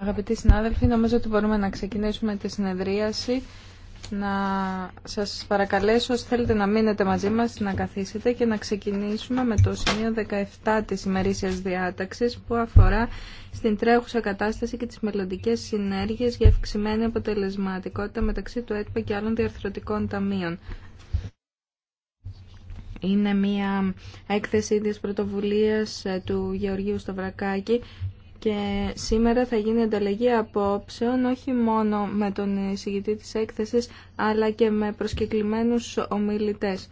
Αγαπητοί συνάδελφοι, νομίζω ότι μπορούμε να ξεκινήσουμε τη συνεδρίαση. Να σας παρακαλέσω, όσοι θέλετε να μείνετε μαζί μας, να καθίσετε και να ξεκινήσουμε με το σημείο 17 της ημερήσιας διάταξης που αφορά στην τρέχουσα κατάσταση και τις μελλοντικέ συνέργειες για αυξημένη αποτελεσματικότητα μεταξύ του ΕΤΠΑ και άλλων διαρθρωτικών ταμείων. Είναι μια έκθεση της πρωτοβουλίας ε, του Γεωργίου Σταυρακάκη και σήμερα θα γίνει ανταλλαγή απόψεων όχι μόνο με τον εισηγητή της έκθεσης αλλά και με προσκεκλημένους ομιλητές.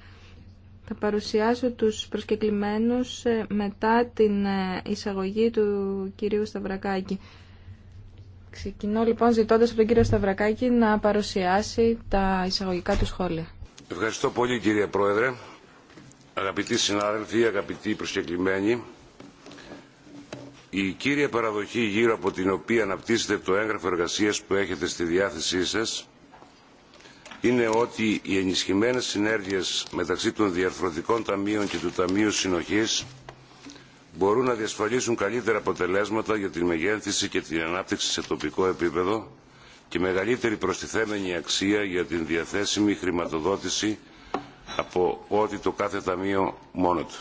Θα παρουσιάσω τους προσκεκλημένους ε, μετά την ε, εισαγωγή του κυρίου Σταυρακάκη. Ξεκινώ λοιπόν ζητώντας από τον κύριο Σταυρακάκη να παρουσιάσει τα εισαγωγικά του σχόλια. Ευχαριστώ πολύ κύριε Πρόεδρε. Αγαπητοί συνάδελφοι, αγαπητοί προσκεκλημένοι, η κύρια παραδοχή γύρω από την οποία αναπτύσσεται το έγγραφο εργασίας που έχετε στη διάθεσή σας είναι ότι οι ενισχυμένες συνέργειες μεταξύ των διαρθρωτικών ταμείων και του Ταμείου Συνοχής μπορούν να διασφαλίσουν καλύτερα αποτελέσματα για τη μεγέθυνση και την ανάπτυξη σε τοπικό επίπεδο και μεγαλύτερη προστιθέμενη αξία για την διαθέσιμη χρηματοδότηση από ό,τι το κάθε ταμείο μόνο του.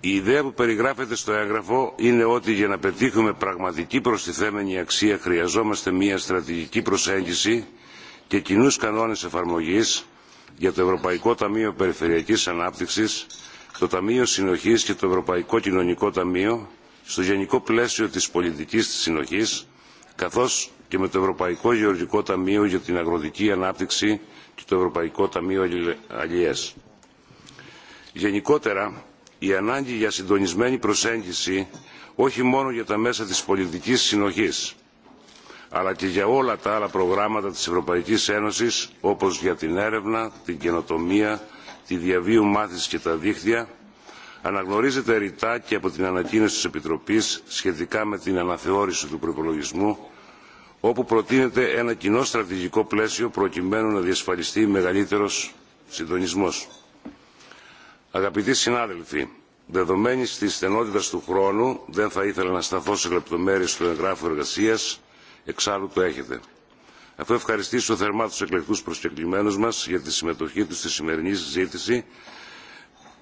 Η ιδέα που περιγράφεται στο έγγραφο είναι ότι για να πετύχουμε πραγματική προστιθέμενη αξία χρειαζόμαστε μια στρατηγική προσέγγιση και κοινού κανόνες εφαρμογής για το Ευρωπαϊκό Ταμείο Περιφερειακής Ανάπτυξης, το Ταμείο Συνοχής και το Ευρωπαϊκό Κοινωνικό Ταμείο στο γενικό πλαίσιο της πολιτικής της συνοχής, καθώς και με το Ευρωπαϊκό Γεωργικό Ταμείο για την Αγροτική Ανάπτυξη και το Ευρωπαϊκό Ταμείο Αλλιές. Γενικότερα, η ανάγκη για συντονισμένη προσέγγιση όχι μόνο για τα μέσα της πολιτικής συνοχής, αλλά και για όλα τα άλλα προγράμματα της Ευρωπαϊκής Ένωσης, όπως για την έρευνα, την καινοτομία, τη διαβίου μάθηση και τα δίχτυα, αναγνωρίζεται ρητά και από την ανακοίνωση της Επιτροπής σχετικά με την αναθεώρηση του προπολογισμού όπου προτείνεται ένα κοινό στρατηγικό πλαίσιο προκειμένου να διασφαλιστεί μεγαλύτερος συντονισμός. Αγαπητοί συνάδελφοι, δεδομένης της στενότητας του χρόνου δεν θα ήθελα να σταθώ σε λεπτομέρειες του εγγράφου εργασίας, εξάλλου το έχετε. Αφού ευχαριστήσω θερμά τους εκλεκτούς προσκεκλημένους μας για τη συμμετοχή τους στη σημερινή συζήτηση,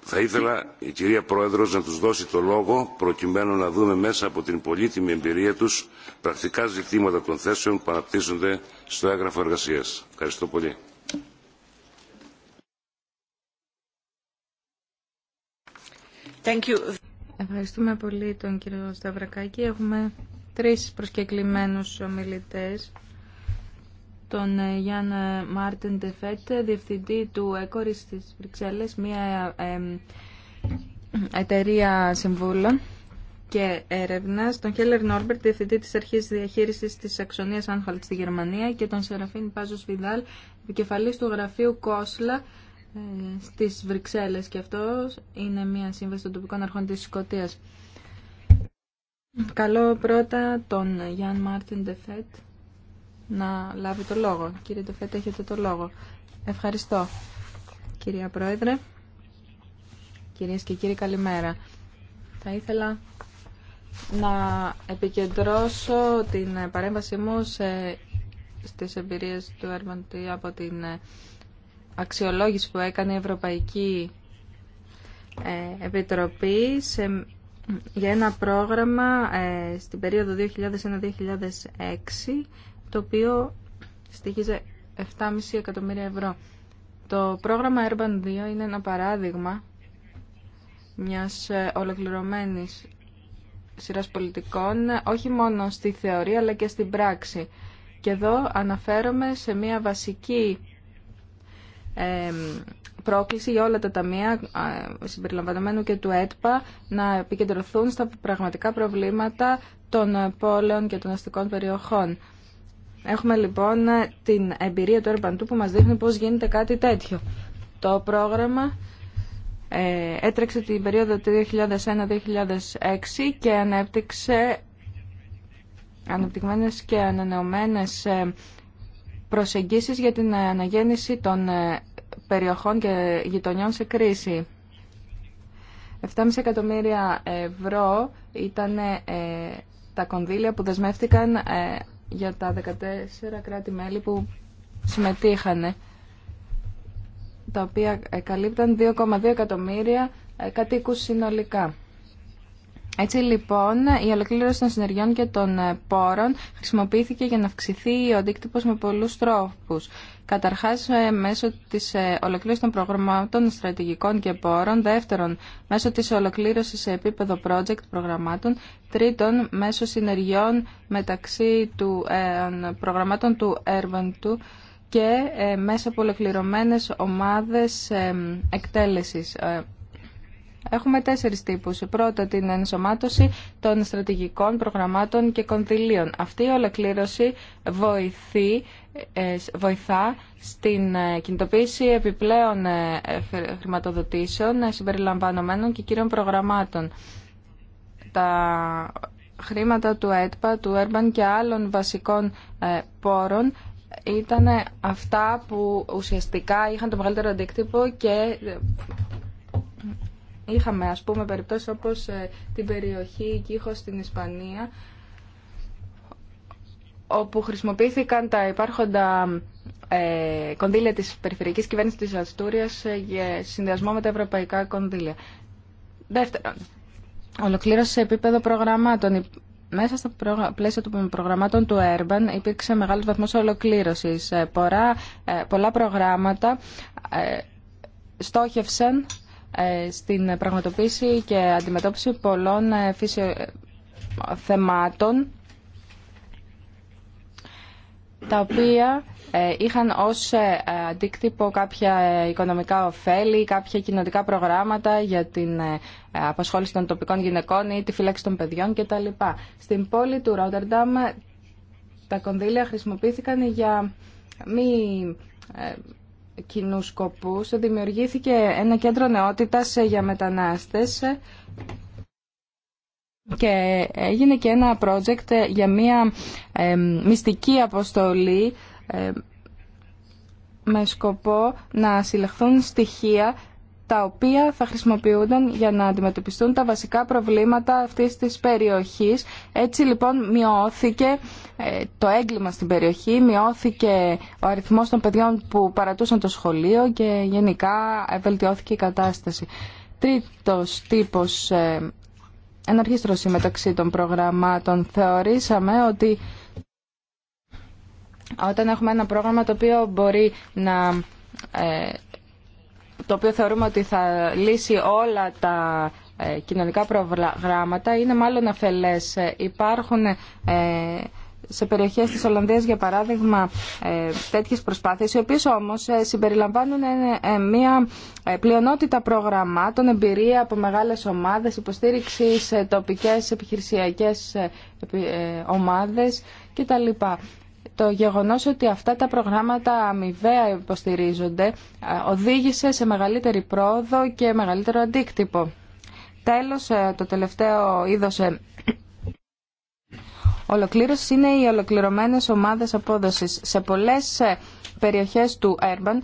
θα ήθελα η κυρία Πρόεδρος να τους δώσει το λόγο προκειμένου να δούμε μέσα από την πολύτιμη εμπειρία τους πρακτικά ζητήματα των θέσεων που αναπτύσσονται στο έγγραφο εργασίας. Ευχαριστώ πολύ. Ευχαριστούμε πολύ τον κύριο Σταυρακάκη. Έχουμε τρεις προσκεκλημένους ομιλητές τον ε, Γιάν ε, Μάρτιν Τεφέτ, διευθυντή του ΕΚΟΡΙ της Βρυξέλλες, μια ε, εταιρεία συμβούλων και έρευνα, τον Χέλερ Νόρμπερτ, διευθυντή της Αρχής Διαχείρισης της Αξονία Άνχολτ στη Γερμανία και τον Σεραφίν Πάζος Βιδάλ, επικεφαλή του γραφείου Κόσλα στις Βρυξέλλες και αυτό είναι μια σύμβαση των τοπικών αρχών της Σκωτία. Καλό πρώτα τον Γιάν Μάρτιν Τεφέτ να λάβει το λόγο. Κύριε Τοφέτα, έχετε το λόγο. Ευχαριστώ. Κυρία Πρόεδρε, κυρίες και κύριοι καλημέρα. Θα ήθελα να επικεντρώσω την παρέμβασή μου σε, στις εμπειρίες του Ερμαντή από την ε, αξιολόγηση που έκανε η Ευρωπαϊκή ε, Επιτροπή σε, για ένα πρόγραμμα ε, στην περίοδο 2001-2006 το οποίο στοιχίζει 7,5 εκατομμύρια ευρώ. Το πρόγραμμα Urban 2 είναι ένα παράδειγμα μιας ε, ολοκληρωμένης σειράς πολιτικών, όχι μόνο στη θεωρία αλλά και στην πράξη. Και εδώ αναφέρομαι σε μια βασική πρόκληση για όλα τα ταμεία συμπεριλαμβανομένου και του ΕΤΠΑ να επικεντρωθούν στα πραγματικά προβλήματα των ε, πόλεων και των αστικών περιοχών. Έχουμε λοιπόν την εμπειρία του ΕΡΠΑΝΤΟΥ που μας δείχνει πώς γίνεται κάτι τέτοιο. Το πρόγραμμα ε, έτρεξε την περίοδο 2001-2006 και ανέπτυξε αναπτυγμένες και ανανεωμένες ε, προσεγγίσεις για την αναγέννηση των ε, περιοχών και γειτονιών σε κρίση. 7,5 εκατομμύρια ευρώ ήταν τα κονδύλια που δεσμεύτηκαν για τα 14 κράτη-μέλη που συμμετείχαν, τα οποία ε, καλύπταν 2,2 εκατομμύρια ε, κατοίκους συνολικά. Έτσι λοιπόν η ολοκλήρωση των συνεργειών και των ε, πόρων χρησιμοποιήθηκε για να αυξηθεί ο αντίκτυπος με πολλούς τρόπους. Καταρχάς ε, μέσω της ε, ολοκλήρωσης των προγραμμάτων στρατηγικών και πόρων, δεύτερον μέσω της ολοκλήρωσης σε επίπεδο project προγραμμάτων, τρίτον μέσω συνεργειών μεταξύ του προγραμμάτων του Urban και μέσα από ολοκληρωμένες ομάδες εκτέλεσης. Έχουμε τέσσερις τύπους. Πρώτα την ενσωμάτωση των στρατηγικών προγραμμάτων και κονδυλίων. Αυτή η ολοκλήρωση βοηθεί, ε, βοηθά στην ε, κινητοποίηση επιπλέον ε, χρηματοδοτήσεων συμπεριλαμβανομένων και κύριων προγραμμάτων. Τα χρήματα του ΕΤΠΑ, του ΕΡΜΑΝ και άλλων βασικών πόρων ήταν αυτά που ουσιαστικά είχαν το μεγαλύτερο αντίκτυπο και Είχαμε ας πούμε περιπτώσεις όπως ε, την περιοχή Κύχο στην Ισπανία όπου χρησιμοποιήθηκαν τα υπάρχοντα ε, κονδύλια της περιφερειακής κυβέρνησης της Αστούριας ε, για συνδυασμό με τα ευρωπαϊκά κονδύλια. Δεύτερον, ολοκλήρωση σε επίπεδο προγραμμάτων. Μέσα στα πλαίσια των προγραμμάτων του Urban υπήρξε μεγάλο βαθμό ολοκλήρωση. Ε, πολλά, πολλά προγράμματα στόχευσαν ε, στην πραγματοποίηση και αντιμετώπιση πολλών ε, ε, θεμάτων τα οποία είχαν ως αντίκτυπο κάποια οικονομικά ωφέλη, κάποια κοινωνικά προγράμματα για την απασχόληση των τοπικών γυναικών ή τη φύλαξη των παιδιών κτλ. Στην πόλη του Ρότερνταμ τα κονδύλια χρησιμοποιήθηκαν για μη κοινού σκοπούς δημιουργήθηκε ένα κέντρο νεότητας για μετανάστες και έγινε και ένα project για μια μυστική αποστολή με σκοπό να συλλεχθούν στοιχεία τα οποία θα χρησιμοποιούνταν για να αντιμετωπιστούν τα βασικά προβλήματα αυτής της περιοχής. Έτσι λοιπόν μειώθηκε ε, το έγκλημα στην περιοχή, μειώθηκε ο αριθμός των παιδιών που παρατούσαν το σχολείο και γενικά βελτιώθηκε η κατάσταση. Τρίτος τύπος ε, εναρχίστρωση μεταξύ των προγραμμάτων. Θεωρήσαμε ότι όταν έχουμε ένα πρόγραμμα το οποίο μπορεί να ε, το οποίο θεωρούμε ότι θα λύσει όλα τα ε, κοινωνικά προγράμματα είναι μάλλον αφελές. Ε, υπάρχουν ε, σε περιοχές της Ολλανδίας, για παράδειγμα, τέτοιες προσπάθειες, οι οποίες όμως συμπεριλαμβάνουν μια πλειονότητα προγραμμάτων, εμπειρία από μεγάλες ομάδες, υποστήριξη σε τοπικές επιχειρησιακές ομάδες κτλ το γεγονός ότι αυτά τα προγράμματα αμοιβαία υποστηρίζονται οδήγησε σε μεγαλύτερη πρόοδο και μεγαλύτερο αντίκτυπο. Τέλος, ε, το τελευταίο είδος ε, ολοκλήρωση είναι οι ολοκληρωμένες ομάδες απόδοσης. Σε πολλές ε, περιοχές του Urban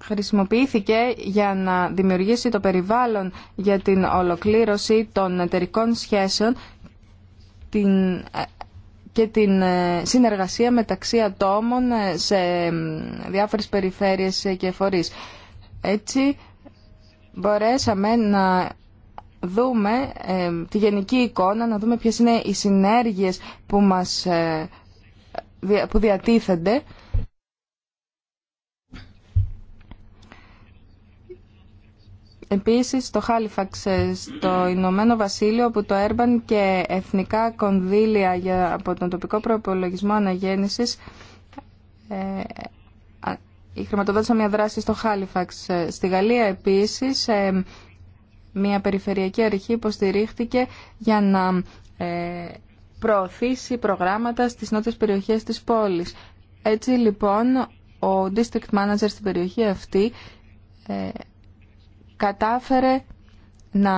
χρησιμοποιήθηκε για να δημιουργήσει το περιβάλλον για την ολοκλήρωση των εταιρικών σχέσεων την και την ε, συνεργασία μεταξύ ατόμων ε, σε διάφορες περιφέρειες ε, και φορείς. Έτσι μπορέσαμε να δούμε τη γενική εικόνα, να δούμε ποιες είναι οι συνέργειες που, μας, που διατίθενται Επίσης στο Χάλιφαξ ε, στο Ηνωμένο Βασίλειο που το Έρμπαν και εθνικά κονδύλια για, από τον τοπικό προπολογισμό αναγέννησης ε, χρηματοδότησαν μια δράση στο Χάλιφαξ. Ε, στη Γαλλία επίσης ε, μια περιφερειακή αρχή υποστηρίχθηκε για να ε, προωθήσει προγράμματα στις νότιες περιοχές της πόλης. Έτσι λοιπόν ο district manager στην περιοχή αυτή κατάφερε να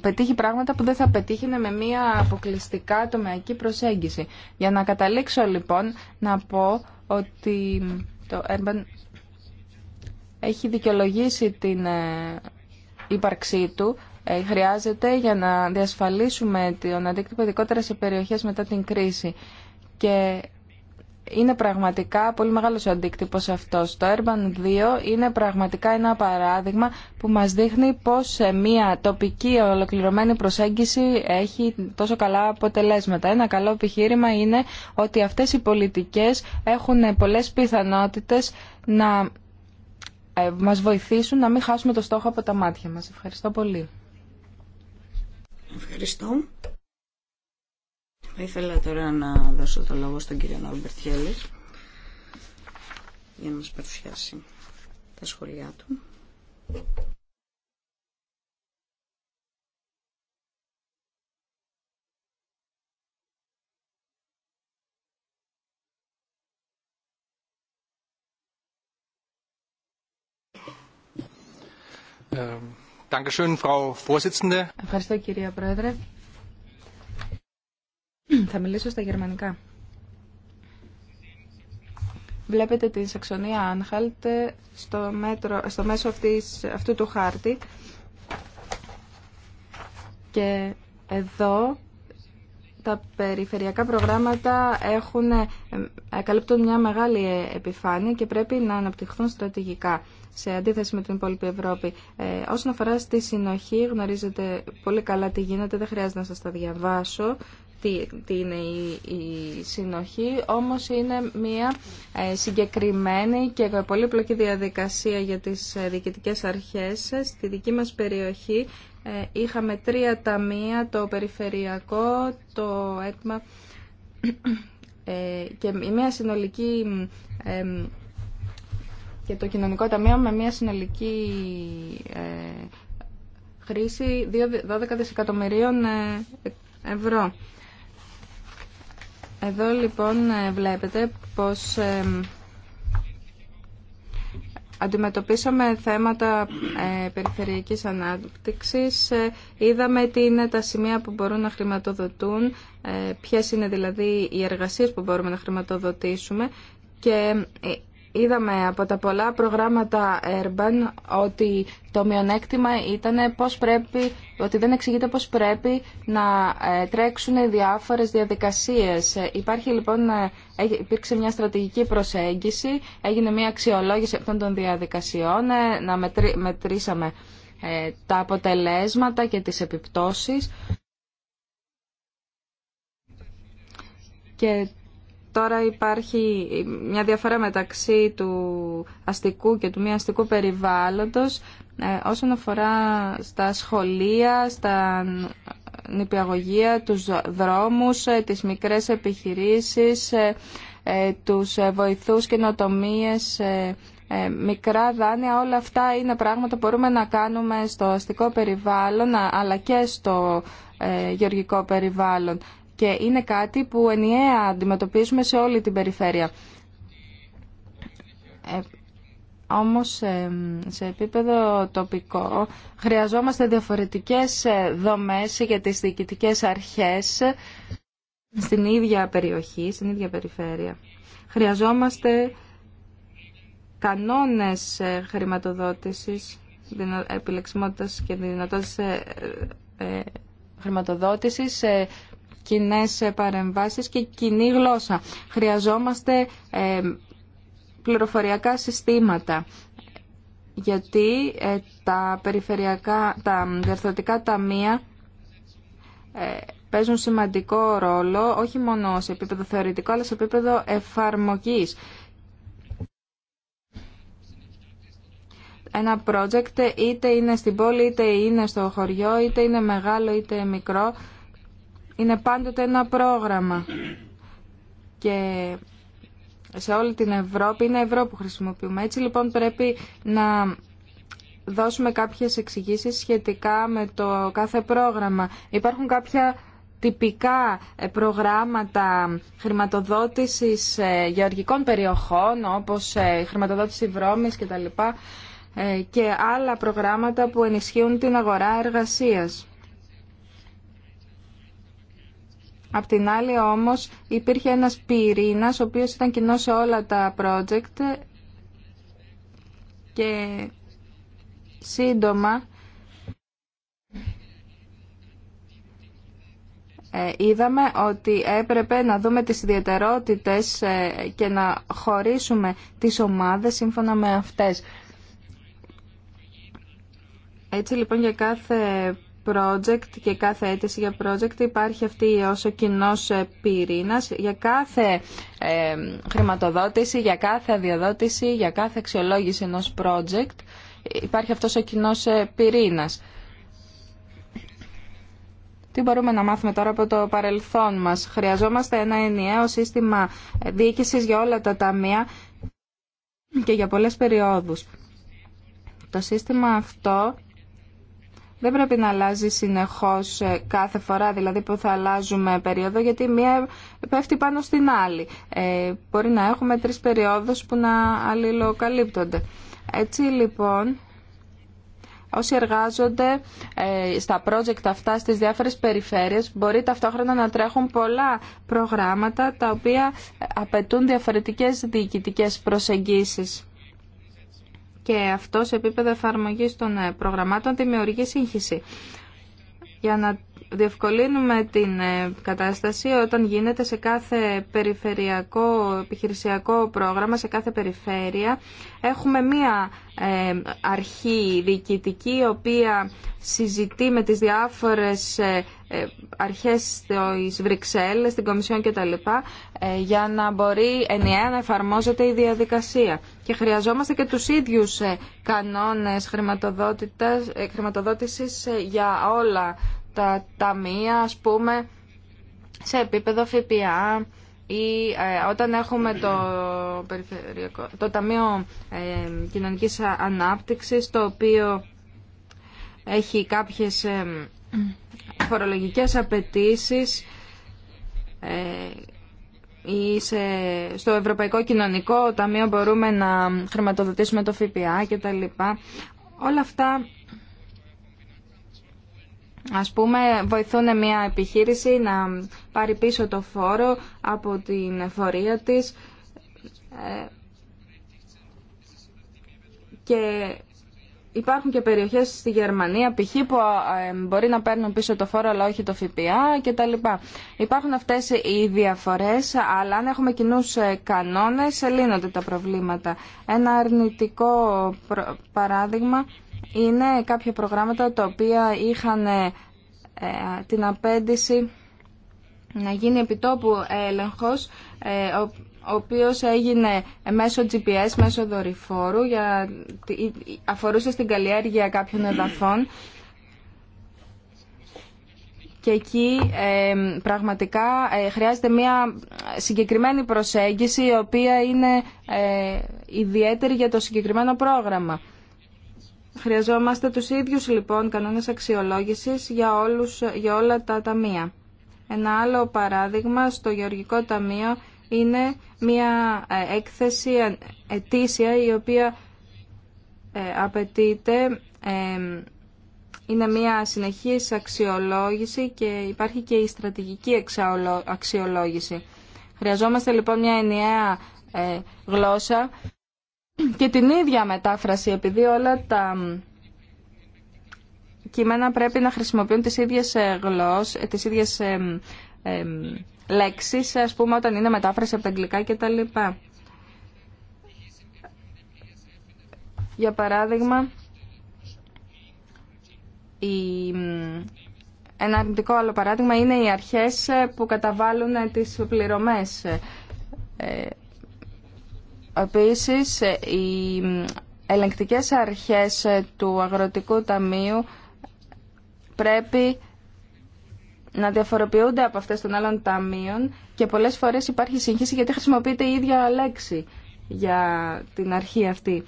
πετύχει πράγματα που δεν θα πετύχαινε με μία αποκλειστικά τομεακή προσέγγιση. Για να καταλήξω λοιπόν να πω ότι το Urban έχει δικαιολογήσει την ε, ύπαρξή του ε, χρειάζεται για να διασφαλίσουμε τον αντίκτυπο ειδικότερα σε περιοχές μετά την κρίση. Και είναι πραγματικά πολύ μεγάλος ο αντίκτυπος αυτός. Το Urban 2 είναι πραγματικά ένα παράδειγμα που μας δείχνει πως μια τοπική ολοκληρωμένη προσέγγιση έχει τόσο καλά αποτελέσματα. Ένα καλό επιχείρημα είναι ότι αυτές οι πολιτικές έχουν πολλές πιθανότητες να ε, μας βοηθήσουν να μην χάσουμε το στόχο από τα μάτια μας. Ευχαριστώ πολύ. Θα ήθελα τώρα να δώσω το λόγο στον κύριο Νόρμπερτ Χέλης για να μας παρουσιάσει τα σχολιά του. Ε, Ευχαριστώ κυρία Πρόεδρε. Θα μιλήσω στα γερμανικά. Βλέπετε τη Σαξονία Άνχαλτ στο, μέτρο, στο μέσο αυτής, αυτού του χάρτη. Και εδώ τα περιφερειακά προγράμματα έχουν, ε, καλύπτουν μια μεγάλη επιφάνεια και πρέπει να αναπτυχθούν στρατηγικά σε αντίθεση με την υπόλοιπη Ευρώπη. Ε, όσον αφορά στη συνοχή, γνωρίζετε πολύ καλά τι γίνεται, δεν χρειάζεται να σας τα διαβάσω τι είναι η συνοχή, όμως είναι μια ε, συγκεκριμένη και πολύπλοκη διαδικασία για τις ε, διοικητικές αρχές. Στη δική μας περιοχή ε, είχαμε τρία ταμεία, το περιφερειακό, το έτμα και μια συνολική και το κοινωνικό ταμείο με μια συνολική χρήση 12 δισεκατομμυρίων ευρώ. Εδώ λοιπόν ε, βλέπετε πως αντιμετωπίσαμε θέματα ε, περιφερειακής ανάπτυξης, ε, είδαμε τι είναι τα σημεία που μπορούν να χρηματοδοτούν, ποιες είναι δηλαδή οι εργασίες που μπορούμε να χρηματοδοτήσουμε και Είδαμε από τα πολλά προγράμματα Urban ότι το μειονέκτημα ήταν πώς πρέπει, ότι δεν εξηγείται πώς πρέπει να ε, τρέξουν διάφορες διαδικασίες. Υπάρχει λοιπόν, ε, υπήρξε μια στρατηγική προσέγγιση, έγινε μια αξιολόγηση αυτών των διαδικασιών, ε, να μετρήσαμε τα αποτελέσματα και τις επιπτώσεις. Και Τώρα υπάρχει μια διαφορά μεταξύ του αστικού και του μη αστικού περιβάλλοντος ε, όσον αφορά στα σχολεία, στα νηπιαγωγεία, τους δρόμους, ε, τις μικρές επιχειρήσεις, ε, τους βοηθούς νοτομίες, μικρά δάνεια. Όλα αυτά είναι πράγματα που μπορούμε να κάνουμε στο αστικό περιβάλλον αλλά και στο γεωργικό περιβάλλον και είναι κάτι που ενιαία αντιμετωπίζουμε σε όλη την περιφέρεια. Ε, όμως ε, σε επίπεδο τοπικό χρειαζόμαστε διαφορετικές ε, δομές για τις διοικητικές αρχές στην ίδια περιοχή, στην ίδια περιφέρεια. Χρειαζόμαστε κανόνες ε, χρηματοδότησης, επιλεξιμότητας και δυνατότητας χρηματοδότησης κοινέ παρεμβάσεις και κοινή γλώσσα. Χρειαζόμαστε ε, πληροφοριακά συστήματα γιατί ε, τα περιφερειακά, τα διαρθρωτικά ταμεία ε, παίζουν σημαντικό ρόλο όχι μόνο σε επίπεδο θεωρητικό αλλά σε επίπεδο εφαρμογής. Ένα project είτε είναι στην πόλη, είτε είναι στο χωριό, είτε είναι μεγάλο, είτε μικρό είναι πάντοτε ένα πρόγραμμα και σε όλη την Ευρώπη είναι ευρώ που χρησιμοποιούμε. Έτσι λοιπόν πρέπει να δώσουμε κάποιες εξηγήσεις σχετικά με το κάθε πρόγραμμα. Υπάρχουν κάποια τυπικά ε, προγράμματα χρηματοδότησης ε, γεωργικών περιοχών όπως ε, χρηματοδότηση βρώμης κτλ. και άλλα προγράμματα που ενισχύουν την αγορά εργασίας. Απ' την άλλη όμως υπήρχε ένας πυρήνας ο οποίος ήταν κοινό σε όλα τα project και σύντομα ε, είδαμε ότι έπρεπε να δούμε τις ιδιαιτερότητες ε, και να χωρίσουμε τις ομάδες σύμφωνα με αυτές. Έτσι λοιπόν για κάθε project και κάθε αίτηση για project υπάρχει αυτή ως ο κοινό ε, πυρήνας για κάθε ε, χρηματοδότηση, για κάθε αδειοδότηση, για κάθε αξιολόγηση ενός project υπάρχει αυτός ο κοινός ε, πυρήνας. Τι μπορούμε να μάθουμε τώρα από το παρελθόν μας. Χρειαζόμαστε ένα ενιαίο σύστημα διοίκησης για όλα τα ταμεία και για πολλές περιόδους. Το σύστημα αυτό δεν πρέπει να αλλάζει συνεχώς ε, κάθε φορά, δηλαδή που θα αλλάζουμε περίοδο, γιατί μία πέφτει πάνω στην άλλη. Ε, μπορεί να έχουμε τρεις περιόδους που να αλληλοκαλύπτονται. Έτσι λοιπόν, όσοι εργάζονται ε, στα project αυτά στις διάφορες περιφέρειες μπορεί ταυτόχρονα να τρέχουν πολλά προγράμματα τα οποία απαιτούν διαφορετικές διοικητικές προσεγγίσεις και αυτό σε επίπεδο εφαρμογή των ε, προγραμμάτων δημιουργεί σύγχυση. Για να διευκολύνουμε την ε, κατάσταση όταν γίνεται σε κάθε περιφερειακό επιχειρησιακό πρόγραμμα, σε κάθε περιφέρεια. Έχουμε μία ε, αρχή διοικητική, η οποία συζητεί με τις διάφορες αρχές της Βρυξέλλες, την Κομισιόν κτλ. για να μπορεί ενιαία να εφαρμόζεται η διαδικασία και χρειαζόμαστε και τους ίδιους ε, κανόνες ε, χρηματοδότησης ε, για όλα τα ταμεία, ας πούμε, σε επίπεδο ΦΠΑ ή όταν έχουμε το, περιφερειακό, το Ταμείο Κοινωνικής Ανάπτυξης, το οποίο έχει κάποιες φορολογικές απαιτήσεις, ή σε, στο Ευρωπαϊκό Κοινωνικό Ταμείο μπορούμε να χρηματοδοτήσουμε το ΦΠΑ λοιπά. Όλα αυτά ας πούμε βοηθούν μια επιχείρηση να πάρει πίσω το φόρο από την εφορία της ε, και Υπάρχουν και περιοχές στη Γερμανία, π.χ. που μπορεί να παίρνουν πίσω το φόρο αλλά όχι το ΦΠΑ κτλ. Υπάρχουν αυτές οι διαφορές, αλλά αν έχουμε κοινού ε, κανόνες λύνονται τα προβλήματα. Ένα αρνητικό παράδειγμα είναι κάποια προγράμματα τα οποία είχαν ε, ε, την απέντηση να γίνει επιτόπου έλεγχος ο οποίος έγινε μέσω GPS, μέσω δορυφόρου, για, αφορούσε στην καλλιέργεια κάποιων εδαφών. Και εκεί πραγματικά ε, χρειάζεται μια συγκεκριμένη προσέγγιση, η οποία είναι ε, ιδιαίτερη για το συγκεκριμένο πρόγραμμα. Χρειαζόμαστε τους ίδιους λοιπόν κανόνες αξιολόγησης για, όλους, για όλα τα ταμεία. Ένα άλλο παράδειγμα στο Γεωργικό Ταμείο είναι μια ε, έκθεση ετήσια η οποία ε, απαιτείται είναι μια συνεχής αξιολόγηση και υπάρχει και η στρατηγική αξιολόγηση. Χρειαζόμαστε λοιπόν μια ενιαία ε, γλώσσα και την ίδια μετάφραση επειδή όλα τα κείμενα πρέπει να χρησιμοποιούν τις ίδιες γλώσσες, τις ίδιες λέξεις, ας πούμε, όταν είναι μετάφραση από τα αγγλικά κτλ. Για παράδειγμα, η... ένα αρνητικό άλλο παράδειγμα είναι οι αρχές που καταβάλουν τις πληρωμές. Ε, επίσης, οι ελεγκτικές αρχές του Αγροτικού Ταμείου πρέπει να διαφοροποιούνται από αυτές των άλλων ταμείων και πολλές φορές υπάρχει σύγχυση γιατί χρησιμοποιείται η ίδια λέξη για την αρχή αυτή.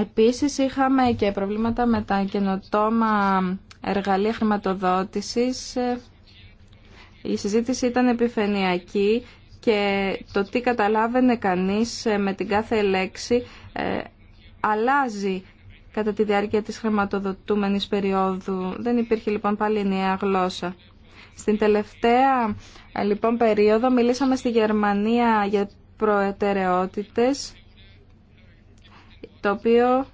Επίσης είχαμε και προβλήματα με τα καινοτόμα εργαλεία χρηματοδότησης. Η συζήτηση ήταν επιφανειακή και το τι καταλάβαινε κανείς ε, με την κάθε λέξη ε, αλλάζει κατά τη διάρκεια της χρηματοδοτούμενης περίοδου. Δεν υπήρχε λοιπόν πάλι νέα γλώσσα. Στην τελευταία ε, λοιπόν περίοδο μιλήσαμε στη Γερμανία για προεταιρεότητες... το οποίο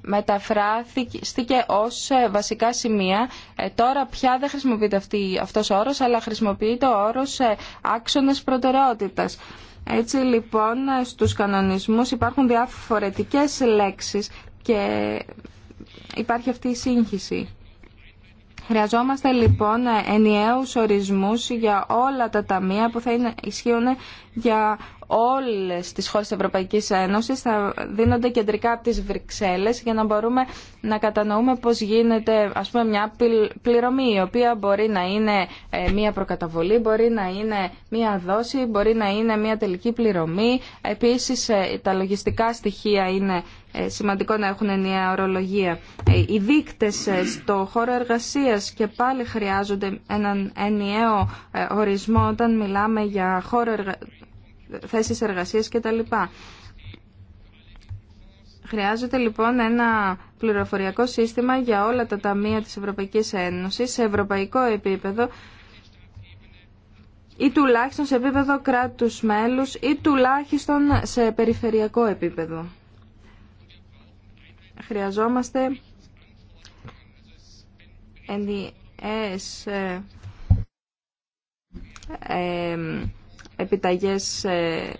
μεταφράστηκε ως ε, βασικά σημεία. Ε, τώρα πια δεν χρησιμοποιείται αυτή, αυτός ο όρος, αλλά χρησιμοποιείται ο όρος ε, άξονες προτεραιότητας. Έτσι λοιπόν στους κανονισμούς υπάρχουν διαφορετικές λέξεις και υπάρχει αυτή η σύγχυση. Χρειαζόμαστε λοιπόν ενιαίους ορισμούς για όλα τα ταμεία που θα είναι, ισχύουν για όλες τις χώρες της Ευρωπαϊκής Ένωσης, θα δίνονται κεντρικά από τις Βρυξέλλες για να μπορούμε να κατανοούμε πώς γίνεται ας πούμε, μια πληρωμή η οποία μπορεί να είναι ε, μια προκαταβολή, μπορεί να είναι μια δόση, μπορεί να είναι μια τελική πληρωμή. Επίσης ε, τα λογιστικά στοιχεία είναι ε, σημαντικό να έχουν ενιαία ορολογία. Ε, οι δείκτες ε, στο χώρο εργασίας και πάλι χρειάζονται έναν ενιαίο ορισμό όταν μιλάμε για χώρο εργα... θέσεις εργασίας κτλ. Χρειάζεται λοιπόν ένα πληροφοριακό σύστημα για όλα τα ταμεία της Ευρωπαϊκής Ένωσης σε ευρωπαϊκό επίπεδο ή τουλάχιστον σε επίπεδο κράτους μέλους ή τουλάχιστον σε περιφερειακό επίπεδο. Χρειαζόμαστε ενιαίες επιταγές ε,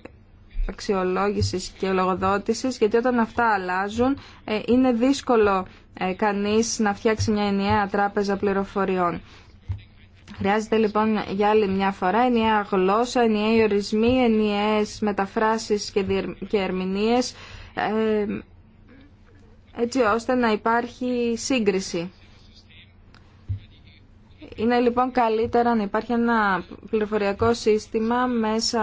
αξιολόγησης και λογοδότησης γιατί όταν αυτά αλλάζουν ε, είναι δύσκολο ε, κανείς να φτιάξει μια ενιαία τράπεζα πληροφοριών. Χρειάζεται λοιπόν για άλλη μια φορά ενιαία γλώσσα, ενιαίοι ορισμοί, ενιαίες μεταφράσεις και ερμηνείες έτσι ώστε να υπάρχει σύγκριση. Είναι λοιπόν καλύτερα να υπάρχει ένα πληροφοριακό σύστημα μέσα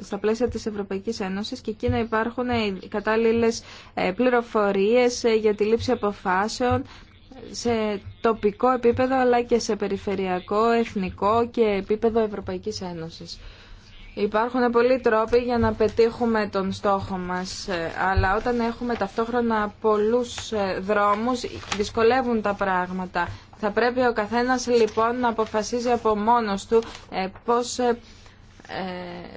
στα πλαίσια της Ευρωπαϊκής Ένωσης και εκεί να υπάρχουν ε, κατάλληλες ε, πληροφορίες ε, για τη λήψη αποφάσεων σε τοπικό επίπεδο αλλά και σε περιφερειακό, εθνικό και επίπεδο Ευρωπαϊκής Ένωσης. Υπάρχουν πολλοί τρόποι για να πετύχουμε τον στόχο μας, ε, αλλά όταν έχουμε ταυτόχρονα πολλούς ε, δρόμους δυσκολεύουν τα πράγματα. Θα πρέπει ο καθένας λοιπόν να αποφασίζει από μόνος του ε, πώς,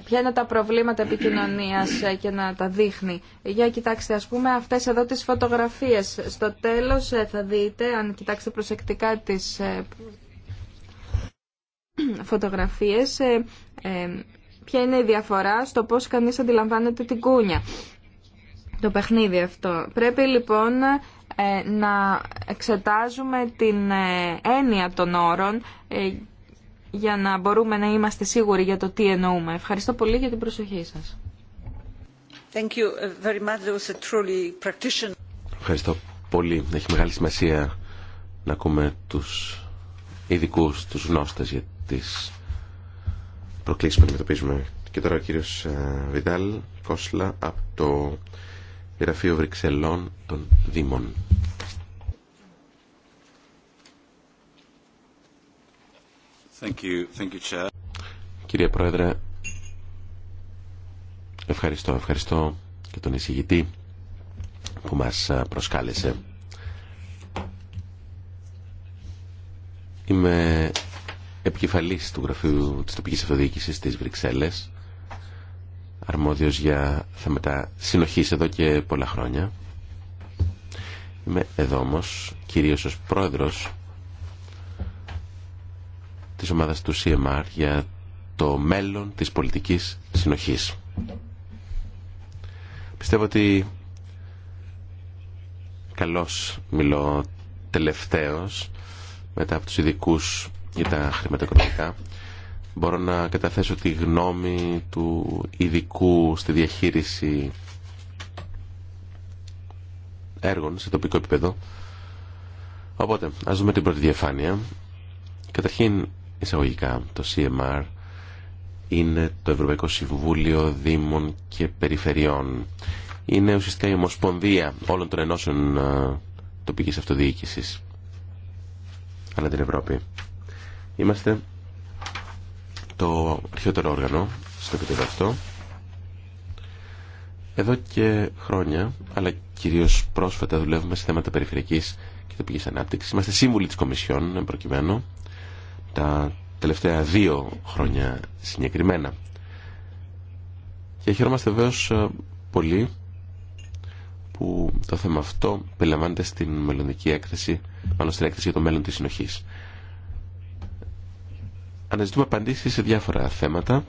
ποια είναι τα προβλήματα επικοινωνίας και να τα δείχνει. Για κοιτάξτε ας πούμε αυτές εδώ τις φωτογραφίες. Στο τέλος θα δείτε, αν κοιτάξετε προσεκτικά τις φωτογραφίες, ποια είναι η διαφορά στο πώς κανείς αντιλαμβάνεται την κούνια. Το παιχνίδι αυτό. Πρέπει λοιπόν ε, να εξετάζουμε την ε, έννοια των όρων ε, για να μπορούμε να είμαστε σίγουροι για το τι εννοούμε. Ευχαριστώ πολύ για την προσοχή σας. Thank you very much. Was Ευχαριστώ πολύ. Έχει μεγάλη σημασία να ακούμε τους ειδικούς, τους γνώστες για τις προκλήσεις που αντιμετωπίζουμε. Και τώρα ο κύριος Βιντάλ ε, Κόσλα από το Γραφείο Βρυξελών των Δήμων. Thank you. Thank you, Chair. Κύριε Πρόεδρε, ευχαριστώ, ευχαριστώ και τον εισηγητή που μας ε, προσκάλεσε. Είμαι επικεφαλής του γραφείου της τοπικής αυτοδιοίκησης της Βρυξέλλες, αρμόδιος για θέματα συνοχής εδώ και πολλά χρόνια. Είμαι εδώ όμως, κυρίως ως πρόεδρος της ομάδας του CMR για το μέλλον της πολιτικής συνοχής. Πιστεύω ότι καλώς μιλώ τελευταίος μετά από τους ειδικού για τα χρηματοοικονομικά μπορώ να καταθέσω τη γνώμη του ειδικού στη διαχείριση έργων σε τοπικό επίπεδο. Οπότε, ας δούμε την πρώτη διαφάνεια. Καταρχήν, εισαγωγικά, το CMR είναι το Ευρωπαϊκό Συμβούλιο Δήμων και Περιφερειών. Είναι ουσιαστικά η ομοσπονδία όλων των ενώσεων ε, τοπικής αυτοδιοίκησης ανά την Ευρώπη. Είμαστε το αρχαιότερο όργανο στο επίπεδο αυτό. Εδώ και χρόνια, αλλά κυρίως πρόσφατα δουλεύουμε σε θέματα περιφερειακής και τοπικής ανάπτυξης. Είμαστε σύμβουλοι της Κομισιόν, προκειμένου, τα τελευταία δύο χρόνια συγκεκριμένα. Και χαιρόμαστε βεβαίω ε, πολύ που το θέμα αυτό περιλαμβάνεται στην μελλοντική έκθεση, πάνω στην έκθεση για το μέλλον της συνοχής αναζητούμε απαντήσεις σε διάφορα θέματα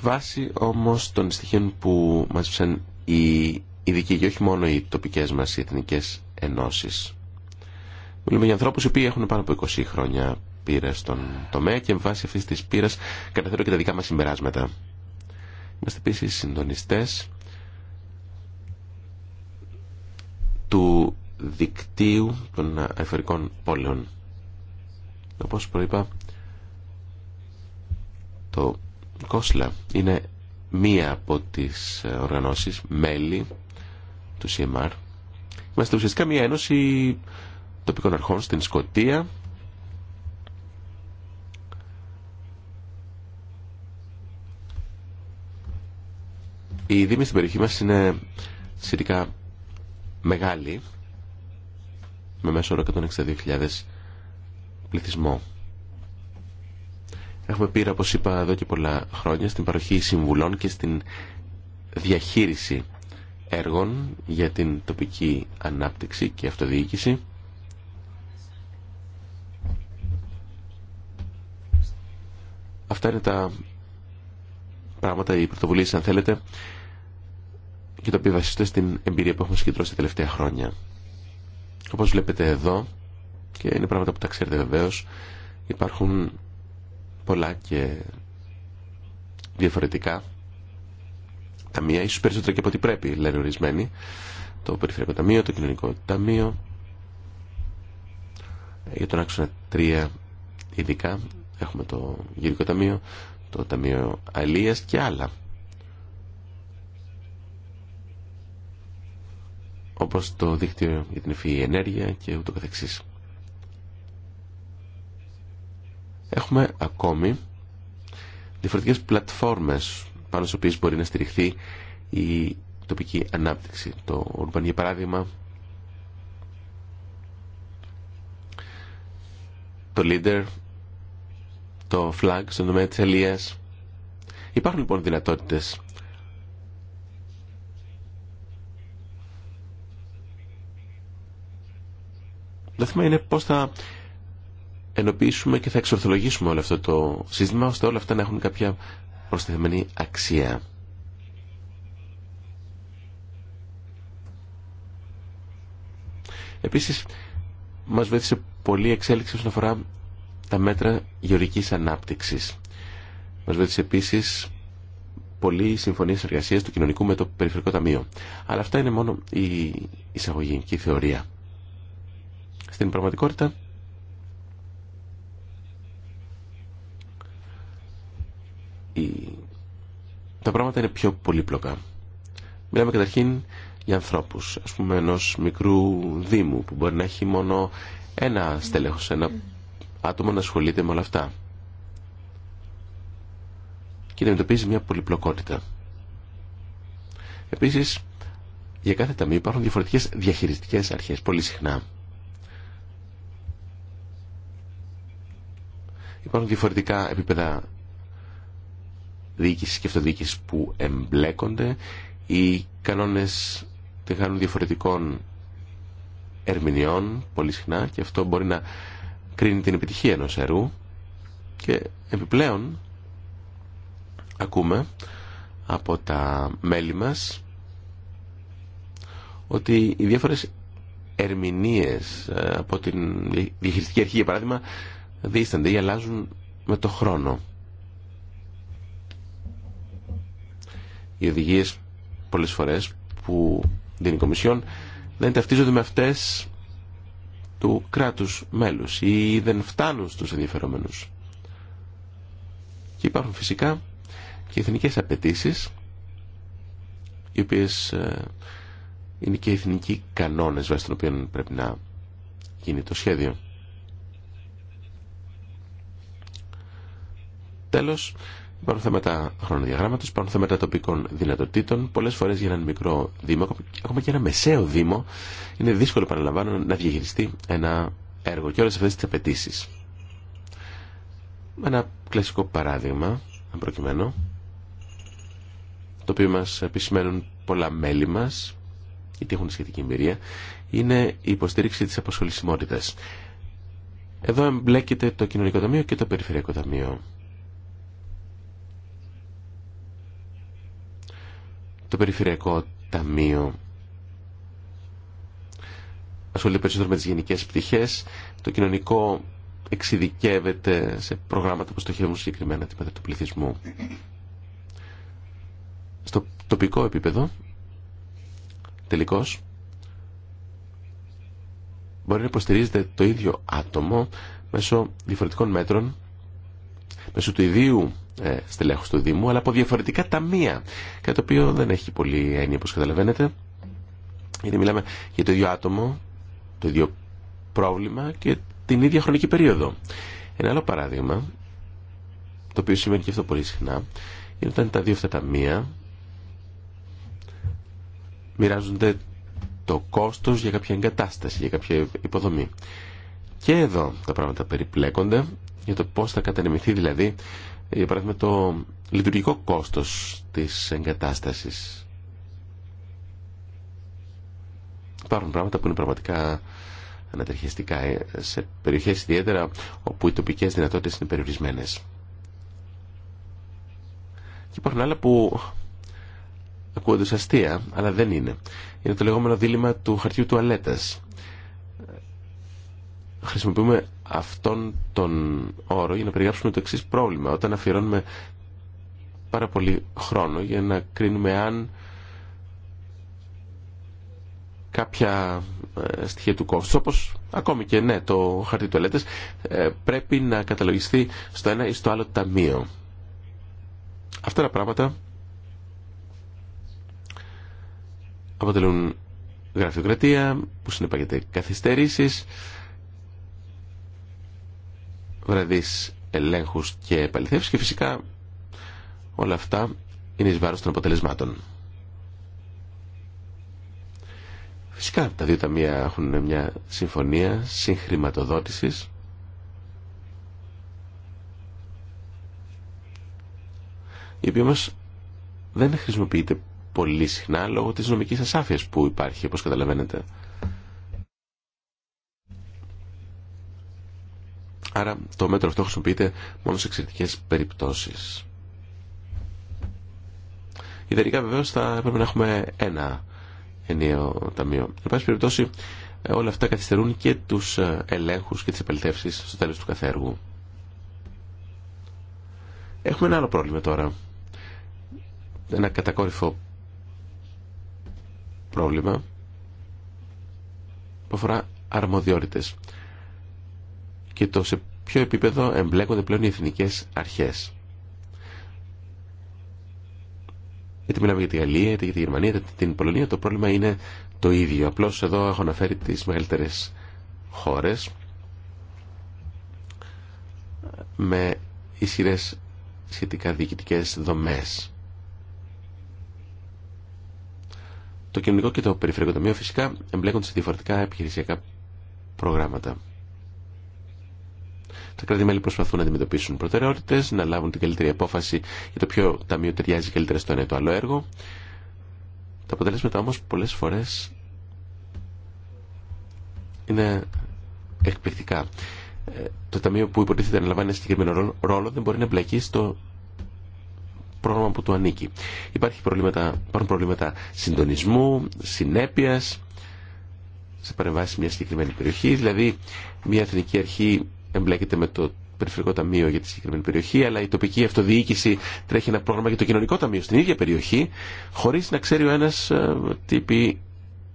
βάσει όμως των στοιχείων που μας οι ειδικοί και όχι μόνο οι τοπικές μας οι εθνικές ενώσεις. Μιλούμε για ανθρώπους οι οποίοι έχουν πάνω από 20 χρόνια πείρα στον τομέα και βάσει αυτής της πείρας καταφέρω και τα δικά μας συμπεράσματα. Είμαστε επίση συντονιστές του δικτύου των αεφορικών πόλεων όπως προείπα το Κόσλα είναι μία από τις οργανώσεις μέλη του CMR είμαστε ουσιαστικά μία ένωση τοπικών αρχών στην Σκοτία Οι δήμοι στην περιοχή μας είναι σχετικά μεγάλη με μέσο όρο 162.000 πληθυσμό. Έχουμε πει, όπω είπα, εδώ και πολλά χρόνια στην παροχή συμβουλών και στην διαχείριση έργων για την τοπική ανάπτυξη και αυτοδιοίκηση. Αυτά είναι τα πράγματα, οι πρωτοβουλίε, αν θέλετε, και το οποίο βασίζεται στην εμπειρία που έχουμε συγκεντρώσει τα τελευταία χρόνια. Όπως βλέπετε εδώ, και είναι πράγματα που τα ξέρετε βεβαίω υπάρχουν πολλά και διαφορετικά ταμεία, ίσω περισσότερο και από ό,τι πρέπει λένε ορισμένοι το Περιφερειακό Ταμείο, το Κοινωνικό Ταμείο για τον άξονα 3 ειδικά έχουμε το γενικό Ταμείο το Ταμείο Αλίας και άλλα όπως το δίκτυο για την ευφυή ενέργεια και ούτω καθεξής. Έχουμε ακόμη διαφορετικές πλατφόρμες πάνω στις οποίες μπορεί να στηριχθεί η τοπική ανάπτυξη. Το Urban, για παράδειγμα, το Leader, το Flag στον τομέα της Αλίας. Υπάρχουν λοιπόν δυνατότητες Το θέμα είναι πώς θα ενοποιήσουμε και θα εξορθολογήσουμε όλο αυτό το σύστημα ώστε όλα αυτά να έχουν κάποια προσθεμένη αξία. Επίσης, μας βοήθησε πολύ η εξέλιξη όσον αφορά τα μέτρα γεωργικής ανάπτυξης. Μας βοήθησε επίσης πολύ η συμφωνία του κοινωνικού με το περιφερικό Ταμείο. Αλλά αυτά είναι μόνο η εισαγωγή και η θεωρία. Στην πραγματικότητα, τα πράγματα είναι πιο πολύπλοκα. Μιλάμε καταρχήν για ανθρώπους, ας πούμε ενός μικρού δήμου που μπορεί να έχει μόνο ένα στελέχος, ένα άτομο να ασχολείται με όλα αυτά. Και εντοπίζει μια πολυπλοκότητα. Επίσης, για κάθε ταμείο υπάρχουν διαφορετικές διαχειριστικές αρχές, πολύ συχνά. Υπάρχουν διαφορετικά επίπεδα διοίκηση και αυτοδιοίκηση που εμπλέκονται. Οι κανόνες τεχάνουν διαφορετικών ερμηνεών πολύ συχνά και αυτό μπορεί να κρίνει την επιτυχία ενός έργου και επιπλέον ακούμε από τα μέλη μας ότι οι διάφορες ερμηνείες ε, από την διαχειριστική αρχή για παράδειγμα δίστανται ή αλλάζουν με το χρόνο. Οι οδηγίε πολλέ φορέ που δίνει η Κομισιόν δεν ταυτίζονται με αυτέ του κράτου μέλου ή δεν φτάνουν στου ενδιαφερόμενου. Και υπάρχουν φυσικά και εθνικέ απαιτήσει οι οποίε ε, είναι και εθνικοί κανόνες βάσει των οποίων πρέπει να γίνει το σχέδιο. Τέλος, Υπάρχουν θέματα χρονοδιαγράμματο, υπάρχουν θέματα τοπικών δυνατοτήτων. Πολλέ φορέ για έναν μικρό Δήμο, ακόμα και ένα μεσαίο Δήμο, είναι δύσκολο, παραλαμβάνω, να διαχειριστεί ένα έργο και όλε αυτέ τι απαιτήσει. Ένα κλασικό παράδειγμα, αν προκειμένου, το οποίο μα επισημαίνουν πολλά μέλη μα, γιατί έχουν σχετική εμπειρία, είναι η υποστήριξη τη αποσχολησιμότητα. Εδώ εμπλέκεται το Κοινωνικό Ταμείο και το Περιφερειακό Ταμείο. το Περιφερειακό Ταμείο ασχολείται περισσότερο με τις γενικές πτυχές. Το κοινωνικό εξειδικεύεται σε προγράμματα που στοχεύουν συγκεκριμένα τύπα του πληθυσμού. Στο τοπικό επίπεδο, τελικώς, μπορεί να υποστηρίζεται το ίδιο άτομο μέσω διαφορετικών μέτρων μέσω του ιδίου ε, στελέχους του Δήμου, αλλά από διαφορετικά ταμεία, κάτι το οποίο δεν έχει πολύ έννοια, όπω καταλαβαίνετε, γιατί μιλάμε για το ίδιο άτομο, το ίδιο πρόβλημα και την ίδια χρονική περίοδο. Ένα άλλο παράδειγμα, το οποίο σημαίνει και αυτό πολύ συχνά, είναι όταν τα δύο αυτά ταμεία μοιράζονται το κόστος για κάποια εγκατάσταση, για κάποια υποδομή. Και εδώ τα πράγματα περιπλέκονται για το πώς θα κατανεμηθεί δηλαδή για παράδειγμα το λειτουργικό κόστος της εγκατάστασης. Υπάρχουν πράγματα που είναι πραγματικά ανατριχιαστικά ε, σε περιοχές ιδιαίτερα όπου οι τοπικές δυνατότητες είναι περιορισμένες. Και υπάρχουν άλλα που ακούγονται αστεία, αλλά δεν είναι. Είναι το λεγόμενο δίλημα του χαρτιού τουαλέτας. Χρησιμοποιούμε αυτόν τον όρο για να περιγράψουμε το εξή πρόβλημα. Όταν αφιερώνουμε πάρα πολύ χρόνο για να κρίνουμε αν κάποια ε, στοιχεία του κόστου, όπως ακόμη και ναι το χαρτί ελέτες ε, πρέπει να καταλογιστεί στο ένα ή στο άλλο ταμείο. Αυτά τα πράγματα αποτελούν γραφειοκρατία που συνεπάγεται καθυστερήσεις βραδείς ελέγχους και επαληθεύσεις και φυσικά όλα αυτά είναι εις βάρος των αποτελεσμάτων. Φυσικά τα δύο ταμεία έχουν μια συμφωνία συγχρηματοδότησης η οποία όμως δεν χρησιμοποιείται πολύ συχνά λόγω της νομικής ασάφειας που υπάρχει όπως καταλαβαίνετε. Άρα το μέτρο αυτό χρησιμοποιείται μόνο σε εξαιρετικέ περιπτώσει. Ιδανικά βεβαίω θα έπρεπε να έχουμε ένα ενιαίο ταμείο. Εν πάση περιπτώσει ε, όλα αυτά καθυστερούν και ε, του ελέγχου και τι επαληθεύσει στο τέλο του καθέργου. Έχουμε ένα άλλο πρόβλημα τώρα. Ένα κατακόρυφο πρόβλημα που αφορά αρμοδιότητες και το σε ποιο επίπεδο εμπλέκονται πλέον οι εθνικές αρχές. Είτε μιλάμε για τη Γαλλία, είτε για τη Γερμανία, είτε την Πολωνία, το πρόβλημα είναι το ίδιο. Απλώς εδώ έχω αναφέρει τις μεγαλύτερες χώρες με ισχυρέ σχετικά διοικητικές δομές. Το κοινωνικό και το περιφερειακό ταμείο φυσικά εμπλέκονται σε διαφορετικά επιχειρησιακά προγράμματα. Τα κράτη-μέλη προσπαθούν να αντιμετωπίσουν προτεραιότητε, να λάβουν την καλύτερη απόφαση για το ποιο ταμείο ταιριάζει καλύτερα στο ένα ή το άλλο έργο. Τα αποτελέσματα όμω πολλέ φορέ είναι εκπληκτικά. Ε, το ταμείο που υποτίθεται να λαμβάνει ένα συγκεκριμένο ρόλο δεν μπορεί να εμπλακεί στο πρόγραμμα που του ανήκει. Υπάρχει προβλήματα, υπάρχουν προβλήματα συντονισμού, συνέπεια σε παρεμβάσει μια συγκεκριμένη περιοχή. Δηλαδή, μια εθνική αρχή εμπλέκεται με το Περιφερειακό Ταμείο για τη συγκεκριμένη περιοχή, αλλά η τοπική αυτοδιοίκηση τρέχει ένα πρόγραμμα για το Κοινωνικό Ταμείο στην ίδια περιοχή, χωρί να ξέρει ο ένα ε, τι πει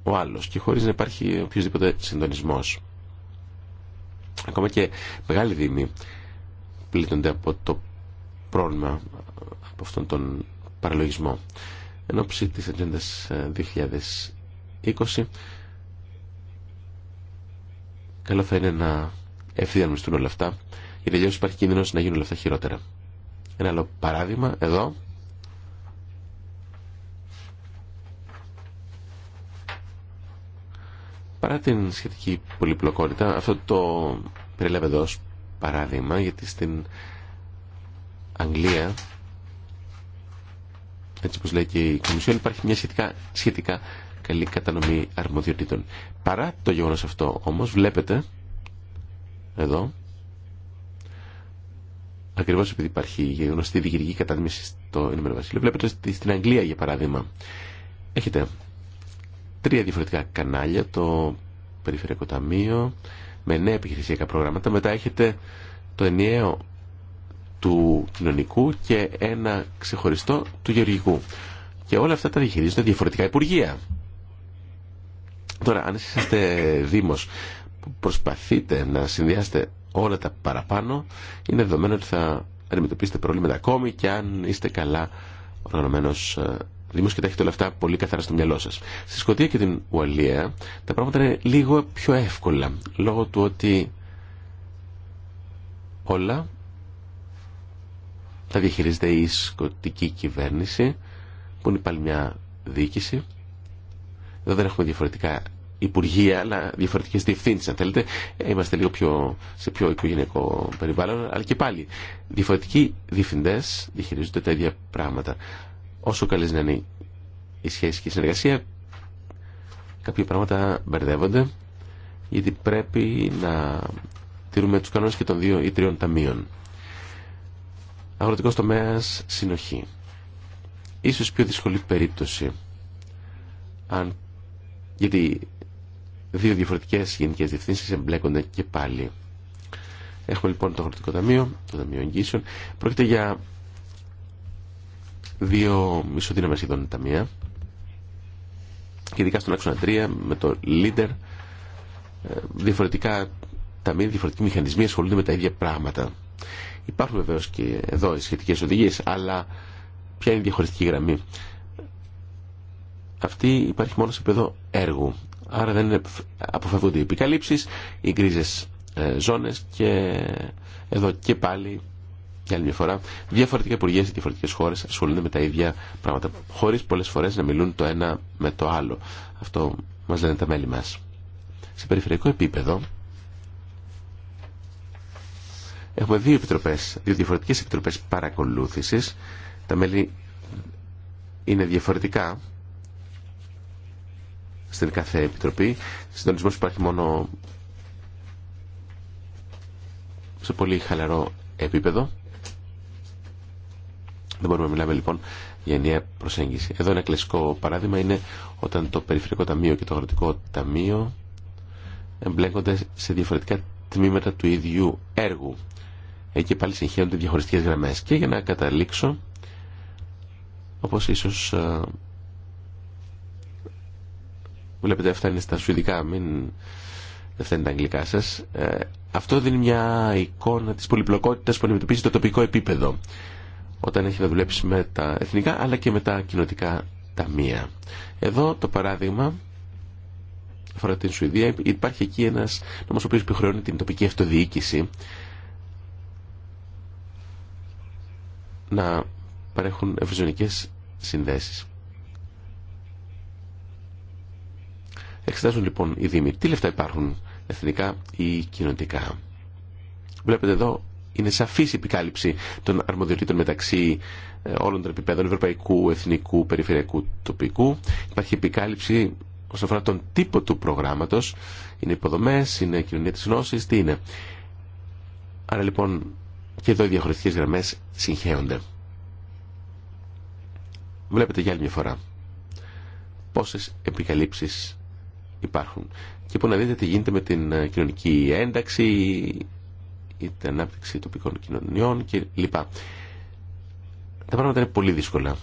ο άλλο και χωρί να υπάρχει οποιοδήποτε συντονισμό. Ακόμα και μεγάλοι δήμοι πλήττονται από το πρόβλημα από αυτόν τον παραλογισμό. Εν ώψη της Ατζέντα 2020, ε, καλό θα είναι να μισθούν όλα αυτά, ή αλλιώ υπάρχει κίνδυνο να γίνουν όλα αυτά χειρότερα. Ένα άλλο παράδειγμα, εδώ. Παρά την σχετική πολυπλοκότητα, αυτό το περιλάβει εδώ ως παράδειγμα, γιατί στην Αγγλία, έτσι όπως λέει και η Κομισιόν, υπάρχει μια σχετικά, σχετικά καλή κατανομή αρμοδιοτήτων. Παρά το γεγονός αυτό, όμως, βλέπετε εδώ Ακριβώ επειδή υπάρχει η γνωστή διοικητική κατάδυμηση στο Ηνωμένο Βασίλειο. Βλέπετε στην Αγγλία, για παράδειγμα, έχετε τρία διαφορετικά κανάλια, το Περιφερειακό Ταμείο, με νέα επιχειρησιακά προγράμματα. Μετά έχετε το ενιαίο του κοινωνικού και ένα ξεχωριστό του γεωργικού. Και όλα αυτά τα διαχειρίζονται διαφορετικά υπουργεία. Τώρα, αν είσαστε δήμο που προσπαθείτε να συνδυάσετε όλα τα παραπάνω είναι δεδομένο ότι θα αντιμετωπίσετε προβλήματα ακόμη και αν είστε καλά οργανωμένο ε, δημόσιο και τα έχετε όλα αυτά πολύ καθαρά στο μυαλό σα. Στη Σκωτία και την Ουαλία τα πράγματα είναι λίγο πιο εύκολα λόγω του ότι όλα θα διαχειρίζεται η σκοτική κυβέρνηση που είναι πάλι μια διοίκηση εδώ δεν έχουμε διαφορετικά υπουργεία, αλλά διαφορετικές διευθύνσει αν θέλετε. Ε, είμαστε λίγο πιο, σε πιο οικογενειακό περιβάλλον, αλλά και πάλι διαφορετικοί διευθυντέ, διαχείριζονται τα ίδια πράγματα. Όσο καλέ να είναι η σχέση και η συνεργασία, κάποια πράγματα μπερδεύονται, γιατί πρέπει να τηρούμε τους κανόνες και των δύο ή τριών ταμείων. Αγροτικό τομέα συνοχή. Ίσως πιο δύσκολη περίπτωση. Αν... Γιατί δύο διαφορετικέ γενικέ διευθύνσει εμπλέκονται και πάλι. Έχουμε λοιπόν το Χρονικό Ταμείο, το Ταμείο Εγγύσεων. Πρόκειται για δύο μισοδύναμε σχεδόν ταμεία και ειδικά στον άξονα 3 με το leader ε, διαφορετικά ταμεία, διαφορετικοί μηχανισμοί ασχολούνται με τα ίδια πράγματα. Υπάρχουν βεβαίω και εδώ οι σχετικέ οδηγίε, αλλά ποια είναι η διαχωριστική γραμμή. Αυτή υπάρχει μόνο σε επίπεδο έργου. Άρα δεν αποφεύγονται οι επικαλύψεις, οι γκρίζες ε, ζώνες και εδώ και πάλι για άλλη μια φορά διαφορετικά υπουργεία σε διαφορετικές χώρες ασχολούνται με τα ίδια πράγματα χωρίς πολλές φορές να μιλούν το ένα με το άλλο. Αυτό μας λένε τα μέλη μας. Σε περιφερειακό επίπεδο έχουμε δύο επιτροπές, δύο διαφορετικές επιτροπές παρακολούθησης. Τα μέλη είναι διαφορετικά στην κάθε επιτροπή. Συντονισμό υπάρχει μόνο σε πολύ χαλαρό επίπεδο. Δεν μπορούμε να μιλάμε λοιπόν για ενιαία προσέγγιση. Εδώ ένα κλασικό παράδειγμα είναι όταν το Περιφερειακό Ταμείο και το Αγροτικό Ταμείο εμπλέκονται σε διαφορετικά τμήματα του ίδιου έργου. Εκεί πάλι συγχαίρονται διαχωριστικές γραμμές. Και για να καταλήξω, όπως ίσως ε, Βλέπετε αυτά είναι στα σουηδικά, μην... δεν φτάνει τα αγγλικά σας. Ε, αυτό δίνει μια εικόνα της πολυπλοκότητας που αντιμετωπίζει το τοπικό επίπεδο όταν έχει να δουλέψει με τα εθνικά αλλά και με τα κοινοτικά ταμεία. Εδώ το παράδειγμα αφορά την Σουηδία. Υπάρχει εκεί ένας νόμο ο οποίο επιχρεώνει την τοπική αυτοδιοίκηση να παρέχουν ευρυζωνικές συνδέσεις. Εξετάζουν λοιπόν οι Δήμοι τι λεφτά υπάρχουν εθνικά ή κοινοτικά. Βλέπετε εδώ είναι σαφής η κοινωνικα βλεπετε εδω ειναι σαφης η επικαλυψη των αρμοδιοτήτων μεταξύ ε, όλων των επιπέδων ευρωπαϊκού, εθνικού, περιφερειακού, τοπικού. Υπάρχει επικάλυψη όσον αφορά τον τύπο του προγράμματος. Είναι υποδομές, είναι κοινωνία τη γνώση τι είναι. Άρα λοιπόν και εδώ οι διαχωριστικέ γραμμέ συγχέονται. Βλέπετε για άλλη μια φορά πόσες επικαλύψεις υπάρχουν. Και που να δείτε τι γίνεται με την ε, κοινωνική ένταξη ή την ανάπτυξη τοπικών κοινωνιών κλπ. Τα πράγματα είναι πολύ δύσκολα.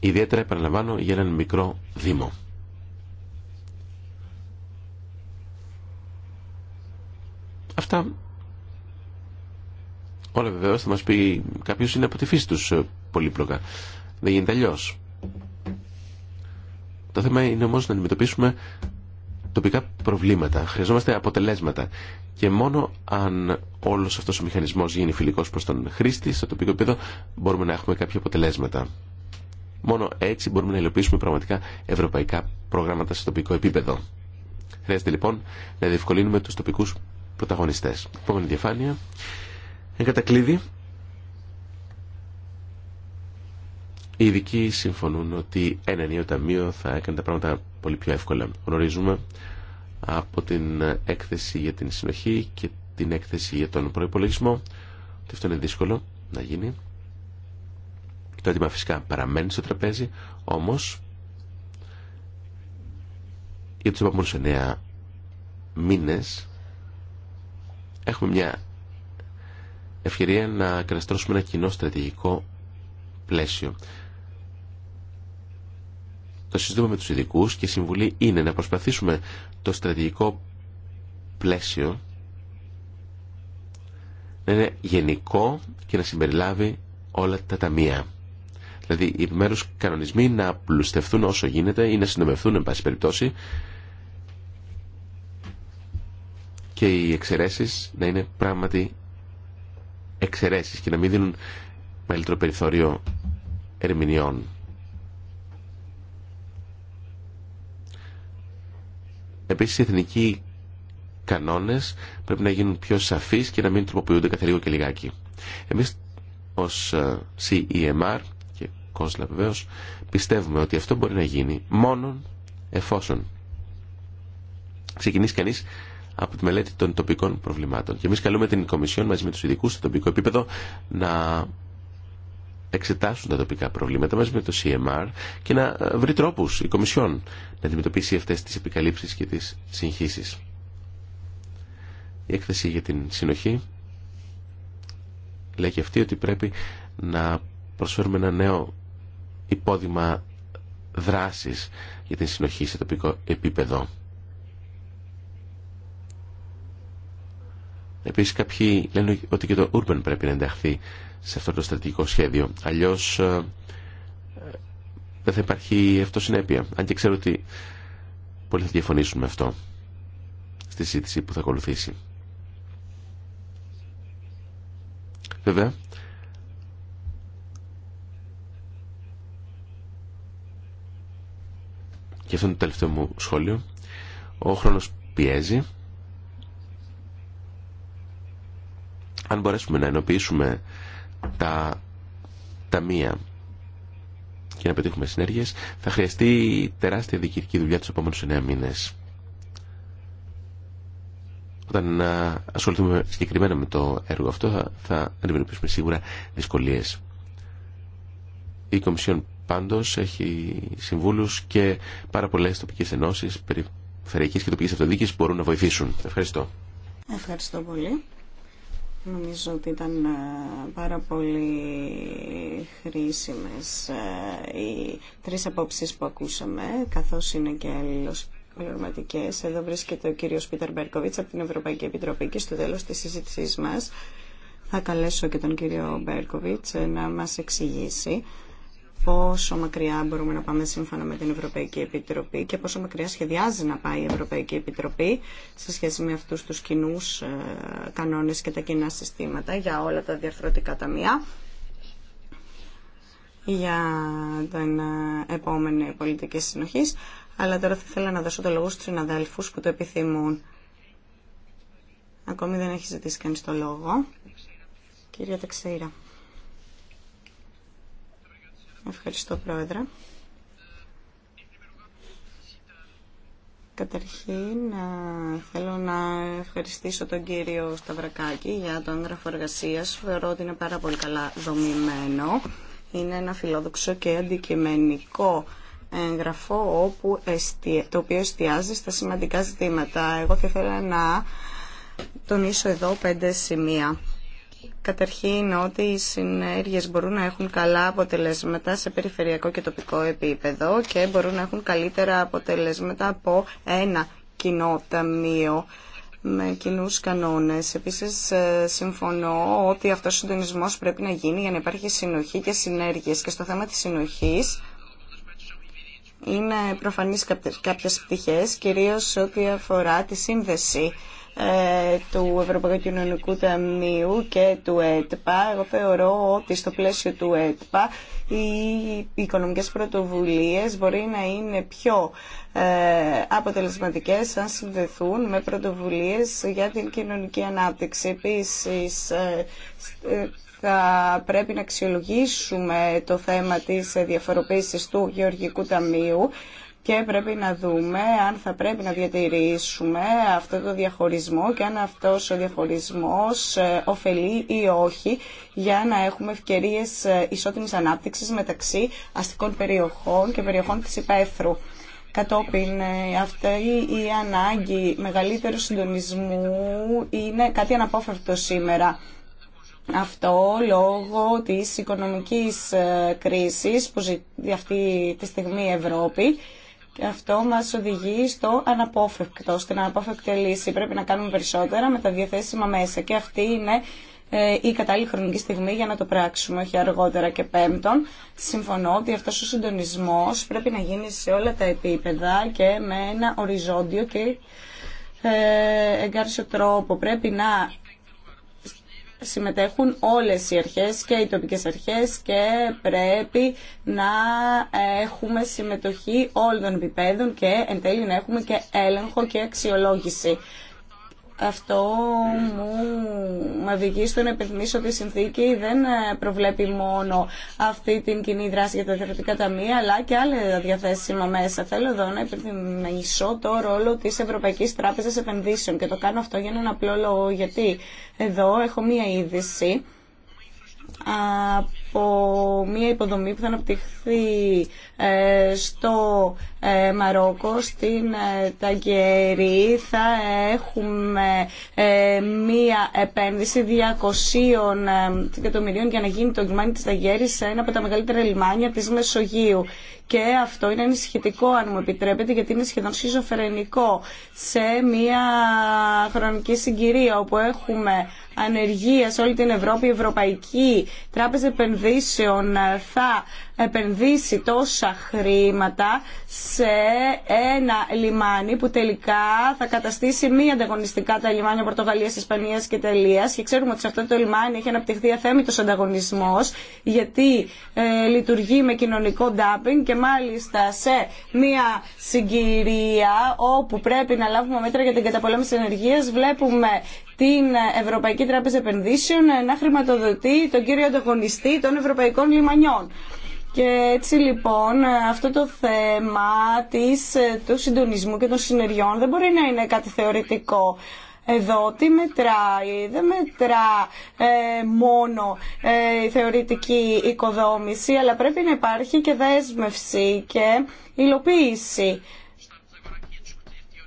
Ιδιαίτερα επαναλαμβάνω για έναν μικρό δήμο. Αυτά όλα βεβαίω θα μας πει κάποιος είναι από τη φύση τους ε, πολύπλοκα. Δεν γίνεται αλλιώς. Το θέμα είναι όμως να αντιμετωπίσουμε τοπικά προβλήματα. Χρειαζόμαστε αποτελέσματα. Και μόνο αν όλος αυτός ο μηχανισμός γίνει φιλικός προς τον χρήστη, σε τοπικό επίπεδο μπορούμε να έχουμε κάποια αποτελέσματα. Μόνο έτσι μπορούμε να υλοποιήσουμε πραγματικά ευρωπαϊκά προγράμματα σε τοπικό επίπεδο. Χρειάζεται λοιπόν να διευκολύνουμε του τοπικού πρωταγωνιστές. Επόμενη διαφάνεια. Εν κατακλείδη, Οι ειδικοί συμφωνούν ότι ένα νέο ταμείο θα έκανε τα πράγματα πολύ πιο εύκολα. Γνωρίζουμε από την έκθεση για την συνοχή και την έκθεση για τον προπολογισμό ότι αυτό είναι δύσκολο να γίνει. Το έτοιμα φυσικά παραμένει στο τραπέζι, όμω, για του επόμενου εννέα μήνε έχουμε μια ευκαιρία να καταστρώσουμε ένα κοινό στρατηγικό πλαίσιο. Το συζητούμε με τους ειδικού και η συμβουλή είναι να προσπαθήσουμε το στρατηγικό πλαίσιο να είναι γενικό και να συμπεριλάβει όλα τα ταμεία. Δηλαδή οι επιμέρους κανονισμοί να απλουστευτούν όσο γίνεται ή να συντομευθούν εν πάση περιπτώσει και οι εξαιρέσεις να είναι πράγματι εξαιρέσεις και να μην δίνουν μεγαλύτερο περιθώριο ερμηνεών. Επίσης οι εθνικοί κανόνες πρέπει να γίνουν πιο σαφείς και να μην τροποποιούνται κάθε λίγο και λιγάκι. Εμείς ως ε, CEMR και Κόσλα, βεβαίω, πιστεύουμε ότι αυτό μπορεί να γίνει μόνον εφόσον ξεκινήσει κανείς από τη μελέτη των τοπικών προβλημάτων. Και εμεί καλούμε την Κομισιόν μαζί με του ειδικού στο τοπικό επίπεδο να εξετάσουν τα τοπικά προβλήματα μαζί με το CMR και να ε, βρει τρόπους η Κομισιόν να αντιμετωπίσει αυτές τις επικαλύψεις και τις συγχύσεις. Η έκθεση για την συνοχή λέει και αυτή ότι πρέπει να προσφέρουμε ένα νέο υπόδειγμα δράσης για την συνοχή σε τοπικό επίπεδο. Επίσης κάποιοι λένε ότι και το urban πρέπει να ενταχθεί σε αυτό το στρατηγικό σχέδιο. Αλλιώς ε, δεν θα υπάρχει αυτοσυνέπεια. Αν και ξέρω ότι πολλοί θα διαφωνήσουν με αυτό στη συζήτηση που θα ακολουθήσει. Βέβαια, και αυτό είναι το τελευταίο μου σχόλιο, ο χρόνος πιέζει. Αν μπορέσουμε να ενοποιήσουμε τα ταμεία και να πετύχουμε συνέργειες θα χρειαστεί τεράστια διοικητική δουλειά του επόμενους 9 μήνες. Όταν ε, ασχοληθούμε συγκεκριμένα με το έργο αυτό θα, θα αντιμετωπίσουμε σίγουρα δυσκολίες. Η Κομισιόν πάντως έχει συμβούλους και πάρα πολλές τοπικές ενώσεις περιφερειακής και τοπικής αυτοδιοίκηση που μπορούν να βοηθήσουν. Ευχαριστώ. Ευχαριστώ πολύ. Νομίζω ότι ήταν ε, πάρα πολύ χρήσιμες ε, οι τρεις απόψεις που ακούσαμε, καθώς είναι και αλληλοσπληρωματικές. Εδώ βρίσκεται ο κύριος Πίτερ Μπέρκοβιτς από την Ευρωπαϊκή Επιτροπή και στο τέλος της συζήτησής μας θα καλέσω και τον κύριο Μπέρκοβιτς ε, να μας εξηγήσει πόσο μακριά μπορούμε να πάμε σύμφωνα με την Ευρωπαϊκή Επιτροπή και πόσο μακριά σχεδιάζει να πάει η Ευρωπαϊκή Επιτροπή σε σχέση με αυτούς τους κοινού ε, κανόνες και τα κοινά συστήματα για όλα τα διαρθρωτικά ταμεία για την ε, επόμενη πολιτική συνοχή. Αλλά τώρα θα ήθελα να δώσω το λόγο στους συναδέλφους που το επιθυμούν. Ακόμη δεν έχει ζητήσει κανείς το λόγο. Κύριε Τεξέιρα. Ευχαριστώ, Πρόεδρε. Καταρχήν, θέλω να ευχαριστήσω τον κύριο Σταυρακάκη για το έγγραφο εργασία. Θεωρώ ότι είναι πάρα πολύ καλά δομημένο. Είναι ένα φιλόδοξο και αντικειμενικό έγγραφο όπου το οποίο εστιάζει στα σημαντικά ζητήματα. Εγώ θα ήθελα να τονίσω εδώ πέντε σημεία. Καταρχήν ότι οι συνέργειες μπορούν να έχουν καλά αποτελέσματα σε περιφερειακό και τοπικό επίπεδο και μπορούν να έχουν καλύτερα αποτελέσματα από ένα κοινό ταμείο με κοινού κανόνε. Επίση, ε, συμφωνώ ότι αυτό ο συντονισμό πρέπει να γίνει για να υπάρχει συνοχή και συνέργειε. Και στο θέμα τη συνοχή, είναι προφανείς κάποιες πτυχές, κυρίως ό,τι αφορά τη σύνδεση ε, του Ευρωπαϊκού Κοινωνικού Ταμείου και του ΕΤΠΑ. Εγώ θεωρώ ότι στο πλαίσιο του ΕΤΠΑ οι οικονομικές πρωτοβουλίες μπορεί να είναι πιο ε, αποτελεσματικές αν συνδεθούν με πρωτοβουλίες για την κοινωνική ανάπτυξη. Επίσης, ε, θα πρέπει να αξιολογήσουμε το θέμα της διαφοροποίησης του Γεωργικού Ταμείου και πρέπει να δούμε αν θα πρέπει να διατηρήσουμε αυτό το διαχωρισμό και αν αυτός ο διαχωρισμός ε, ωφελεί ή όχι για να έχουμε ευκαιρίες ε, ισότιμης ανάπτυξης μεταξύ αστικών περιοχών και περιοχών της υπαίθρου. Κατόπιν ε, αυτή η ανάγκη μεγαλύτερου συντονισμού είναι κάτι αναπόφευκτο σήμερα. Αυτό λόγω της οικονομικής κρίσης που ζητεί αυτή τη στιγμή η Ευρώπη και αυτό μας οδηγεί στο αναπόφευκτο, στην αναπόφευκτη λύση. Πρέπει να κάνουμε περισσότερα με τα διαθέσιμα μέσα. Και αυτή είναι ε, η κατάλληλη χρονική στιγμή για να το πράξουμε, όχι αργότερα. Και πέμπτον, συμφωνώ ότι αυτός ο συντονισμός πρέπει να γίνει σε όλα τα επίπεδα και με ένα οριζόντιο και ε, εγκάρσιο τρόπο. Πρέπει να συμμετέχουν όλες οι αρχές και οι τοπικές αρχές και πρέπει να έχουμε συμμετοχή όλων των επιπέδων και εν τέλει να έχουμε και έλεγχο και αξιολόγηση. Αυτό μου με οδηγεί στο να υπενθυμίσω ότι η συνθήκη δεν ε, προβλέπει μόνο αυτή την κοινή δράση για τα διαφορετικά ταμεία, αλλά και άλλα διαθέσιμα μέσα. Θέλω εδώ να υπενθυμίσω το ρόλο τη Ευρωπαϊκή Τράπεζα Επενδύσεων και το κάνω αυτό για έναν απλό λόγο, γιατί εδώ έχω μία είδηση από μια υποδομή που θα αναπτυχθεί ε, στο ε, Μαρόκο, στην ε, Ταγκερή. Θα έχουμε μια επένδυση 200 εκατομμυρίων για να γίνει το λιμάνι της σε ένα από τα μεγαλύτερα λιμάνια της Μεσογείου. Και αυτό είναι ενισχυτικό, αν μου επιτρέπετε, γιατί είναι σχεδόν σχιζοφρενικό σε μια χρονική συγκυρία όπου έχουμε ανεργία σε όλη την Ευρώπη, η Ευρωπαϊκή Τράπεζα Επενδύσεων ε, θα επενδύσει τόσα χρήματα σε ένα λιμάνι που τελικά θα καταστήσει μη ανταγωνιστικά τα λιμάνια Πορτογαλίας, Ισπανίας και Ιταλίας και ξέρουμε ότι σε αυτό το λιμάνι έχει αναπτυχθεί αθέμητος ανταγωνισμός γιατί ε, λειτουργεί με κοινωνικό ντάμπινγκ και μάλιστα σε μια συγκυρία όπου πρέπει να λάβουμε μέτρα για την καταπολέμηση της ενεργείας βλέπουμε την Ευρωπαϊκή Τράπεζα Επενδύσεων να χρηματοδοτεί τον κύριο ανταγωνιστή των Ευρωπαϊκών Λιμανιών. Και έτσι λοιπόν αυτό το θέμα της, του συντονισμού και των συνεργειών δεν μπορεί να είναι κάτι θεωρητικό. Εδώ τι μετράει, δεν μετρά ε, μόνο ε, η θεωρητική οικοδόμηση, αλλά πρέπει να υπάρχει και δέσμευση και υλοποίηση.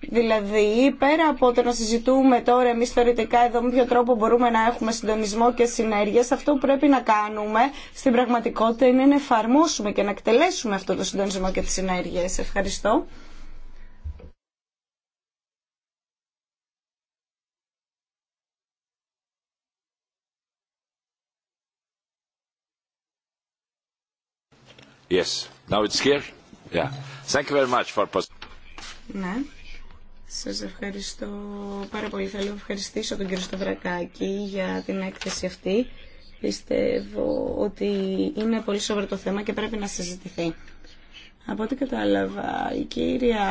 Δηλαδή, πέρα από το να συζητούμε τώρα εμεί θεωρητικά εδώ με ποιο τρόπο μπορούμε να έχουμε συντονισμό και συνέργειε, αυτό που πρέπει να κάνουμε στην πραγματικότητα είναι να εφαρμόσουμε και να εκτελέσουμε αυτό το συντονισμό και τι συνέργειε. Ευχαριστώ. Yes. Now it's here. Yeah. Thank you very much for... Ναι. Σας ευχαριστώ πάρα πολύ. Θέλω να ευχαριστήσω τον κύριο Σταυρακάκη για την έκθεση αυτή. Πιστεύω ότι είναι πολύ σοβαρό το θέμα και πρέπει να συζητηθεί. Από ό,τι κατάλαβα, η κύρια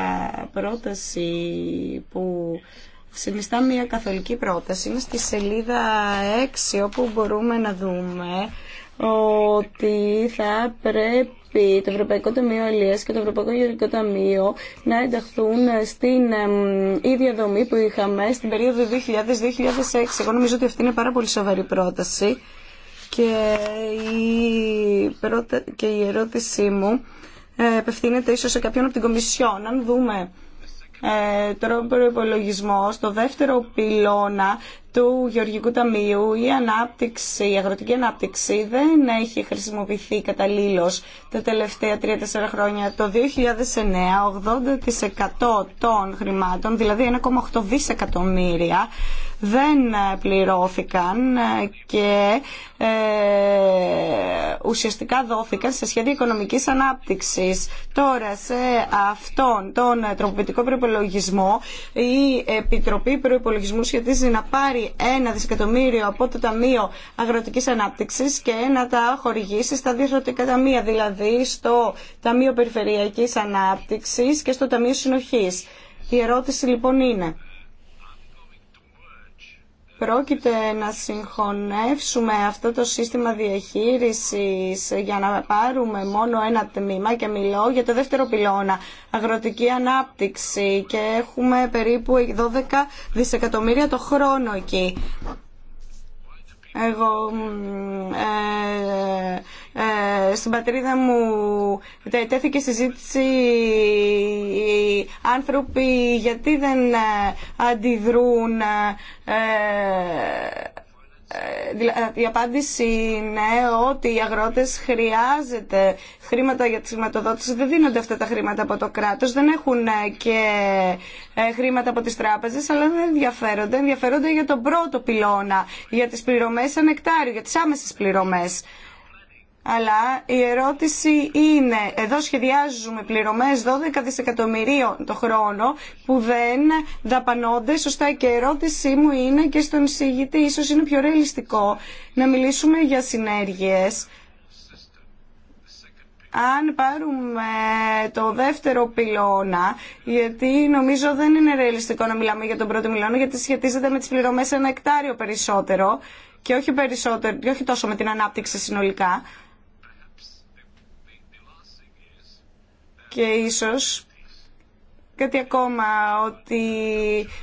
πρόταση που συνιστά μια καθολική πρόταση είναι στη σελίδα 6 όπου μπορούμε να δούμε ότι θα πρέπει το Ευρωπαϊκό Ταμείο Αλίας και το Ευρωπαϊκό Γεωργικό Ταμείο να ενταχθούν στην ίδια δομή που είχαμε στην περίοδο 2000-2006. Εγώ νομίζω ότι αυτή είναι πάρα πολύ σοβαρή πρόταση και η, ερώτησή μου ε, απευθύνεται ίσως σε κάποιον από την Κομισιόν. Αν δούμε ε, τρόπο υπολογισμό το δεύτερο πυλώνα του Γεωργικού Ταμείου η ανάπτυξη, η αγροτική ανάπτυξη δεν έχει χρησιμοποιηθεί καταλήλω τα τελευταία 3-4 χρόνια. Το 2009 80% των χρημάτων, δηλαδή 1,8 δισεκατομμύρια, δεν πληρώθηκαν και ε, ουσιαστικά δόθηκαν σε σχέδια οικονομικής ανάπτυξης. Τώρα σε αυτόν τον τροποποιητικό προπολογισμό η Επιτροπή Προπολογισμού σχετίζει να πάρει ένα δισεκατομμύριο από το Ταμείο Αγροτικής Ανάπτυξης και να τα χορηγήσει στα διευθυντικά ταμεία, δηλαδή στο Ταμείο Περιφερειακής Ανάπτυξης και στο Ταμείο Συνοχής. Η ερώτηση λοιπόν είναι πρόκειται να συγχωνεύσουμε αυτό το σύστημα διαχείρισης για να πάρουμε μόνο ένα τμήμα και μιλώ για το δεύτερο πυλώνα, αγροτική ανάπτυξη και έχουμε περίπου 12 δισεκατομμύρια το χρόνο εκεί. Εγώ ε, ε, στην πατρίδα μου τέθηκε συζήτηση οι άνθρωποι γιατί δεν ε, αντιδρούν ε, ε, η απάντηση είναι ότι οι αγρότες χρειάζεται χρήματα για τη χρηματοδότηση. Δεν δίνονται αυτά τα χρήματα από το κράτος, δεν έχουν ε, και χρήματα από τις τράπεζες, αλλά δεν ενδιαφέρονται. Ενδιαφέρονται για τον πρώτο πυλώνα, για τις πληρωμές ανεκτάριου, για τις άμεσες πληρωμές. Αλλά η ερώτηση είναι, εδώ σχεδιάζουμε πληρωμές 12 δισεκατομμυρίων το χρόνο που δεν δαπανώνται σωστά και η ερώτησή μου είναι και στον εισηγητή, ίσως είναι πιο ρεαλιστικό να μιλήσουμε για συνέργειες. Αν πάρουμε το δεύτερο πυλώνα, γιατί νομίζω δεν είναι ρεαλιστικό να μιλάμε για τον πρώτο πυλώνα, γιατί σχετίζεται με τις πληρωμές ένα εκτάριο περισσότερο και όχι, περισσότερο, και όχι τόσο με την ανάπτυξη συνολικά. και ίσως κάτι ακόμα, ότι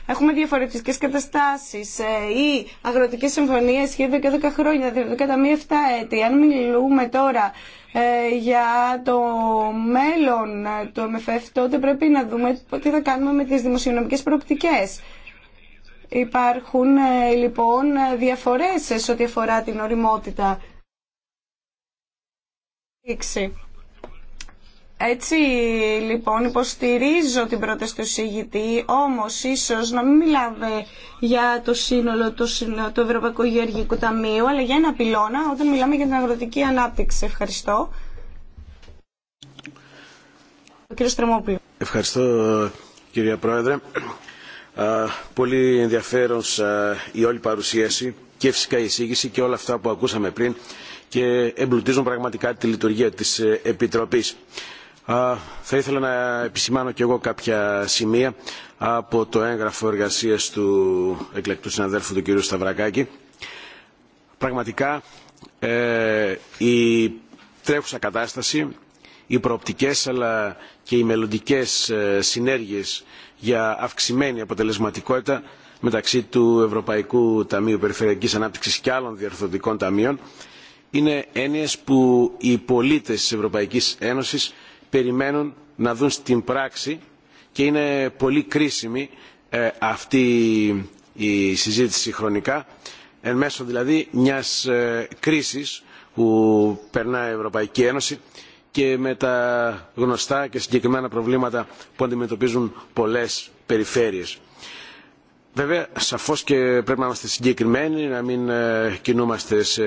έχουμε διαφορετικές καταστάσεις ε, ή αγροτικές συμφωνίες σχεδόν και 10 χρόνια, δηλαδή κατά μία 7 έτη. Αν μιλούμε τώρα ε, για το μέλλον του MFF, τότε πρέπει να δούμε τι θα κάνουμε με τις δημοσιονομικές προοπτικές. Υπάρχουν ε, λοιπόν διαφορές σε ό,τι αφορά την οριμότητα. Έτσι λοιπόν υποστηρίζω την πρόταση του συγητή, όμως ίσως να μην μιλάμε για το σύνολο του το Ευρωπαϊκού Γεωργικού Ταμείου, αλλά για ένα πυλώνα όταν μιλάμε για την αγροτική ανάπτυξη. Ευχαριστώ. Ο κύριος Ευχαριστώ κυρία Πρόεδρε. πολύ ενδιαφέρον η όλη παρουσίαση και φυσικά η εισήγηση και όλα αυτά που ακούσαμε πριν και εμπλουτίζουν πραγματικά τη λειτουργία της ε, Επιτροπής θα ήθελα να επισημάνω και εγώ κάποια σημεία από το έγγραφο εργασίας του εκλεκτού συναδέλφου του κ. Σταυρακάκη. Πραγματικά ε, η τρέχουσα κατάσταση, οι προοπτικές αλλά και οι μελλοντικές ε, συνέργειες για αυξημένη αποτελεσματικότητα μεταξύ του Ευρωπαϊκού Ταμείου Περιφερειακής Ανάπτυξης και άλλων διαρθρωτικών ταμείων είναι έννοιες που οι πολίτες της Ευρωπαϊκής Ένωσης περιμένουν να δουν στην πράξη και είναι πολύ κρίσιμη ε, αυτή η συζήτηση χρονικά εν μέσω δηλαδή μιας ε, κρίσης που περνά η Ευρωπαϊκή Ένωση και με τα γνωστά και συγκεκριμένα προβλήματα που αντιμετωπίζουν πολλές περιφέρειες. Βέβαια, σαφώς και πρέπει να είμαστε συγκεκριμένοι, να μην ε, κινούμαστε σε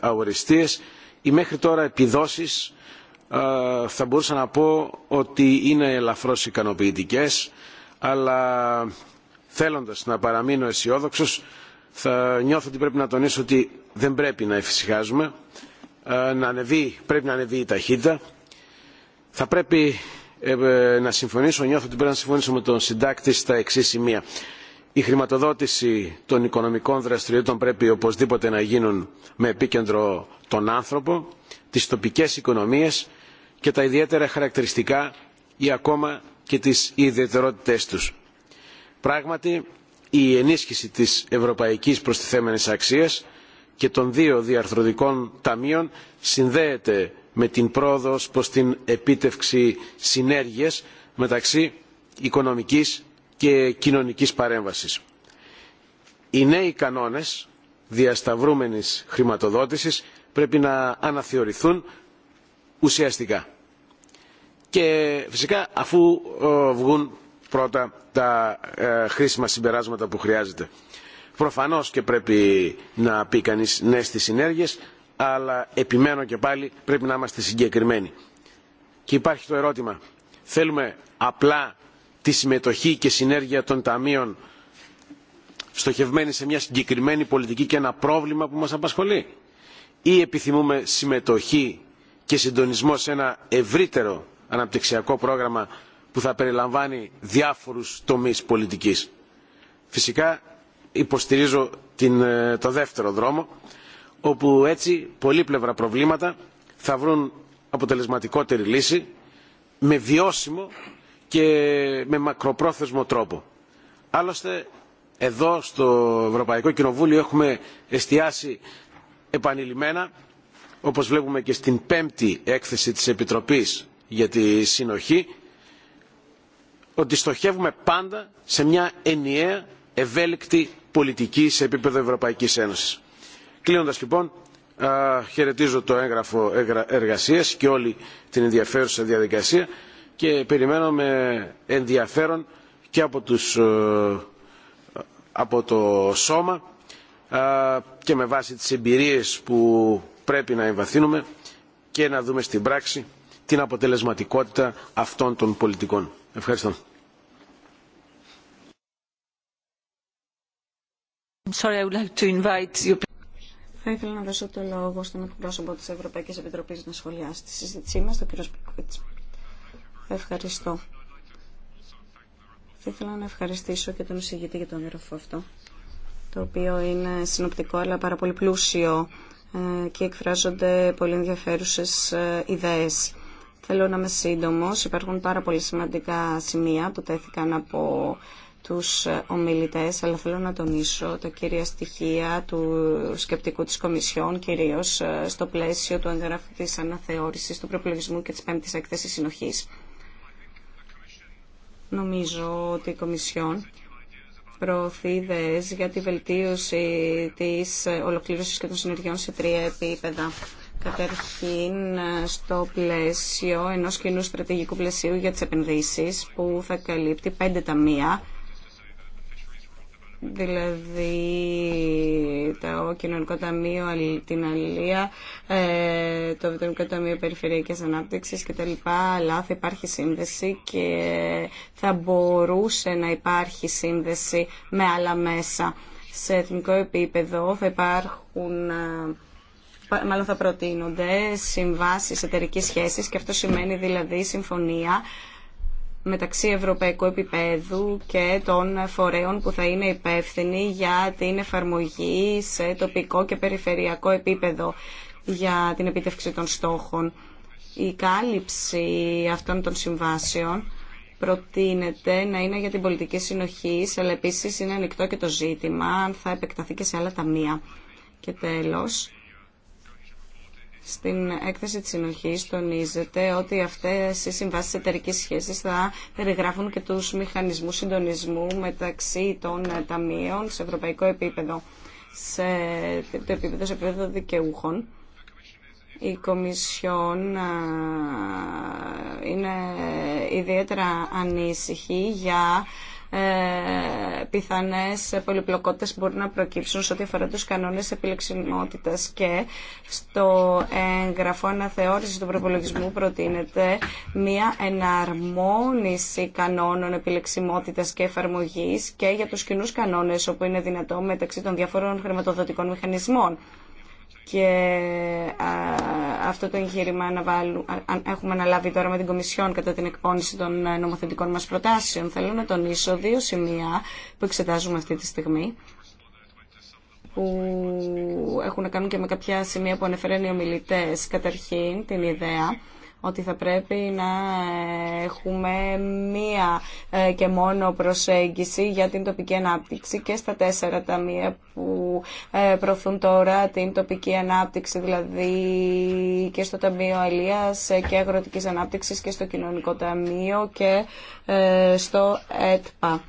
αοριστείες. Οι μέχρι τώρα επιδόσεις ε, θα μπορούσα να πω ότι είναι ελαφρώς ικανοποιητικές αλλά θέλοντας να παραμείνω αισιόδοξο, θα νιώθω ότι πρέπει να τονίσω ότι δεν πρέπει να εφησυχάζουμε ε, να ανεβεί, πρέπει να ανεβεί η ταχύτητα θα πρέπει ε, να συμφωνήσω νιώθω ότι πρέπει να συμφωνήσω με τον συντάκτη στα εξή σημεία η χρηματοδότηση των οικονομικών δραστηριοτήτων πρέπει οπωσδήποτε να γίνουν με επίκεντρο τον άνθρωπο τις τοπικές οικονομίες και τα ιδιαίτερα χαρακτηριστικά ή ακόμα και τις ιδιαιτερότητές τους. Πράγματι, η ενίσχυση της ευρωπαϊκής προστιθέμενης αξίας και των δύο διαρθρωτικών ταμείων συνδέεται με την πρόοδος προς την επίτευξη συνέργειας μεταξύ οικονομικής και κοινωνικής παρέμβασης. Οι νέοι κανόνες διασταυρούμενης χρηματοδότησης πρέπει να αναθεωρηθούν ουσιαστικά. Και φυσικά αφού ε, βγουν πρώτα τα ε, χρήσιμα συμπεράσματα που χρειάζεται. Προφανώς και πρέπει να πει κανεί ναι στις συνέργειες, αλλά επιμένω και πάλι πρέπει να είμαστε συγκεκριμένοι. Και υπάρχει το ερώτημα, θέλουμε απλά τη συμμετοχή και συνέργεια των ταμείων στοχευμένη σε μια συγκεκριμένη πολιτική και ένα πρόβλημα που μας απασχολεί ή επιθυμούμε συμμετοχή και συντονισμό σε ένα ευρύτερο αναπτυξιακό πρόγραμμα που θα περιλαμβάνει διάφορους τομείς πολιτικής. Φυσικά υποστηρίζω την, ε, το δεύτερο δρόμο όπου έτσι πολύπλευρα προβλήματα θα βρουν αποτελεσματικότερη λύση με βιώσιμο και με μακροπρόθεσμο τρόπο. Άλλωστε, εδώ στο Ευρωπαϊκό Κοινοβούλιο έχουμε εστιάσει επανειλημμένα, όπως βλέπουμε και στην πέμπτη έκθεση της Επιτροπής για τη Συνοχή, ότι στοχεύουμε πάντα σε μια ενιαία, ευέλικτη πολιτική σε επίπεδο Ευρωπαϊκής Ένωσης. Κλείνοντας λοιπόν, χαιρετίζω το έγγραφο εργασίας και όλη την ενδιαφέρουσα διαδικασία και περιμένω με ενδιαφέρον και από, τους, ε, από το σώμα ε, και με βάση τις εμπειρίες που πρέπει να εμβαθύνουμε και να δούμε στην πράξη την αποτελεσματικότητα αυτών των πολιτικών. Ευχαριστώ. Θα ήθελα να δώσω το λόγο στον εκπρόσωπο της Ευρωπαϊκής Επιτροπής να σχολιάσει τη συζήτησή μας, τον κύριο Σπικοβίτς. Ευχαριστώ. Θα ήθελα να ευχαριστήσω και τον εισηγητή για τον έγγραφο αυτό, το οποίο είναι συνοπτικό αλλά πάρα πολύ πλούσιο ε, και εκφράζονται πολύ ενδιαφέρουσες ε, ιδέες. Θέλω να είμαι σύντομο. Υπάρχουν πάρα πολύ σημαντικά σημεία που τέθηκαν από τους ε, ομιλητές, αλλά θέλω να τονίσω τα κύρια στοιχεία του σκεπτικού της Κομισιόν, κυρίως στο πλαίσιο του εγγράφου της αναθεώρησης του προπολογισμού και της πέμπτης έκθεσης συνοχής. Νομίζω ότι η Κομισιόν προωθεί ιδέες για τη βελτίωση της ολοκλήρωσης και των συνεργειών σε τρία επίπεδα. Καταρχήν στο πλαίσιο ενός κοινού στρατηγικού πλαισίου για τις επενδύσεις που θα καλύπτει πέντε ταμεία δηλαδή το Κοινωνικό Ταμείο, την Αλία, ε, το βιτρονικό Ταμείο Περιφερειακής Ανάπτυξης λοιπά, Αλλά θα υπάρχει σύνδεση και θα μπορούσε να υπάρχει σύνδεση με άλλα μέσα. Σε εθνικό επίπεδο θα υπάρχουν ε, μάλλον θα προτείνονται συμβάσεις εταιρικής σχέσης και αυτό σημαίνει δηλαδή συμφωνία μεταξύ ευρωπαϊκού επίπεδου και των φορέων που θα είναι υπεύθυνοι για την εφαρμογή σε τοπικό και περιφερειακό επίπεδο για την επίτευξη των στόχων. Η κάλυψη αυτών των συμβάσεων προτείνεται να είναι για την πολιτική συνοχή, αλλά επίσης είναι ανοιχτό και το ζήτημα αν θα επεκταθεί και σε άλλα ταμεία. Και τέλος, στην έκθεση της συνοχής τονίζεται ότι αυτές οι συμβάσεις εταιρικής σχέσης θα περιγράφουν και τους μηχανισμούς συντονισμού μεταξύ των ταμείων σε ευρωπαϊκό επίπεδο, σε το επίπεδο, σε επίπεδο δικαιούχων. Η Κομισιόν είναι ιδιαίτερα ανήσυχη για ε, πιθανές πολυπλοκότητες που μπορούν να προκύψουν σε ό,τι αφορά τους κανόνες επιλεξιμότητας και στο έγγραφο αναθεώρηση του προπολογισμού προτείνεται μία εναρμόνιση κανόνων επιλεξιμότητας και εφαρμογής και για τους κοινούς κανόνες όπου είναι δυνατό μεταξύ των διαφορών χρηματοδοτικών μηχανισμών και αυτό το εγχείρημα έχουμε αναλάβει τώρα με την Κομισιόν κατά την εκπόνηση των ε, νομοθετικών μας προτάσεων. Θέλω να τονίσω δύο σημεία που εξετάζουμε αυτή τη στιγμή που έχουν να κάνουν και με κάποια σημεία που ανεφεραν οι ομιλητές. Καταρχήν την ιδέα ότι θα πρέπει να έχουμε μία ε, και μόνο προσέγγιση για την τοπική ανάπτυξη και στα τέσσερα ταμεία που ε, προωθούν τώρα την τοπική ανάπτυξη, δηλαδή και στο Ταμείο Αλίας ε, και Αγροτικής Ανάπτυξης και στο Κοινωνικό Ταμείο και στο ΕΤΠΑ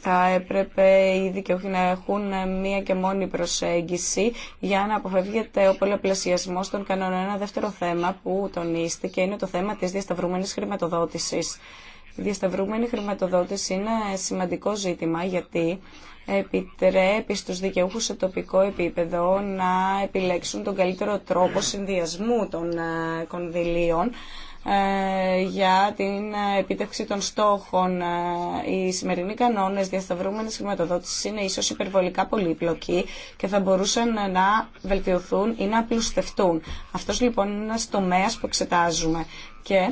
θα έπρεπε οι δικαιούχοι να έχουν μία και μόνη προσέγγιση για να αποφεύγεται ο πολλαπλασιασμό των κανόνων. Ένα δεύτερο θέμα που τονίστηκε είναι το θέμα της διασταυρούμενης χρηματοδότησης. Η διασταυρούμενη χρηματοδότηση είναι σημαντικό ζήτημα γιατί επιτρέπει στους δικαιούχους σε τοπικό επίπεδο να επιλέξουν τον καλύτερο τρόπο συνδυασμού των ε, κονδυλίων ε, για την ε, επίτευξη των στόχων. Ε, οι σημερινοί κανόνες διασταυρούμενη χρηματοδότηση είναι ίσως υπερβολικά πολύπλοκοι και θα μπορούσαν να βελτιωθούν ή να απλουστευτούν. Αυτός λοιπόν είναι ένα τομέα που εξετάζουμε. Και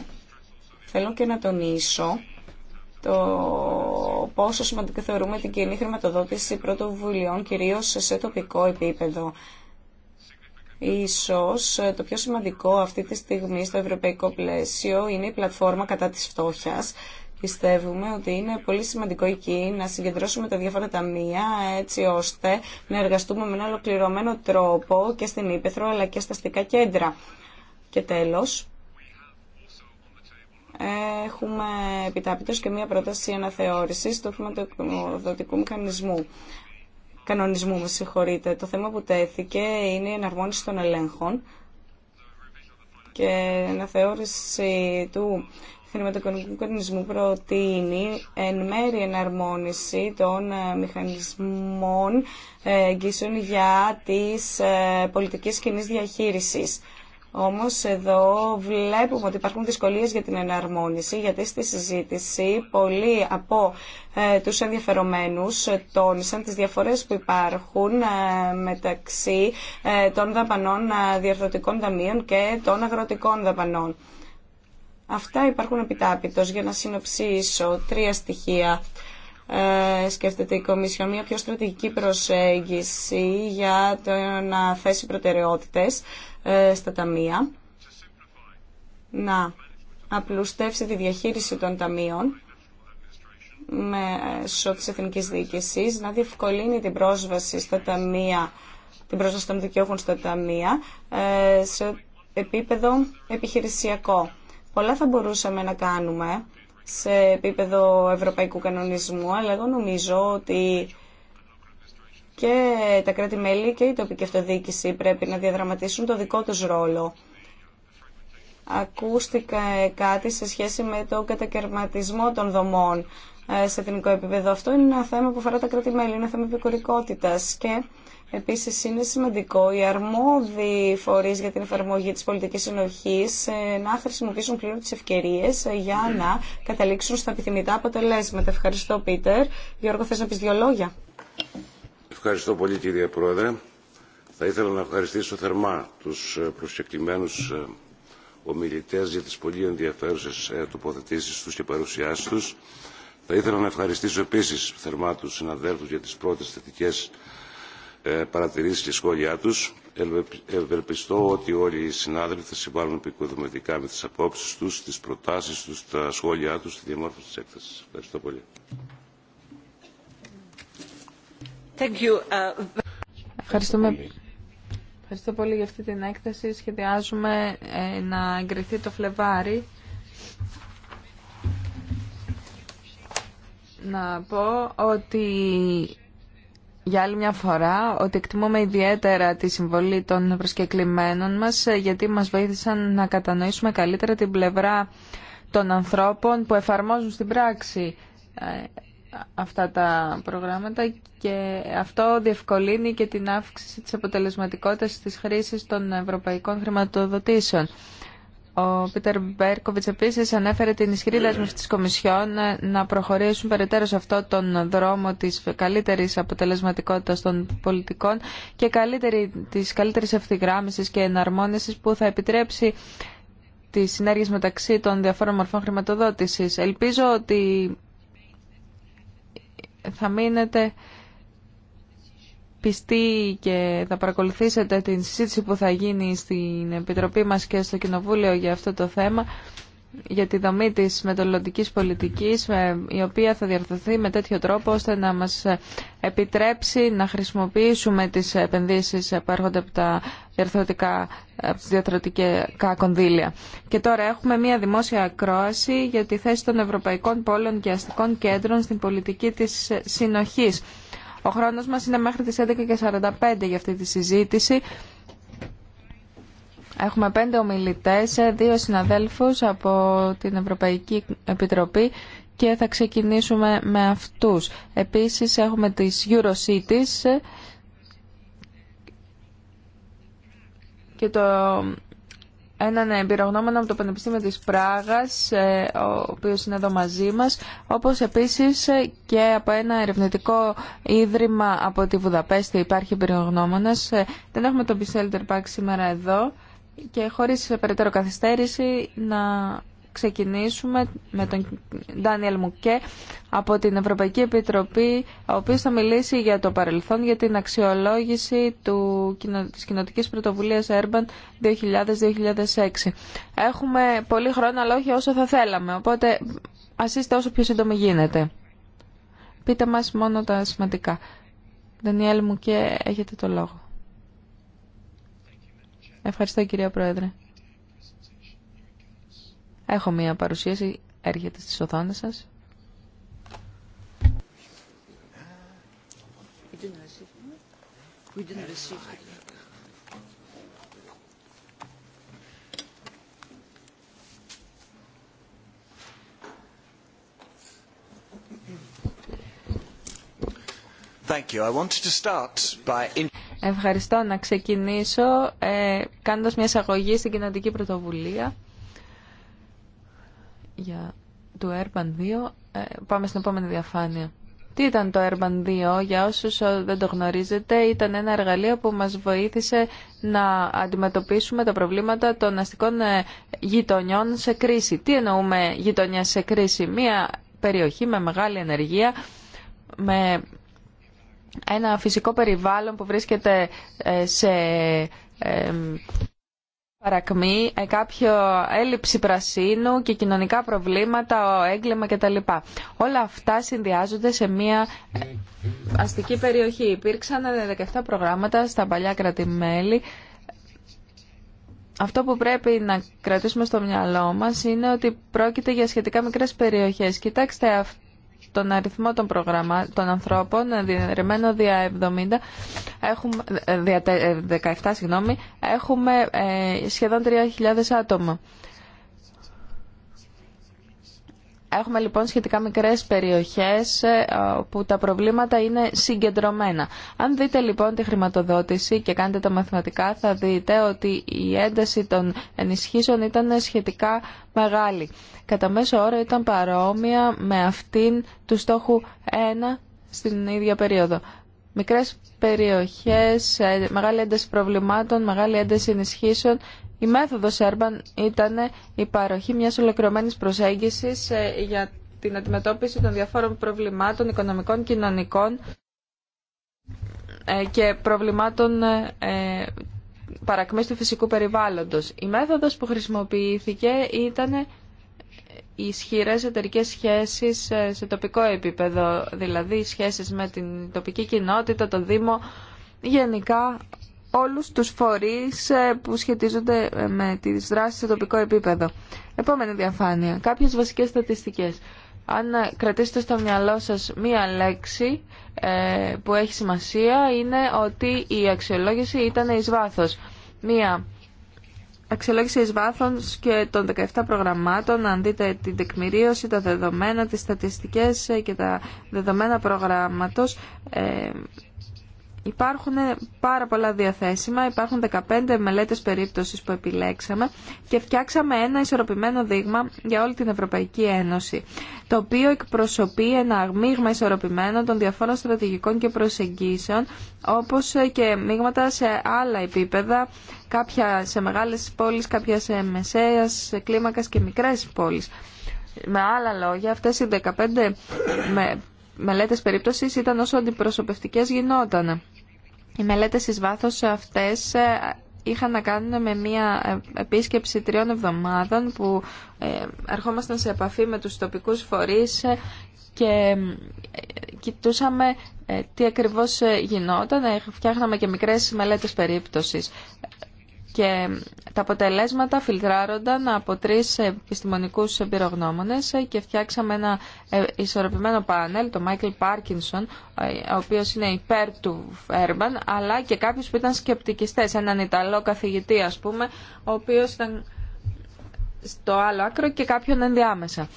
θέλω και να τονίσω το πόσο σημαντικό θεωρούμε την κοινή χρηματοδότηση πρωτοβουλειών, κυρίως σε τοπικό επίπεδο. Ίσως ε, το πιο σημαντικό αυτή τη στιγμή στο ευρωπαϊκό πλαίσιο είναι η πλατφόρμα κατά της φτώχειας. Πιστεύουμε ότι είναι πολύ σημαντικό εκεί να συγκεντρώσουμε τα διάφορα ταμεία έτσι ώστε να εργαστούμε με ένα ολοκληρωμένο τρόπο και στην Ήπεθρο αλλά και στα αστικά κέντρα. Και τέλος, έχουμε επιτάπητος και μία πρόταση αναθεώρησης του χρηματοδοτικού μηχανισμού κανονισμού, με συγχωρείτε. Το θέμα που τέθηκε είναι η εναρμόνιση των ελέγχων και η αναθεώρηση του χρηματοοικονομικού κανονισμού προτείνει εν μέρη εναρμόνιση των ε, μηχανισμών ε, εγγύσεων για τις ε, πολιτικές κοινή διαχείρισης. Όμως εδώ βλέπουμε ότι υπάρχουν δυσκολίες για την εναρμόνιση, γιατί στη συζήτηση πολλοί από ε, τους ενδιαφερομένους τόνισαν τις διαφορές που υπάρχουν ε, μεταξύ ε, των δαπανών ε, διαρθρωτικών ταμείων και των αγροτικών δαπανών. Αυτά υπάρχουν επιτάπητος για να συνοψίσω τρία στοιχεία ε, σκέφτεται η Κομισιόν μια πιο στρατηγική προσέγγιση για το να θέσει προτεραιότητες ε, στα ταμεία, να απλουστεύσει τη διαχείριση των ταμείων μέσω της εθνικής διοίκησης, να διευκολύνει την πρόσβαση στα ταμεία, την πρόσβαση των δικαιούχων στα ταμεία ε, σε επίπεδο επιχειρησιακό. Πολλά θα μπορούσαμε να κάνουμε σε επίπεδο ευρωπαϊκού κανονισμού, αλλά εγώ νομίζω ότι και τα κράτη-μέλη και η τοπική αυτοδιοίκηση πρέπει να διαδραματίσουν το δικό τους ρόλο. Ακούστηκα κάτι σε σχέση με το κατακαιρματισμό των δομών ε, σε εθνικό επίπεδο. Αυτό είναι ένα θέμα που αφορά τα κράτη-μέλη, είναι ένα θέμα επικουρικότητας και Επίσης είναι σημαντικό οι αρμόδιοι φορείς για την εφαρμογή της πολιτικής συνοχής ε, να χρησιμοποιήσουν πλήρω τις ευκαιρίες ε, για να καταλήξουν στα επιθυμητά αποτελέσματα. Ευχαριστώ Πίτερ. Γιώργο θες να πεις δύο λόγια. Ευχαριστώ πολύ κύριε Πρόεδρε. Θα ήθελα να ευχαριστήσω θερμά τους ε, προσκεκλημένους ομιλητές για τις πολύ ενδιαφέρουσες τοποθετήσεις τους και παρουσιάσεις τους. Θα ήθελα να ευχαριστήσω επίσης θερμά τους συναδέλφου για τις πρώτες θετικέ. Ε, παρατηρήσεις και σχόλιά τους. Ευελπιστώ ότι όλοι οι συνάδελφοι θα συμβάλλουν επικοδομητικά με τις απόψεις τους, τις προτάσεις τους, τα σχόλιά τους, τη διαμόρφωση της έκθεσης. Ευχαριστώ πολύ. Ε, Ευχαριστούμε. Ευχαριστώ πολύ για αυτή την έκθεση. Σχεδιάζουμε ε, να εγκριθεί το Φλεβάρι. Να πω ότι για άλλη μια φορά ότι εκτιμούμε ιδιαίτερα τη συμβολή των προσκεκλημένων μας ε, γιατί μας βοήθησαν να κατανοήσουμε καλύτερα την πλευρά των ανθρώπων που εφαρμόζουν στην πράξη ε, αυτά τα προγράμματα και αυτό διευκολύνει και την αύξηση της αποτελεσματικότητας της χρήσης των ευρωπαϊκών χρηματοδοτήσεων. Ο Πίτερ Μπέρκοβιτς επίσης ανέφερε την ισχυρή δέσμευση της Κομισιόν να προχωρήσουν περαιτέρω σε αυτό τον δρόμο της καλύτερης αποτελεσματικότητας των πολιτικών και καλύτερη, της καλύτερης ευθυγράμμισης και εναρμόνισης που θα επιτρέψει τις συνέργειες μεταξύ των διαφόρων μορφών χρηματοδότησης. Ελπίζω ότι θα μείνετε πιστεί και θα παρακολουθήσετε την συζήτηση που θα γίνει στην Επιτροπή μας και στο Κοινοβούλιο για αυτό το θέμα για τη δομή της μεταλλοντικής πολιτικής η οποία θα διαρθωθεί με τέτοιο τρόπο ώστε να μας επιτρέψει να χρησιμοποιήσουμε τις επενδύσεις που έρχονται από τα διαρθρωτικά, κονδύλια. Και τώρα έχουμε μια δημόσια ακρόαση για τη θέση των ευρωπαϊκών πόλων και αστικών κέντρων στην πολιτική της συνοχής. Ο χρόνος μας είναι μέχρι τις 11.45 για αυτή τη συζήτηση. Έχουμε πέντε ομιλητές, δύο συναδέλφους από την Ευρωπαϊκή Επιτροπή και θα ξεκινήσουμε με αυτούς. Επίσης έχουμε τις Eurocities και το έναν εμπειρογνώμονα από το Πανεπιστήμιο της Πράγας, ε, ο οποίος είναι εδώ μαζί μας, όπως επίσης ε, και από ένα ερευνητικό ίδρυμα από τη Βουδαπέστη υπάρχει εμπειρογνώμονας. Ε, δεν έχουμε τον Μπισέλ ΠΑΚ σήμερα εδώ και χωρίς περαιτέρω καθυστέρηση να ξεκινήσουμε με τον Ντάνιελ Μουκέ από την Ευρωπαϊκή Επιτροπή, ο οποίο θα μιλήσει για το παρελθόν, για την αξιολόγηση του, της κοινοτικής πρωτοβουλίας Urban 2000-2006. Έχουμε πολύ χρόνο, αλλά όχι όσο θα θέλαμε, οπότε ας είστε όσο πιο σύντομοι γίνεται. Πείτε μας μόνο τα σημαντικά. Ντανιέλ Μουκέ, έχετε το λόγο. Ευχαριστώ κυρία Πρόεδρε. Έχω μία παρουσίαση, έρχεται στις οθόνες σας. Ευχαριστώ να ξεκινήσω ε, κάνοντας μια εισαγωγή στην κοινωνική πρωτοβουλία για το Urban 2. Ε, πάμε στην επόμενη διαφάνεια. Τι ήταν το Urban 2, για όσους ε, δεν το γνωρίζετε, ήταν ένα εργαλείο που μας βοήθησε να αντιμετωπίσουμε τα προβλήματα των αστικών ε, γειτονιών σε κρίση. Τι εννοούμε γειτονιά σε κρίση, μια περιοχή με μεγάλη ενεργεία, με ένα φυσικό περιβάλλον που βρίσκεται σε παρακμή, ε, κάποιο έλλειψη πρασίνου και κοινωνικά προβλήματα, ο έγκλημα κτλ. Όλα αυτά συνδυάζονται σε μια ε, αστική περιοχή. Υπήρξαν 17 ε, προγράμματα στα παλιά κρατημέλη. Αυτό που πρέπει να κρατήσουμε στο μυαλό μας είναι ότι πρόκειται για σχετικά μικρές περιοχές. Κοιτάξτε αυτό τον αριθμό των, προγραμμα... των ανθρώπων διαιρεμένο δια 70 έχουμε, ε, δια 17 ε, συγγνώμη, έχουμε ε, σχεδόν 3.000 άτομα. Έχουμε λοιπόν σχετικά μικρές περιοχές ε, που τα προβλήματα είναι συγκεντρωμένα. Αν δείτε λοιπόν τη χρηματοδότηση και κάνετε τα μαθηματικά θα δείτε ότι η ένταση των ενισχύσεων ήταν σχετικά μεγάλη. Κατά μέσο όρο ήταν παρόμοια με αυτήν του στόχου 1 στην ίδια περίοδο. Μικρές περιοχές, ε, μεγάλη ένταση προβλημάτων, μεγάλη ένταση ενισχύσεων η μέθοδος Urban ήταν η παροχή μιας ολοκληρωμένης προσέγγισης ε, για την αντιμετώπιση των διαφόρων προβλημάτων οικονομικών, κοινωνικών ε, και προβλημάτων ε, παρακμής του φυσικού περιβάλλοντος. Η μέθοδος που χρησιμοποιήθηκε ήταν οι ισχυρέ εταιρικέ σχέσεις σε τοπικό επίπεδο, δηλαδή σχέσεις με την τοπική κοινότητα, το Δήμο, γενικά όλους τους φορείς ε, που σχετίζονται ε, με τις δράσεις σε τοπικό επίπεδο. Επόμενη διαφάνεια. Κάποιες βασικές στατιστικές. Αν ε, κρατήσετε στο μυαλό σας μία λέξη που έχει σημασία είναι ότι η αξιολόγηση ήταν εις βάθος. Μία αξιολόγηση εις βάθος και των 17 προγραμμάτων, αν δείτε την τεκμηρίωση, τα δεδομένα, τις στατιστικές και τα δεδομένα προγράμματος, Υπάρχουν πάρα πολλά διαθέσιμα, υπάρχουν 15 μελέτες περίπτωσης που επιλέξαμε και φτιάξαμε ένα ισορροπημένο δείγμα για όλη την Ευρωπαϊκή Ένωση, το οποίο εκπροσωπεί ένα αγμίγμα ισορροπημένο των διαφόρων στρατηγικών και προσεγγίσεων, όπως και μείγματα σε άλλα επίπεδα, κάποια σε μεγάλες πόλεις, κάποια σε μεσαίας κλίμακας και μικρές πόλεις. Με άλλα λόγια, αυτές οι 15 μελέτες περίπτωσης ήταν όσο αντιπροσωπευτικές γινότανε οι μελέτες εις βάθος αυτές ε, είχαν να κάνουν με μια ε, επίσκεψη τριών εβδομάδων που ε, ερχόμασταν σε επαφή με τους τοπικούς φορείς και κοιτούσαμε τι ακριβώς γινόταν, φτιάχναμε και μικρές μελέτες περίπτωσης και τα αποτελέσματα φιλτράρονταν από τρεις επιστημονικούς εμπειρογνώμονες και φτιάξαμε ένα ε, ισορροπημένο πάνελ, το Michael Πάρκινσον ο οποίος είναι υπέρ του Urban, αλλά και κάποιους που ήταν σκεπτικιστές, έναν Ιταλό καθηγητή ας πούμε, ο οποίος ήταν στο άλλο άκρο και κάποιον ενδιάμεσα.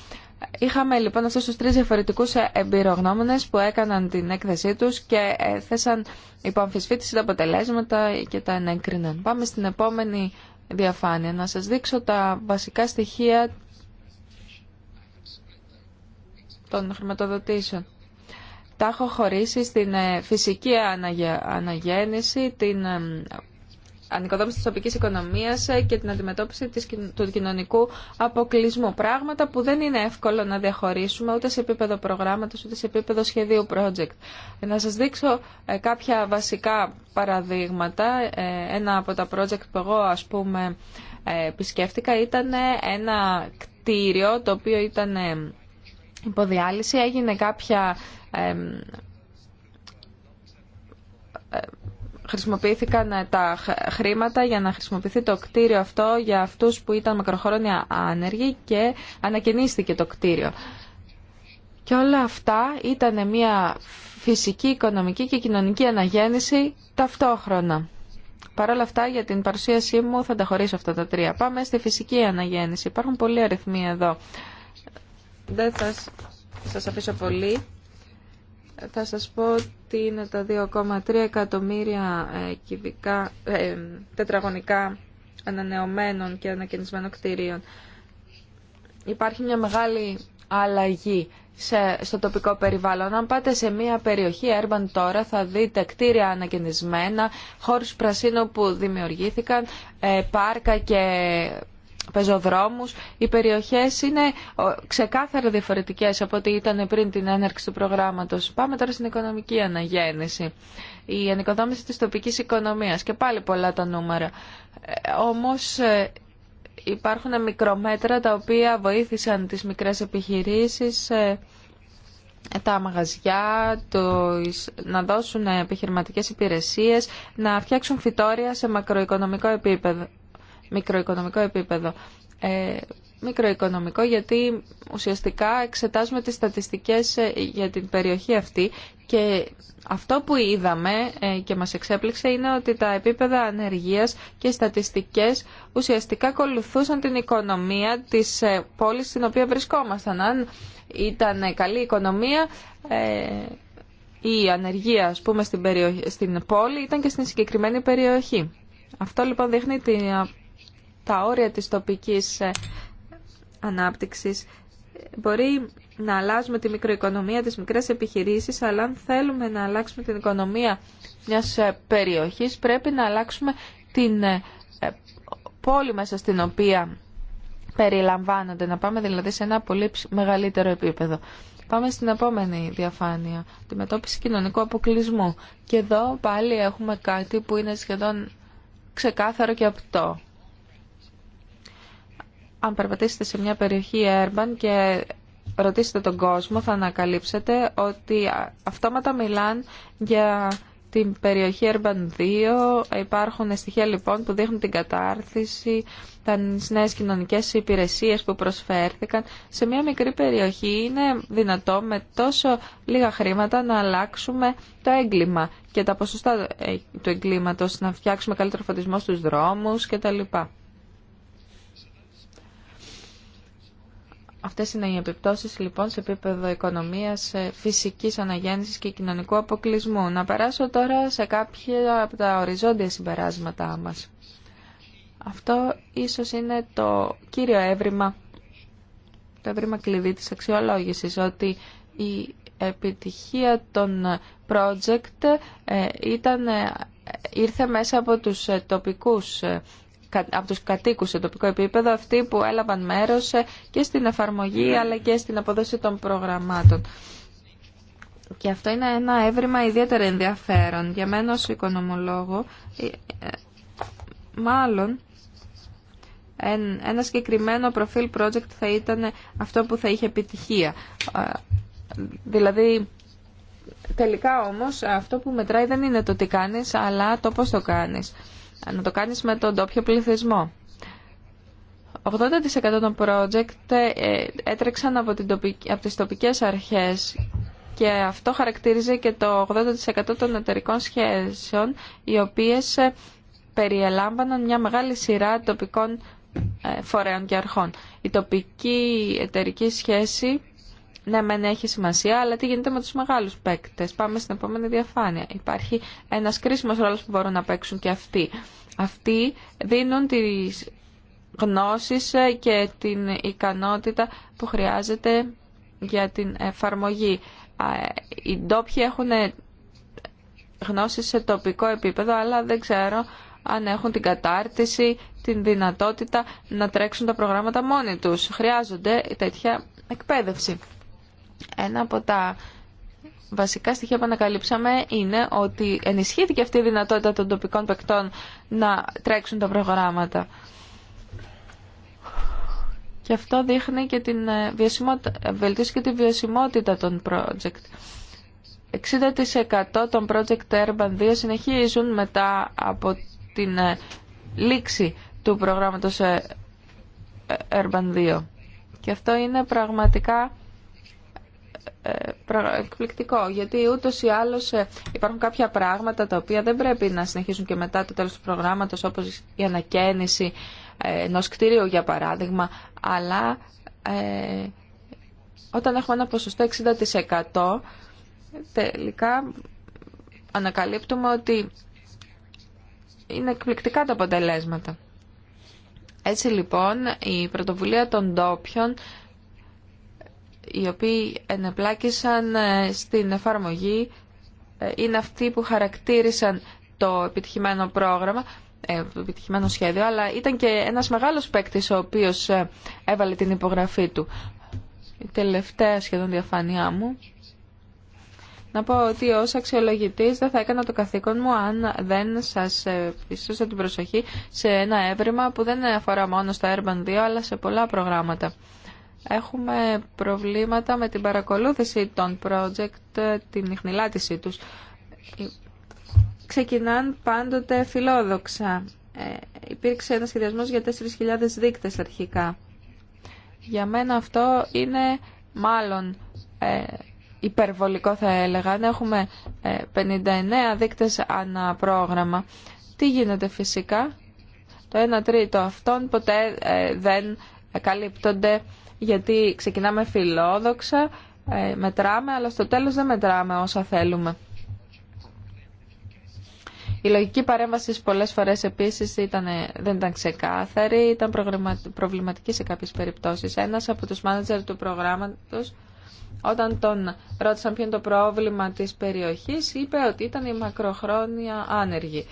Είχαμε λοιπόν αυτούς τους τρεις διαφορετικού ε, εμπειρογνώμονε που έκαναν την έκθεσή τους και θέσαν υπό τα αποτελέσματα και τα ενέκριναν. Πάμε στην επόμενη διαφάνεια να σας δείξω τα βασικά στοιχεία των χρηματοδοτήσεων. Τα έχω χωρίσει στην ε, φυσική αναγέννηση, την ε, ανοικοδόμηση της οικονομίας ε, και την αντιμετώπιση του κοινωνικού αποκλεισμού. Πράγματα που δεν είναι εύκολο να διαχωρίσουμε ούτε σε επίπεδο προγράμματος ούτε σε επίπεδο σχεδίου project. Να σας δείξω ε, κάποια βασικά παραδείγματα. Ε, ένα από τα project που εγώ ας πούμε επισκέφτηκα ήταν ένα κτίριο το οποίο ήταν υποδιάλυση. Έγινε κάποια χρησιμοποιήθηκαν ε, τα χρήματα για να χρησιμοποιηθεί το κτίριο αυτό για αυτούς που ήταν μακροχρόνια άνεργοι και ανακαινίστηκε το κτίριο. Και όλα αυτά ήταν μια φυσική, οικονομική και κοινωνική αναγέννηση ταυτόχρονα. Παρ' όλα αυτά, για την παρουσίασή μου θα τα χωρίσω αυτά τα τρία. Πάμε στη φυσική αναγέννηση. Υπάρχουν πολλοί αριθμοί εδώ. Δεν θα σας αφήσω πολύ. Θα σας πω είναι τα 2,3 εκατομμύρια ε, κυβικά, ε, ε, τετραγωνικά ανανεωμένων και ανακαινισμένων κτηρίων. Υπάρχει μια μεγάλη αλλαγή στο τοπικό περιβάλλον. Αν πάτε σε μια περιοχή urban τώρα θα δείτε κτίρια ανακαινισμένα, χώρους πρασίνου που δημιουργήθηκαν, πάρκα και πεζοδρόμους. Οι περιοχές είναι ξεκάθαρα διαφορετικές από ό,τι ήταν πριν την έναρξη του προγράμματος. Πάμε τώρα στην οικονομική αναγέννηση. Η ανοικοδόμηση της τοπικής οικονομίας και πάλι πολλά τα νούμερα. Ε, όμως ε, υπάρχουν μικρομέτρα τα οποία βοήθησαν τις μικρές επιχειρήσεις ε, τα μαγαζιά, το, να δώσουν επιχειρηματικές υπηρεσίες, να φτιάξουν φυτόρια σε μακροοικονομικό επίπεδο μικροοικονομικό επίπεδο. Ε, μικροοικονομικό γιατί ουσιαστικά εξετάζουμε τις στατιστικές ε, για την περιοχή αυτή και αυτό που είδαμε ε, και μας εξέπληξε είναι ότι τα επίπεδα ανεργίας και στατιστικές ουσιαστικά ακολουθούσαν την οικονομία της ε, πόλης στην οποία βρισκόμασταν. Αν ήταν καλή οικονομία, η ανεργία ας πούμε, στην πόλη ήταν και στην συγκεκριμένη περιοχή. Αυτό λοιπόν δείχνει την τα όρια της τοπικής ε, ανάπτυξης. Μπορεί να αλλάζουμε τη μικροοικονομία, της μικρές επιχειρήσεις, αλλά αν θέλουμε να αλλάξουμε την οικονομία μιας ε, περιοχής, πρέπει να αλλάξουμε την ε, πόλη μέσα στην οποία περιλαμβάνονται. Να πάμε δηλαδή σε ένα πολύ μεγαλύτερο επίπεδο. Πάμε στην επόμενη διαφάνεια, τη μετώπιση κοινωνικού αποκλεισμού. Και εδώ πάλι έχουμε κάτι που είναι σχεδόν ξεκάθαρο και απτό αν περπατήσετε σε μια περιοχή urban και ρωτήσετε τον κόσμο θα ανακαλύψετε ότι αυτόματα μιλάν για την περιοχή Urban 2 υπάρχουν στοιχεία λοιπόν που δείχνουν την κατάρθιση, τα νέες κοινωνικές υπηρεσίες που προσφέρθηκαν. Σε μια μικρή περιοχή είναι δυνατό με τόσο λίγα χρήματα να αλλάξουμε το έγκλημα και τα ποσοστά ε, του εγκλήματος, να φτιάξουμε καλύτερο φωτισμό στους δρόμους κτλ. Αυτές είναι οι επιπτώσεις λοιπόν σε επίπεδο οικονομίας, φυσικής αναγέννησης και κοινωνικού αποκλεισμού. Να περάσω τώρα σε κάποια από τα οριζόντια συμπεράσματά μας. Αυτό ίσως είναι το κύριο έβριμα, το έβριμα κλειδί της αξιολόγησης, ότι η επιτυχία των project ε, ήταν, ε, ήρθε μέσα από τους ε, τοπικούς από τους κατοίκους σε τοπικό επίπεδο, αυτοί που έλαβαν μέρος ε, και στην εφαρμογή αλλά και στην αποδόση των προγραμμάτων. Και αυτό είναι ένα έβριμα ιδιαίτερα ενδιαφέρον. Για μένα ως οικονομολόγο, ε, ε, μάλλον ένα συγκεκριμένο προφίλ project θα ήταν αυτό που θα είχε επιτυχία. Δηλαδή, τελικά όμως αυτό που μετράει δεν είναι το τι κάνεις, αλλά το πώς το κάνεις να το κάνεις με τον τόπιο πληθυσμό. 80% των project ε, έτρεξαν από, την από τις τοπικές αρχές και αυτό χαρακτήριζε και το 80% των εταιρικών σχέσεων οι οποίες ε, περιελάμβαναν μια μεγάλη σειρά τοπικών ε, φορέων και αρχών. Η τοπική εταιρική σχέση ναι, μεν έχει σημασία, αλλά τι γίνεται με του μεγάλου παίκτε. Πάμε στην επόμενη διαφάνεια. Υπάρχει ένα κρίσιμο ρόλο που μπορούν να παίξουν και αυτοί. Αυτοί δίνουν τι γνώσει και την ικανότητα που χρειάζεται για την εφαρμογή. Οι ντόπιοι έχουν γνώσει σε τοπικό επίπεδο, αλλά δεν ξέρω αν έχουν την κατάρτιση, την δυνατότητα να τρέξουν τα προγράμματα μόνοι τους. Χρειάζονται τέτοια εκπαίδευση. Ένα από τα βασικά στοιχεία που ανακαλύψαμε είναι ότι ενισχύθηκε αυτή η δυνατότητα των τοπικών παικτών να τρέξουν τα προγράμματα. Και αυτό δείχνει και την ε, βελτίωση και τη βιωσιμότητα των project. 60% των project Urban 2 συνεχίζουν μετά από την ε, λήξη του προγράμματος ε, Urban 2. Και αυτό είναι πραγματικά ε, εκπληκτικό, γιατί ούτως ή άλλως ε, υπάρχουν κάποια πράγματα τα οποία δεν πρέπει να συνεχίσουν και μετά το τέλο του προγράμματο, όπω η ανακαίνιση ε, ενό κτίριου, για παράδειγμα, αλλά ε, όταν έχουμε ένα ποσοστό 60% τελικά ανακαλύπτουμε ότι είναι εκπληκτικά τα αποτελέσματα. Έτσι λοιπόν η ανακαινιση ενο κτιριου για παραδειγμα αλλα οταν εχουμε ενα ποσοστο 60 τελικα ανακαλυπτουμε οτι ειναι εκπληκτικα τα αποτελεσματα ετσι λοιπον η πρωτοβουλια των ντόπιων οι οποίοι ενεπλάκησαν ε, στην εφαρμογή ε, είναι αυτοί που χαρακτήρισαν το επιτυχημένο πρόγραμμα, ε, το επιτυχημένο σχέδιο, αλλά ήταν και ένας μεγάλος παίκτη ο οποίος έβαλε την υπογραφή του. Η τελευταία σχεδόν διαφάνειά μου. Να πω ότι ως αξιολογητής δεν θα έκανα το καθήκον μου αν δεν σας πιστούσα την προσοχή σε ένα έβριμα που δεν αφορά μόνο στα Urban 2 αλλά σε πολλά προγράμματα έχουμε προβλήματα με την παρακολούθηση των project, την ιχνηλάτησή τους. Ξεκινάν πάντοτε φιλόδοξα. Ε, υπήρξε ένα σχεδιασμός για 4.000 δείκτες αρχικά. Για μένα αυτό είναι μάλλον ε, υπερβολικό θα έλεγα. έχουμε 59 ε, δείκτες ανά πρόγραμμα, τι γίνεται φυσικά. Το 1 τρίτο αυτών ποτέ δεν καλύπτονται γιατί ξεκινάμε φιλόδοξα, ε, μετράμε, αλλά στο τέλος δεν μετράμε όσα θέλουμε. Η λογική παρέμβαση πολλές φορές επίσης δεν ήταν ξεκάθαρη, ήταν προβληματική σε κάποιες περιπτώσεις. Ένας από τους μάνατζερ του προγράμματος, όταν τον ρώτησαν ποιο είναι το πρόβλημα της περιοχής, είπε ότι ήταν η μακροχρόνια άνεργη.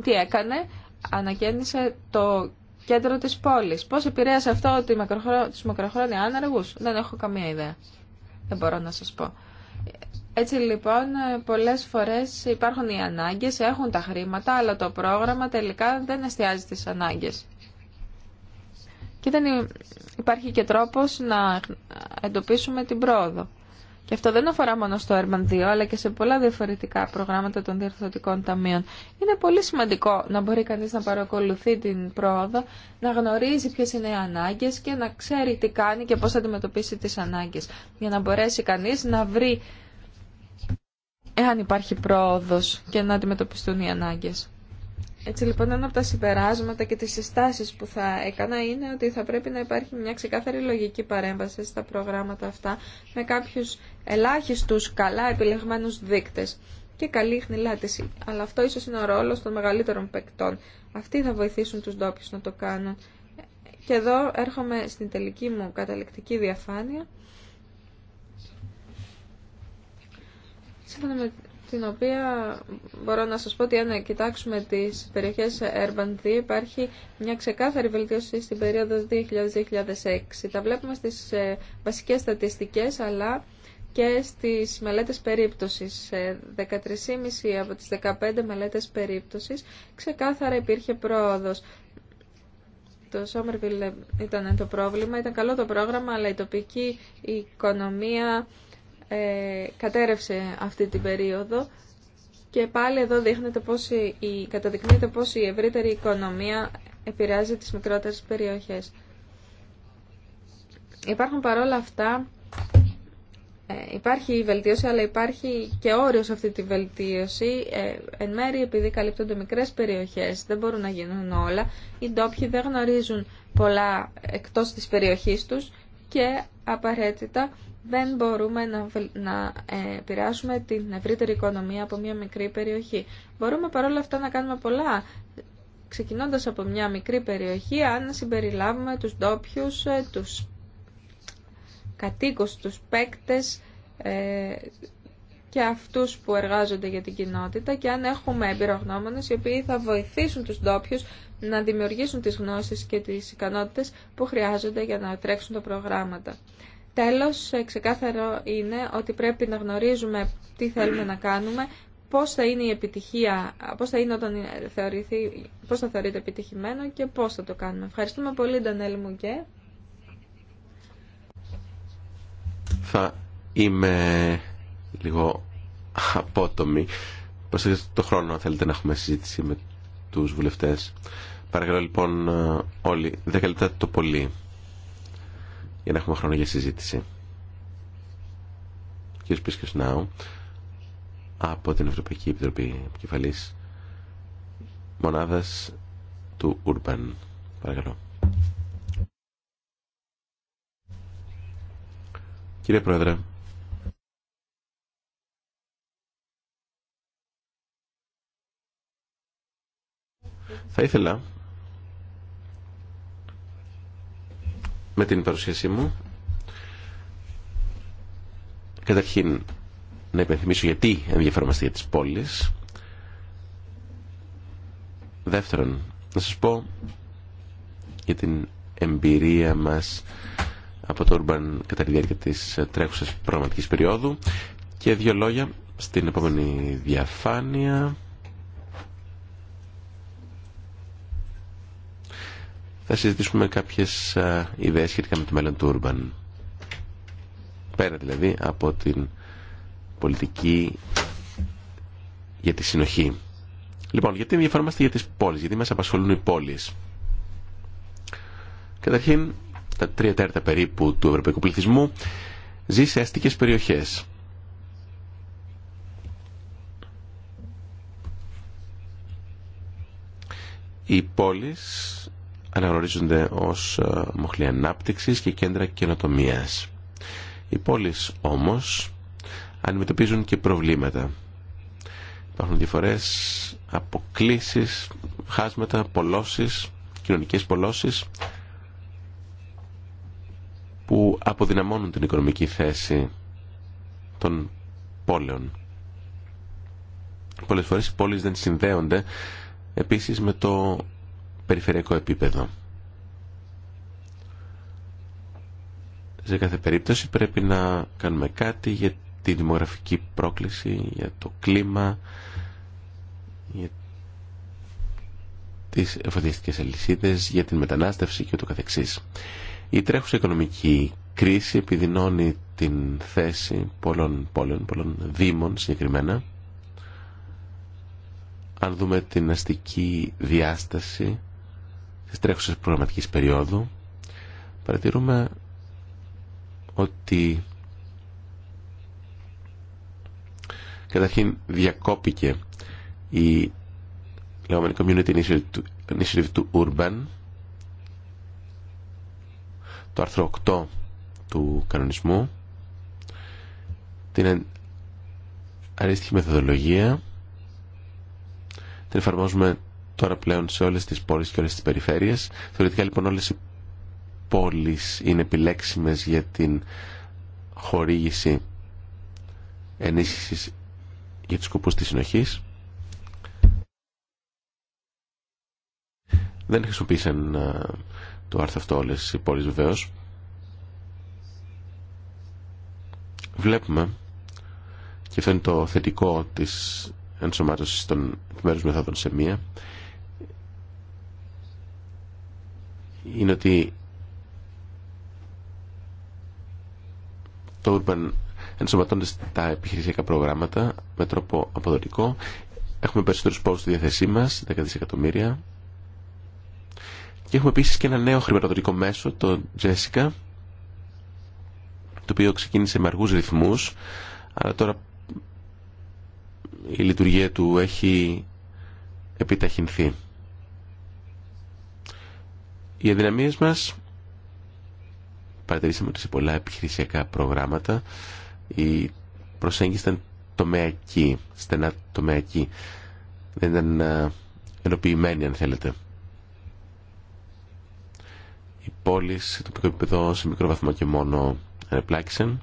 Τι, έκανε, ανακαίνισε το κέντρο της πόλης. Πώς επηρέασε αυτό του μακροχρόνια άνεργους, δεν έχω καμία ιδέα. Δεν μπορώ να σας πω. Έτσι λοιπόν πολλές φορές υπάρχουν οι ανάγκες, έχουν τα χρήματα, αλλά το πρόγραμμα τελικά δεν εστιάζει τις ανάγκες. Και δεν υπάρχει και τρόπος να εντοπίσουμε την πρόοδο. Και αυτό δεν αφορά μόνο στο Urban 2, αλλά και σε πολλά διαφορετικά προγράμματα των διορθωτικών ταμείων. Είναι πολύ σημαντικό να μπορεί κανείς να παρακολουθεί την πρόοδο, να γνωρίζει ποιε είναι οι ανάγκες και να ξέρει τι κάνει και πώς θα αντιμετωπίσει τις ανάγκες, για να μπορέσει κανείς να βρει εάν υπάρχει πρόοδο και να αντιμετωπιστούν οι ανάγκε. Έτσι λοιπόν ένα από τα συμπεράσματα και τις συστάσεις που θα έκανα είναι ότι θα πρέπει να υπάρχει μια ξεκάθαρη λογική παρέμβαση στα προγράμματα αυτά με κάποιους ελάχιστους καλά επιλεγμένους δείκτες και καλή χνηλάτιση. Αλλά αυτό ίσως είναι ο ρόλος των μεγαλύτερων παικτών. Αυτοί θα βοηθήσουν τους ντόπιου να το κάνουν. Και εδώ έρχομαι στην τελική μου καταληκτική διαφάνεια. Σύμφωνα με στην οποία μπορώ να σας πω ότι αν κοιτάξουμε τις περιοχές Urban 2 υπάρχει μια ξεκάθαρη βελτίωση στην περίοδο 2000-2006. Τα βλέπουμε στις ε, βασικές στατιστικές αλλά και στις μελέτες περίπτωσης. 13,5 από τις 15 μελέτες περίπτωσης ξεκάθαρα υπήρχε πρόοδος. Το Somerville ήταν το πρόβλημα, ήταν καλό το πρόγραμμα, αλλά η τοπική οικονομία ε, κατέρευσε αυτή την περίοδο και πάλι εδώ δείχνεται πώς η, καταδεικνύεται πώς η ευρύτερη οικονομία επηρεάζει τις μικρότερες περιοχές. Υπάρχουν παρόλα αυτά, ε, υπάρχει η βελτίωση, αλλά υπάρχει και όριο σε αυτή τη βελτίωση. Ε, εν μέρει επειδή καλύπτονται μικρές περιοχές, δεν μπορούν να γίνουν όλα. Οι ντόπιοι δεν γνωρίζουν πολλά εκτός της περιοχής τους και απαραίτητα δεν μπορούμε να, να ε, επηρεάσουμε την ευρύτερη οικονομία από μια μικρή περιοχή. Μπορούμε παρόλα αυτά να κάνουμε πολλά, ξεκινώντας από μια μικρή περιοχή, αν συμπεριλάβουμε τους ντόπιου, ε, τους κατοίκους, τους παίκτες ε, και αυτούς που εργάζονται για την κοινότητα και αν έχουμε εμπειρογνώμονες οι οποίοι θα βοηθήσουν τους ντόπιου να δημιουργήσουν τις γνώσεις και τις ικανότητες που χρειάζονται για να τρέξουν τα προγράμματα. Τέλος, ξεκάθαρο είναι ότι πρέπει να γνωρίζουμε τι θέλουμε να κάνουμε, πώς θα είναι η επιτυχία, πώς θα, είναι όταν θεωρηθεί, πώς θα θεωρείται επιτυχημένο και πώς θα το κάνουμε. Ευχαριστούμε πολύ, Ντανέλη και... Θα είμαι λίγο απότομη. Προσέξτε το χρόνο αν θέλετε να έχουμε συζήτηση με τους βουλευτές. Παρακαλώ λοιπόν όλοι, 10 το πολύ για να έχουμε χρόνο για συζήτηση. Ο κ. Νάου από την Ευρωπαϊκή Επιτροπή Επικεφαλής Μονάδας του Urban. Παρακαλώ. Κύριε Πρόεδρε, θα ήθελα με την παρουσίασή μου. Καταρχήν, να υπενθυμίσω γιατί ενδιαφέρομαστε για τις πόλεις. Δεύτερον, να σας πω για την εμπειρία μας από το Urban κατά τη διάρκεια της ε, τρέχουσας προγραμματικής περίοδου και δύο λόγια στην επόμενη διαφάνεια θα συζητήσουμε κάποιες ε, ιδέες σχετικά με το μέλλον του Urban. Πέρα δηλαδή από την πολιτική για τη συνοχή. Λοιπόν, γιατί ενδιαφέρομαστε για τις πόλεις, γιατί μας απασχολούν οι πόλεις. Καταρχήν, τα τρία τέταρτα περίπου του ευρωπαϊκού πληθυσμού ζει σε αστικές περιοχές. Οι πόλεις αναγνωρίζονται ως ε, μοχλή ανάπτυξης και κέντρα καινοτομίας. Οι πόλεις όμως αντιμετωπίζουν και προβλήματα. Υπάρχουν διαφορές, αποκλήσεις, χάσματα, πολλώσεις, κοινωνικές πολλώσεις που αποδυναμώνουν την οικονομική θέση των πόλεων. Πολλές φορές οι πόλεις δεν συνδέονται επίσης με το περιφερειακό επίπεδο. Σε κάθε περίπτωση πρέπει να κάνουμε κάτι για τη δημογραφική πρόκληση, για το κλίμα, για τις εφοδιαστικές αλυσίδες, για την μετανάστευση και ούτω καθεξής. Η τρέχουσα οικονομική κρίση επιδεινώνει την θέση πολλών πόλεων, πολλών δήμων συγκεκριμένα. Αν δούμε την αστική διάσταση της τρέχουσας προγραμματικής περίοδου παρατηρούμε ότι καταρχήν διακόπηκε η λεγόμενη Community Initiative του Urban το άρθρο 8 του κανονισμού την αρίστοιχη μεθοδολογία την εφαρμόζουμε τώρα πλέον σε όλες τις πόλεις και όλες τις περιφέρειες. Θεωρητικά λοιπόν όλες οι πόλεις είναι επιλέξιμες για την χορήγηση ενίσχυσης για τους σκοπούς της συνοχής. Δεν χρησιμοποίησαν ε, το άρθρο αυτό όλες οι πόλεις βεβαίω. Βλέπουμε και αυτό είναι το θετικό της ενσωμάτωσης των μέρους μεθόδων σε μία είναι ότι το Urban ενσωματώνεται στα επιχειρησιακά προγράμματα με τρόπο αποδοτικό. Έχουμε περισσότερους πόρους στη διάθεσή μα, 10 δισεκατομμύρια. Και έχουμε επίσης και ένα νέο χρηματοδοτικό μέσο, το Jessica, το οποίο ξεκίνησε με αργούς ρυθμούς, αλλά τώρα η λειτουργία του έχει επιταχυνθεί. Οι αδυναμίες μας παρατηρήσαμε ότι σε πολλά επιχειρησιακά προγράμματα η προσέγγιση ήταν τομεακή, στενά τομεακή. Δεν ήταν ενοποιημένη αν θέλετε. Οι πόλη σε τοπικό επίπεδο σε μικρό βαθμό και μόνο ανεπλάκησαν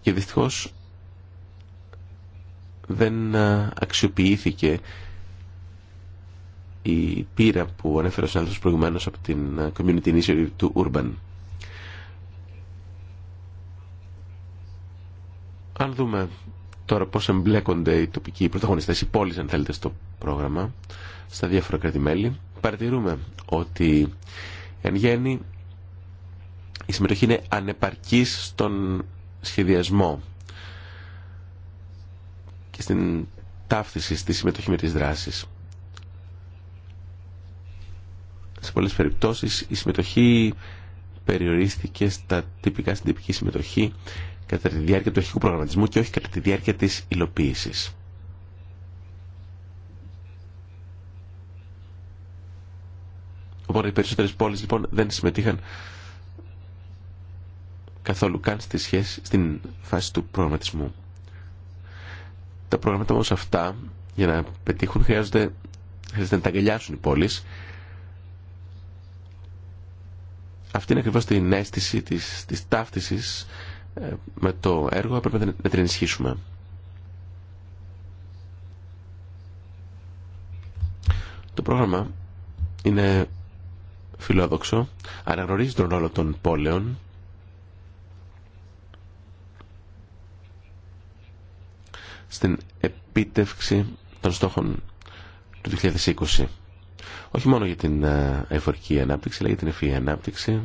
και δυστυχώς δεν αξιοποιήθηκε η πείρα που ανέφερε ο συνάδελφος προηγουμένως από την Community Initiative του Urban. Αν δούμε τώρα πώς εμπλέκονται οι τοπικοί πρωταγωνιστές, οι πόλεις αν θέλετε στο πρόγραμμα, στα διάφορα κρατημέλη, παρατηρούμε ότι εν γέννη η συμμετοχή είναι ανεπαρκής στον σχεδιασμό και στην ταύτιση στη συμμετοχή με τις δράσεις. σε πολλές περιπτώσεις η συμμετοχή περιορίστηκε στα τυπικά στην τυπική συμμετοχή κατά τη διάρκεια του αρχικού προγραμματισμού και όχι κατά τη διάρκεια της υλοποίησης. Οπότε οι περισσότερες πόλεις λοιπόν δεν συμμετείχαν καθόλου καν στη σχέση, στην φάση του προγραμματισμού. Τα προγράμματα όμως αυτά για να πετύχουν χρειάζονται, χρειάζεται να τα αγκαλιάσουν οι πόλεις αυτή είναι ακριβώς την αίσθηση της, της ταύτισης ε, με το έργο, πρέπει να την ενισχύσουμε. Το πρόγραμμα είναι φιλόδοξο, αναγνωρίζει τον ρόλο των πόλεων, στην επίτευξη των στόχων του 2020 όχι μόνο για την ε, εφορική ανάπτυξη αλλά για την ευφυή ανάπτυξη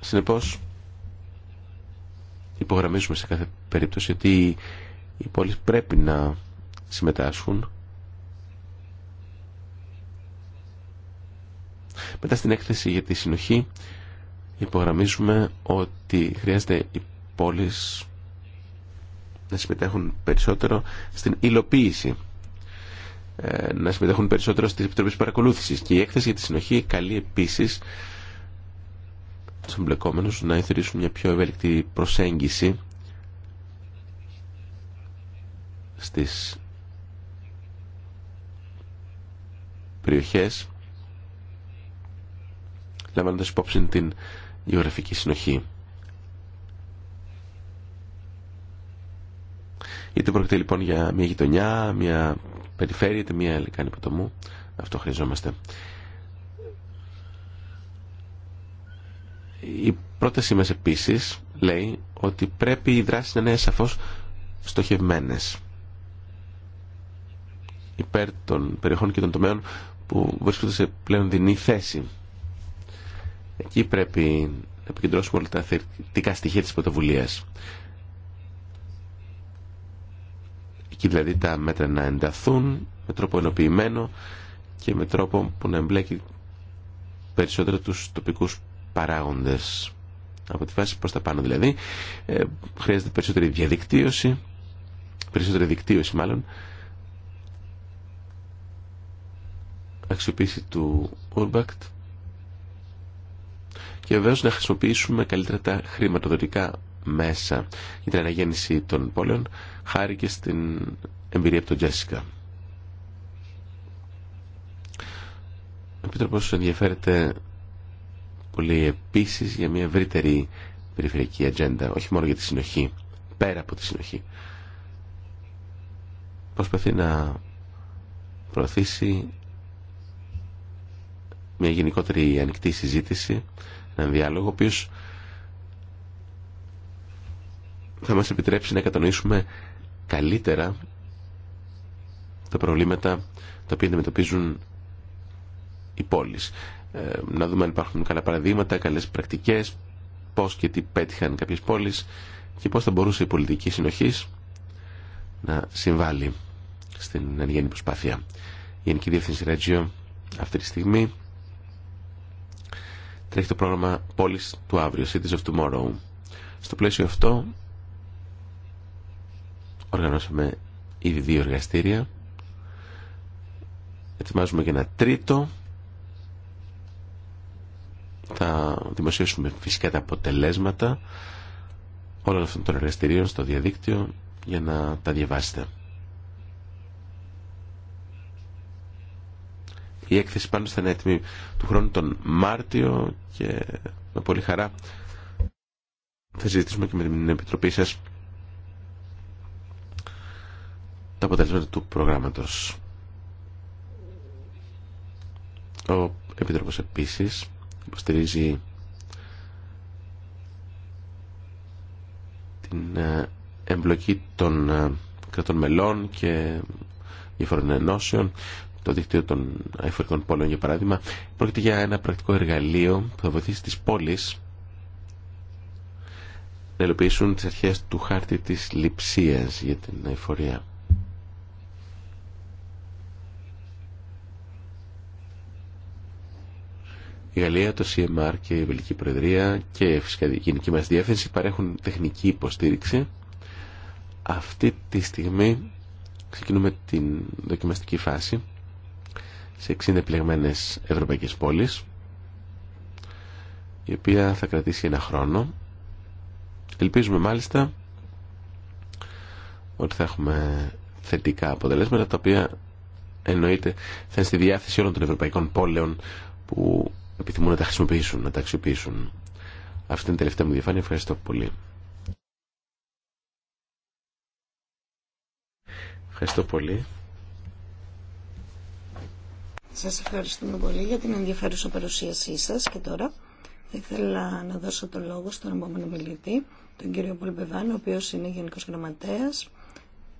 συνεπώς υπογραμμίζουμε σε κάθε περίπτωση ότι οι πόλεις πρέπει να συμμετάσχουν μετά στην έκθεση για τη συνοχή υπογραμμίζουμε ότι χρειάζεται οι πόλεις να συμμετέχουν περισσότερο στην υλοποίηση ε, να συμμετέχουν περισσότερο στις επιτροπές παρακολούθησης. Και η έκθεση για τη συνοχή καλεί επίσης τους εμπλεκόμενους να εθωρήσουν μια πιο ευέλικτη προσέγγιση στις περιοχές λαμβάνοντας υπόψη την γεωγραφική συνοχή. Είτε πρόκειται λοιπόν για μια γειτονιά, μια περιφέρει τη μια λεκάνη ποταμού. Αυτό χρειαζόμαστε. Η πρότασή μας επίσης λέει ότι πρέπει οι δράση να είναι σαφώς στοχευμένες υπέρ των περιοχών και των τομέων που βρίσκονται σε πλέον δινή θέση. Εκεί πρέπει να επικεντρώσουμε όλα τα θετικά στοιχεία της πρωτοβουλία. εκεί δηλαδή τα μέτρα να ενταθούν με τρόπο ενοποιημένο και με τρόπο που να εμπλέκει περισσότερο τους τοπικούς παράγοντες. Από τη φάση προς τα πάνω δηλαδή ε, χρειάζεται περισσότερη διαδικτύωση, περισσότερη δικτύωση μάλλον, αξιοποίηση του Urbact και βεβαίως να χρησιμοποιήσουμε καλύτερα τα χρηματοδοτικά μέσα για την αναγέννηση των πόλεων χάρη και στην εμπειρία από τον Τζέσικα. Ο Επίτροπος ενδιαφέρεται πολύ επίσης για μια ευρύτερη περιφερειακή ατζέντα, όχι μόνο για τη συνοχή, πέρα από τη συνοχή. Προσπαθεί να προωθήσει μια γενικότερη ανοιχτή συζήτηση, έναν διάλογο, ο οποίος θα μας επιτρέψει να κατανοήσουμε καλύτερα τα προβλήματα τα οποία αντιμετωπίζουν οι πόλεις. Ε, να δούμε αν υπάρχουν καλά παραδείγματα, καλές πρακτικές, πώς και τι πέτυχαν κάποιες πόλεις και πώς θα μπορούσε η πολιτική συνοχή να συμβάλλει στην ανηγέννη προσπάθεια. Η Γενική Διεύθυνση Ρέτζιο αυτή τη στιγμή τρέχει το πρόγραμμα Πόλης του Αύριο, Cities of Tomorrow. Στο πλαίσιο αυτό Οργανώσαμε ήδη δύο εργαστήρια. Ετοιμάζουμε και ένα τρίτο. Θα δημοσιεύσουμε φυσικά τα αποτελέσματα όλων αυτών των εργαστηρίων στο διαδίκτυο για να τα διαβάσετε. Η έκθεση πάνω στα είναι έτοιμη του χρόνου τον Μάρτιο και με πολύ χαρά θα συζητήσουμε και με την Επιτροπή σας τα αποτελέσματα του προγράμματος. Ο Επίτροπος επίσης υποστηρίζει την ε, εμπλοκή των ε, κρατών μελών και διαφορών ενώσεων το δίκτυο των αεφορικών πόλεων για παράδειγμα πρόκειται για ένα πρακτικό εργαλείο που θα βοηθήσει τις πόλεις να υλοποιήσουν τις αρχές του χάρτη της λειψίας για την εφορία. Η Γαλλία, το CMR και η Βελική Προεδρία και φυσικά η γενική μας διεύθυνση παρέχουν τεχνική υποστήριξη. Αυτή τη στιγμή ξεκινούμε την δοκιμαστική φάση σε 60 επιλεγμένες ευρωπαϊκές πόλεις η οποία θα κρατήσει ένα χρόνο. Ελπίζουμε μάλιστα ότι θα έχουμε θετικά αποτελέσματα τα οποία εννοείται θα είναι στη διάθεση όλων των ευρωπαϊκών πόλεων που επιθυμούν να τα χρησιμοποιήσουν, να τα αξιοποιήσουν. Αυτή είναι η τελευταία μου διαφάνεια. Ευχαριστώ πολύ. Ευχαριστώ πολύ. Σας ευχαριστούμε πολύ για την ενδιαφέρουσα παρουσίασή σας και τώρα θα ήθελα να δώσω το λόγο στον επόμενο μιλητή, τον κύριο Πολμπεβάν, ο οποίος είναι Γενικός Γραμματέας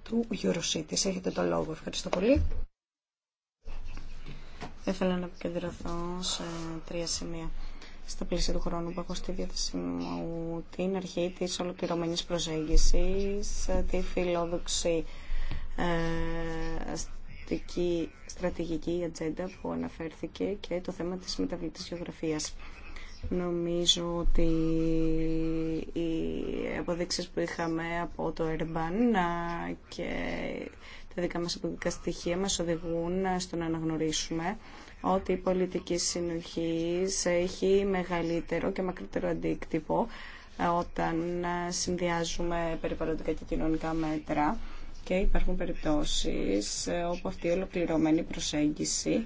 του Eurocities. Έχετε το λόγο. Ευχαριστώ πολύ. Θα ήθελα να επικεντρωθώ σε τρία σημεία στα πλαίσια του χρόνου που έχω στη διάθεσή την αρχή τη ολοκληρωμένη προσέγγιση. τη φιλόδοξη ε, αστική, στρατηγική ατζέντα που αναφέρθηκε και το θέμα της μεταβλητής γεωγραφίας. Νομίζω ότι οι αποδείξεις που είχαμε από το Ερμπάν ε, και τα δικά μας αποδικά στοιχεία μας οδηγούν στο να αναγνωρίσουμε ότι η πολιτική συνοχή έχει μεγαλύτερο και μακρύτερο αντίκτυπο ε, όταν ε, συνδυάζουμε περιβαλλοντικά και κοινωνικά μέτρα και υπάρχουν περιπτώσεις ε, όπου αυτή η ολοκληρωμένη προσέγγιση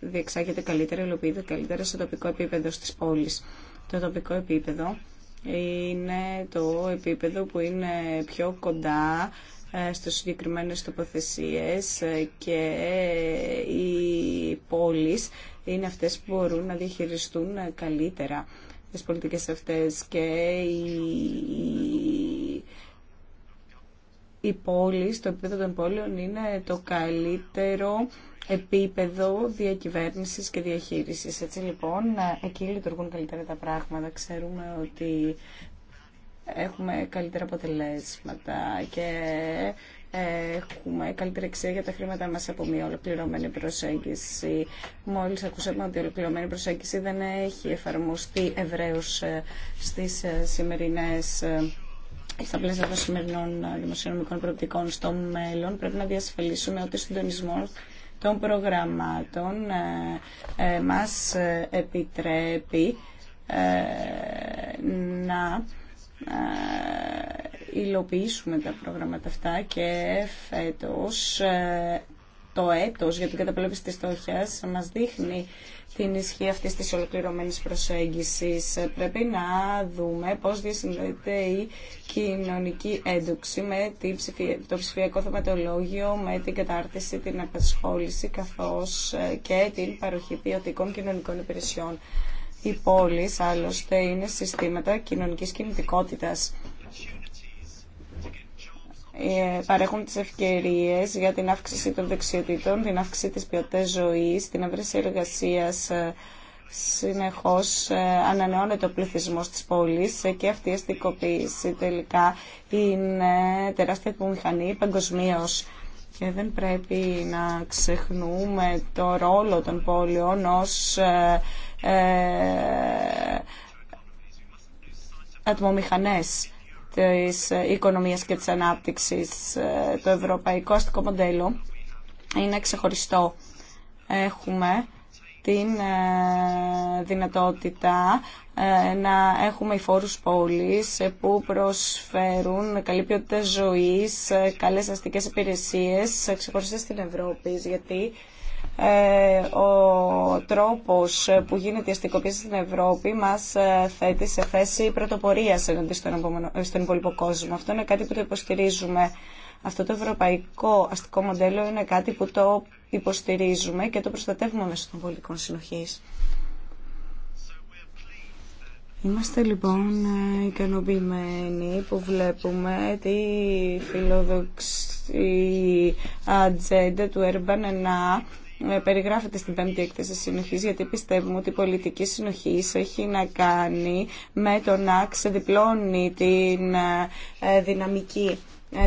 διεξάγεται καλύτερα, υλοποιείται καλύτερα σε τοπικό επίπεδο στις πόλεις. Το τοπικό επίπεδο είναι το επίπεδο που είναι πιο κοντά ε, στις συγκεκριμένες τοποθεσίες και οι πόλεις είναι αυτές που μπορούν να διαχειριστούν καλύτερα τις πολιτικές αυτές και οι, οι πόλεις, το επίπεδο των πόλεων είναι το καλύτερο επίπεδο διακυβέρνησης και διαχείρισης. Έτσι λοιπόν, εκεί λειτουργούν καλύτερα τα πράγματα. Ξέρουμε ότι έχουμε καλύτερα αποτελέσματα και ε, έχουμε καλύτερη αξία για τα χρήματα μας από μια ολοκληρωμένη προσέγγιση. Μόλις ακούσαμε ότι η ολοκληρωμένη προσέγγιση δεν έχει εφαρμοστεί ευρέως ε, στις ε, σημερινές στα πλαίσια των σημερινών δημοσιονομικών προοπτικών στο μέλλον πρέπει να διασφαλίσουμε ότι ο συντονισμό των προγραμμάτων ε, ε, μας ε, επιτρέπει να υλοποιήσουμε τα προγράμματα αυτά και φέτος το έτος για την καταπολέμηση της στόχιας μας δείχνει την ισχύ αυτής της ολοκληρωμένης προσέγγισης. Πρέπει να δούμε πώς διασυνδέεται η κοινωνική έντοξη με το ψηφιακό θεματολόγιο, με την κατάρτιση, την απασχόληση, καθώς ε, και την παροχή ποιοτικών κοινωνικών υπηρεσιών. Οι πόλει, άλλωστε, είναι συστήματα κοινωνική κινητικότητας. Ε, παρέχουν τις ευκαιρίες για την αύξηση των δεξιοτήτων, την αύξηση της ποιότητας ζωής, την αύξηση εργασίας, ε, συνεχώς ε, ανανεώνεται ο πληθυσμός της πόλης και αυτή η αστικοποίηση τελικά είναι τεράστια μηχανή παγκοσμίω. Και δεν πρέπει να ξεχνούμε το ρόλο των πόλεων ως ατμομηχανές της οικονομίας και της ανάπτυξης. Ε, το ευρωπαϊκό αστικό μοντέλο είναι ξεχωριστό. Έχουμε την ε, δυνατότητα ε, να έχουμε φόρους πόλεις που προσφέρουν καλή ποιότητα ζωής, καλές αστικές υπηρεσίες ξεχωριστές στην Ευρώπη, γιατί ε, ο τρόπος που γίνεται η αστικοποίηση στην Ευρώπη μας ε, θέτει σε θέση πρωτοπορίας εναντί ε, στον υπόλοιπο κόσμο. Αυτό είναι κάτι που το υποστηρίζουμε. Αυτό το ευρωπαϊκό αστικό μοντέλο είναι κάτι που το υποστηρίζουμε και το προστατεύουμε μέσω των πολιτικών συνοχής. Είμαστε λοιπόν ικανοποιημένοι που βλέπουμε τη φιλοδοξία ατζέντα του Urban να ε, περιγράφεται στην πέμπτη έκθεση συνοχή, γιατί πιστεύουμε ότι η πολιτική συνοχή έχει να κάνει με το να ξεδιπλώνει την ε, ε, δυναμική,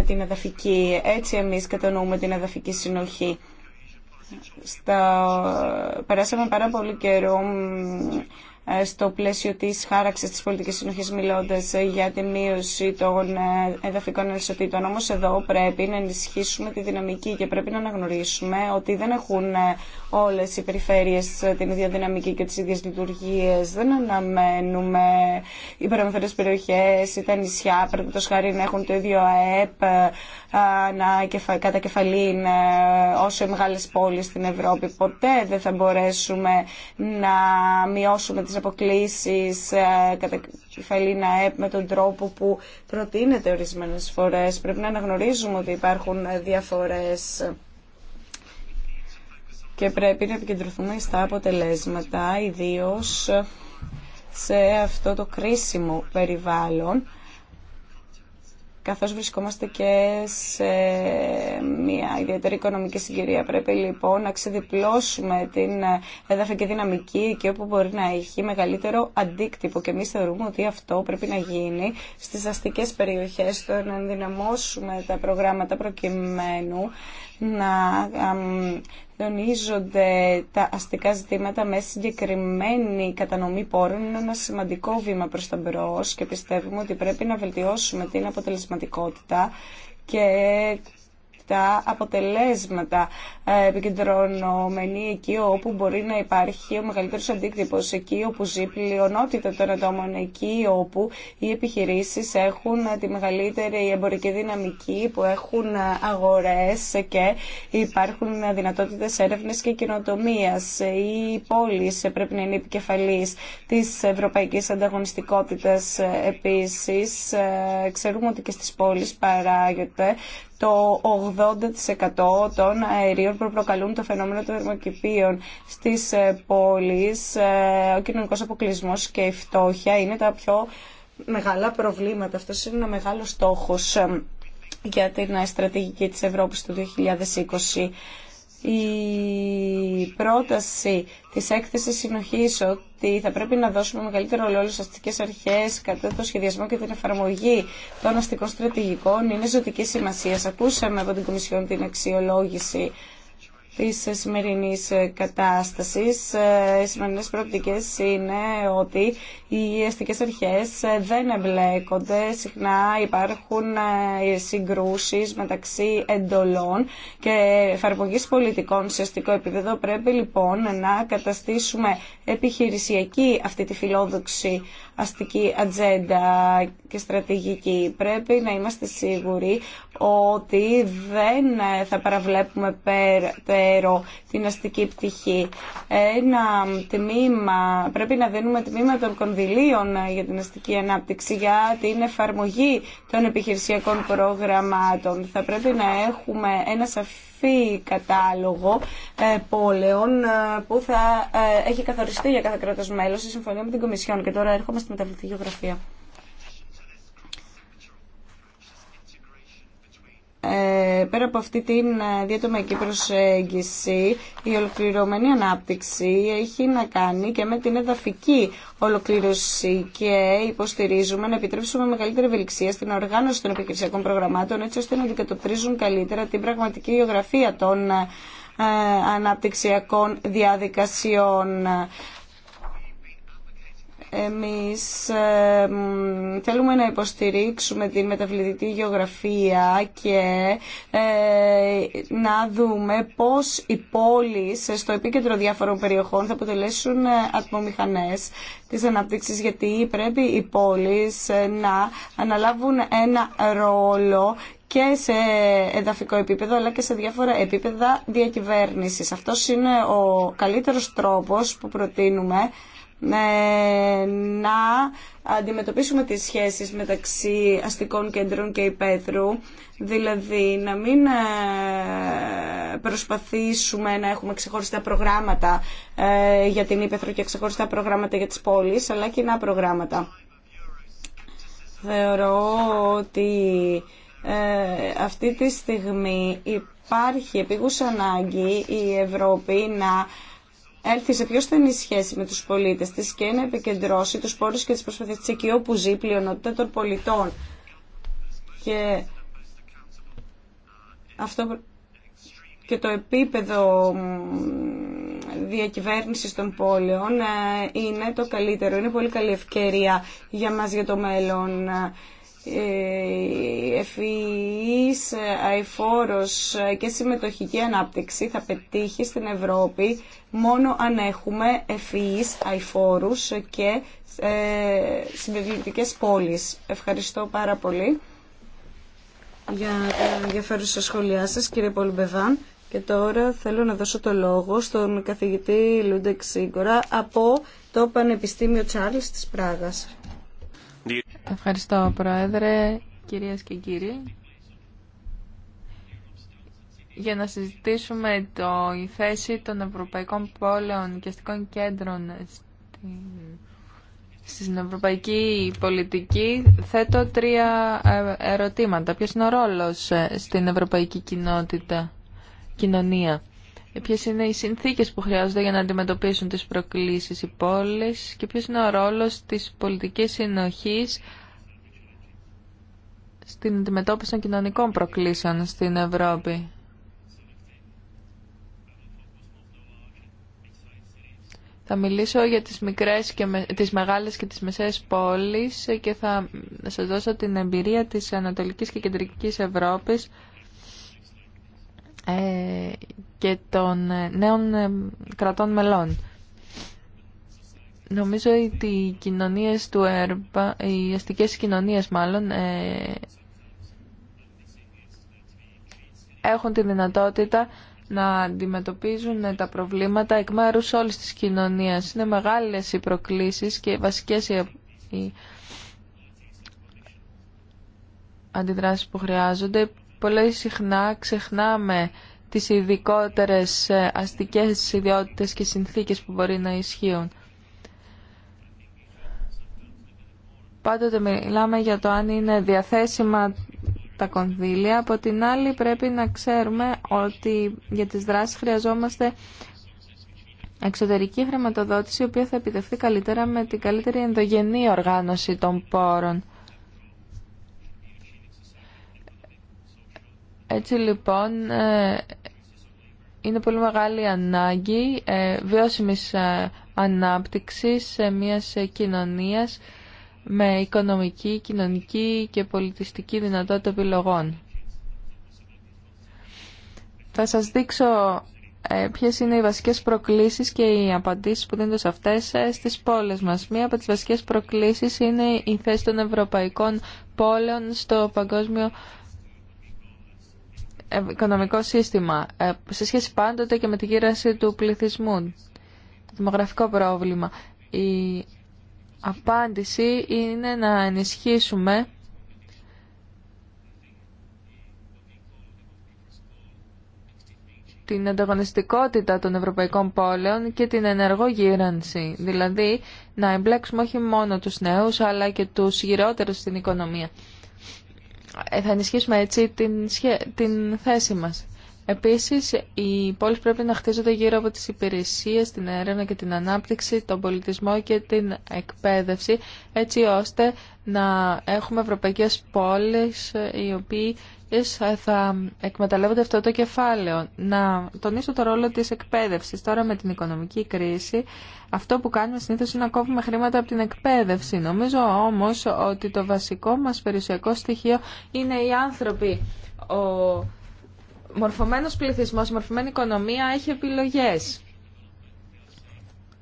την εδαφική. Έτσι εμείς κατανοούμε την εδαφική συνοχή. Στα... Περάσαμε πάρα πολύ καιρό ε, στο πλαίσιο της χάραξης της πολιτικής συνοχής μιλώντας ε, για τη μείωση των ε, εδαφικών ενισοτήτων. Όμως εδώ πρέπει να ενισχύσουμε τη δυναμική και πρέπει να αναγνωρίσουμε ότι δεν έχουν όλες οι περιφέρειες την ίδια δυναμική και τις ίδιες λειτουργίες. Δεν αναμένουμε οι παραμεθόρες περιοχές ή τα νησιά πρέπει τόσο χάρη να έχουν το ίδιο ΑΕΠ να κατακεφαλήν όσο οι μεγάλες πόλεις στην Ευρώπη. Ποτέ δεν θα μπορέσουμε να μειώσουμε τις αποκλήσεις ε, κατά να ΕΠ με τον τρόπο που προτείνεται ορισμένες φορές. Πρέπει να αναγνωρίζουμε ότι υπάρχουν διαφορές και πρέπει να επικεντρωθούμε στα αποτελέσματα, ιδίως σε αυτό το κρίσιμο περιβάλλον καθώς βρισκόμαστε και σε μια ιδιαίτερη οικονομική συγκυρία. Πρέπει λοιπόν να ξεδιπλώσουμε την εδαφική δυναμική και όπου μπορεί να έχει μεγαλύτερο αντίκτυπο και εμεί θεωρούμε ότι αυτό πρέπει να γίνει στις αστικές περιοχές, το να ενδυναμώσουμε τα προγράμματα προκειμένου να τονίζονται τα αστικά ζητήματα με συγκεκριμένη κατανομή πόρων είναι ένα σημαντικό βήμα προς τα μπρος και πιστεύουμε ότι πρέπει να βελτιώσουμε την αποτελεσματικότητα και τα αποτελέσματα ε, επικεντρωνόμενοι εκεί όπου μπορεί να υπάρχει ο μεγαλύτερος αντίκτυπος, εκεί όπου ζει πλειονότητα των ατόμων, εκεί όπου οι επιχειρήσεις έχουν τη μεγαλύτερη εμπορική δυναμική, που έχουν αγορές και υπάρχουν δυνατότητες έρευνες και κοινοτομίας. Οι πόλεις πρέπει να είναι επικεφαλής της ευρωπαϊκής ανταγωνιστικότητας επίσης. Ε, ξέρουμε ότι και στις πόλεις παράγεται το 80% των αερίων που προκαλούν το φαινόμενο των θερμοκηπίων στις ε, πόλεις. Ε, ο κοινωνικός αποκλεισμός και η φτώχεια είναι τα πιο μεγάλα προβλήματα. Αυτός είναι ένα μεγάλο στόχος ε, για την στρατηγική της Ευρώπης του 2020 η πρόταση της έκθεσης συνοχής ότι θα πρέπει να δώσουμε μεγαλύτερο ρόλο στις αστικές αρχές κατά το σχεδιασμό και την εφαρμογή των αστικών στρατηγικών είναι ζωτική σημασία. Ακούσαμε από την Κομισιόν την αξιολόγηση Τη σημερινή κατάσταση. Ε, οι σημερινέ προοπτικέ είναι ότι οι αστικέ αρχές δεν εμπλέκονται. Συχνά υπάρχουν ε, συγκρούσει μεταξύ εντολών και εφαρμογή πολιτικών σε αστικό επίπεδο. Πρέπει λοιπόν να καταστήσουμε επιχειρησιακή αυτή τη φιλόδοξη αστική ατζέντα και στρατηγική. Πρέπει να είμαστε σίγουροι ότι δεν ε, θα παραβλέπουμε περαιτέρω την αστική πτυχή. Ένα τμήμα, πρέπει να δίνουμε τμήμα των κονδυλίων ε, για την αστική ανάπτυξη, για την εφαρμογή των επιχειρησιακών προγραμμάτων. Θα πρέπει να έχουμε ένα σαφή σαφή κατάλογο ε, πόλεων ε, που θα ε, έχει καθοριστεί για κάθε κράτος μέλος σε συμφωνία με την Κομισιόν. Και τώρα έρχομαι στη μεταβλητή γεωγραφία. Ε, πέρα από αυτή την ε, διατομική προσέγγιση, η ολοκληρωμένη ανάπτυξη έχει να κάνει και με την εδαφική ολοκλήρωση και υποστηρίζουμε να επιτρέψουμε μεγαλύτερη ευελιξία στην οργάνωση των επιχειρησιακών προγραμμάτων έτσι ώστε να αντικατοπτρίζουν καλύτερα την πραγματική γεωγραφία των ε, αναπτυξιακών διαδικασιών. Εμείς ε, θέλουμε να υποστηρίξουμε τη μεταβλητική γεωγραφία και ε, να δούμε πώς οι πόλεις στο επίκεντρο διάφορων περιοχών θα αποτελέσουν ε, ατμομηχανές της ανάπτυξης γιατί πρέπει οι πόλεις ε, να αναλάβουν ένα ρόλο και σε εδαφικό επίπεδο αλλά και σε διάφορα επίπεδα διακυβέρνησης. Αυτός είναι ο καλύτερος τρόπος που προτείνουμε ναι, να αντιμετωπίσουμε τις σχέσεις μεταξύ αστικών κέντρων και υπαίθρου, δηλαδή να μην ε, προσπαθήσουμε να έχουμε ξεχωριστά προγράμματα ε, για την υπαίθρο και ξεχωριστά προγράμματα για τις πόλεις, αλλά κοινά προγράμματα. Θεωρώ ότι ε, αυτή τη στιγμή υπάρχει επίγουσα ανάγκη η Ευρώπη να έλθει σε πιο στενή σχέση με τους πολίτες τη και να επικεντρώσει τους πόρους και τις προσπαθήσεις της εκεί όπου ζει η πλειονότητα των πολιτών. Και αυτό και το επίπεδο διακυβέρνησης των πόλεων ε, είναι το καλύτερο. Είναι πολύ καλή ευκαιρία για μας για το μέλλον. Ε, ευφυής αηφόρος και συμμετοχική ανάπτυξη θα πετύχει στην Ευρώπη μόνο αν έχουμε ευφυείς αηφόρους και ε, συμπεριληπτικές πόλεις. Ευχαριστώ πάρα πολύ για τα ενδιαφέρουσα σχόλιά σας κύριε Πολυμπεβάν και τώρα θέλω να δώσω το λόγο στον καθηγητή Λούντεξ Σίγκορα από το Πανεπιστήμιο Τσάρλς της Πράγας. Ευχαριστώ, Πρόεδρε, κυρίες και κύριοι. Για να συζητήσουμε το, η θέση των Ευρωπαϊκών Πόλεων και Αστικών Κέντρων στην, στην Ευρωπαϊκή Πολιτική, θέτω τρία ε, ερωτήματα. Ποιος είναι ο ρόλος ε, στην Ευρωπαϊκή Κοινότητα, Κοινωνία. Ε, Ποιε είναι οι συνθήκες που χρειάζονται για να αντιμετωπίσουν τις προκλήσεις οι πόλεις και ποιο είναι ο ρόλο τη πολιτική συνοχή στην αντιμετώπιση των κοινωνικών προκλήσεων στην Ευρώπη. Θα μιλήσω για τις, μικρές και με, τις μεγάλες και τις μεσαίες πόλεις και θα σας δώσω την εμπειρία της Ανατολικής και Κεντρικής Ευρώπης ε, και των ε, νέων ε, κρατών μελών. Νομίζω ότι οι κοινωνίες του ΕΡΠΑ, οι αστικές κοινωνίες μάλλον, έχουν τη δυνατότητα να αντιμετωπίζουν τα προβλήματα εκ μέρους όλης της κοινωνίας. Είναι μεγάλες οι προκλήσεις και βασικές οι αντιδράσεις που χρειάζονται Πολύ συχνά ξεχνάμε τις ειδικότερε ε, αστικές ιδιότητες και συνθήκες που μπορεί να ισχύουν. Πάντοτε μιλάμε για το αν είναι διαθέσιμα τα κονδύλια. Από την άλλη πρέπει να ξέρουμε ότι για τις δράσεις χρειαζόμαστε εξωτερική χρηματοδότηση η οποία θα επιτευχθεί καλύτερα με την καλύτερη ενδογενή οργάνωση των πόρων. Έτσι λοιπόν ε, είναι πολύ μεγάλη ανάγκη ε, βιώσιμης ε, ανάπτυξης μιας κοινωνίας με οικονομική, κοινωνική και πολιτιστική δυνατότητα επιλογών. Θα σας δείξω ποιες είναι οι βασικές προκλήσεις και οι απαντήσεις που δίνονται σε αυτές στις πόλεις μας. Μία από τις βασικές προκλήσεις είναι η θέση των ευρωπαϊκών πόλεων στο παγκόσμιο οικονομικό σύστημα ε, σε σχέση πάντοτε και με τη γύρανση του πληθυσμού, το δημογραφικό πρόβλημα. Η απάντηση είναι να ενισχύσουμε την ανταγωνιστικότητα των ευρωπαϊκών πόλεων και την ενεργό γύρανση. Δηλαδή να εμπλέξουμε όχι μόνο τους νέους αλλά και τους γυρότερους στην οικονομία. Ε, θα ενισχύσουμε έτσι την, την θέση μας. Επίσης, οι πόλεις πρέπει να χτίζονται γύρω από τις υπηρεσίες, την έρευνα και την ανάπτυξη, τον πολιτισμό και την εκπαίδευση, έτσι ώστε να έχουμε ευρωπαϊκές πόλεις ε, οι οποίοι ε, θα εκμεταλλεύονται αυτό το κεφάλαιο. Να τονίσω το ρόλο της εκπαίδευσης. Τώρα με την οικονομική κρίση αυτό που κάνουμε συνήθως είναι να κόβουμε χρήματα από την εκπαίδευση. Νομίζω όμως ότι το βασικό μας περιουσιακό στοιχείο είναι οι άνθρωποι. Ο μορφωμένος πληθυσμός, η μορφωμένη οικονομία έχει επιλογές.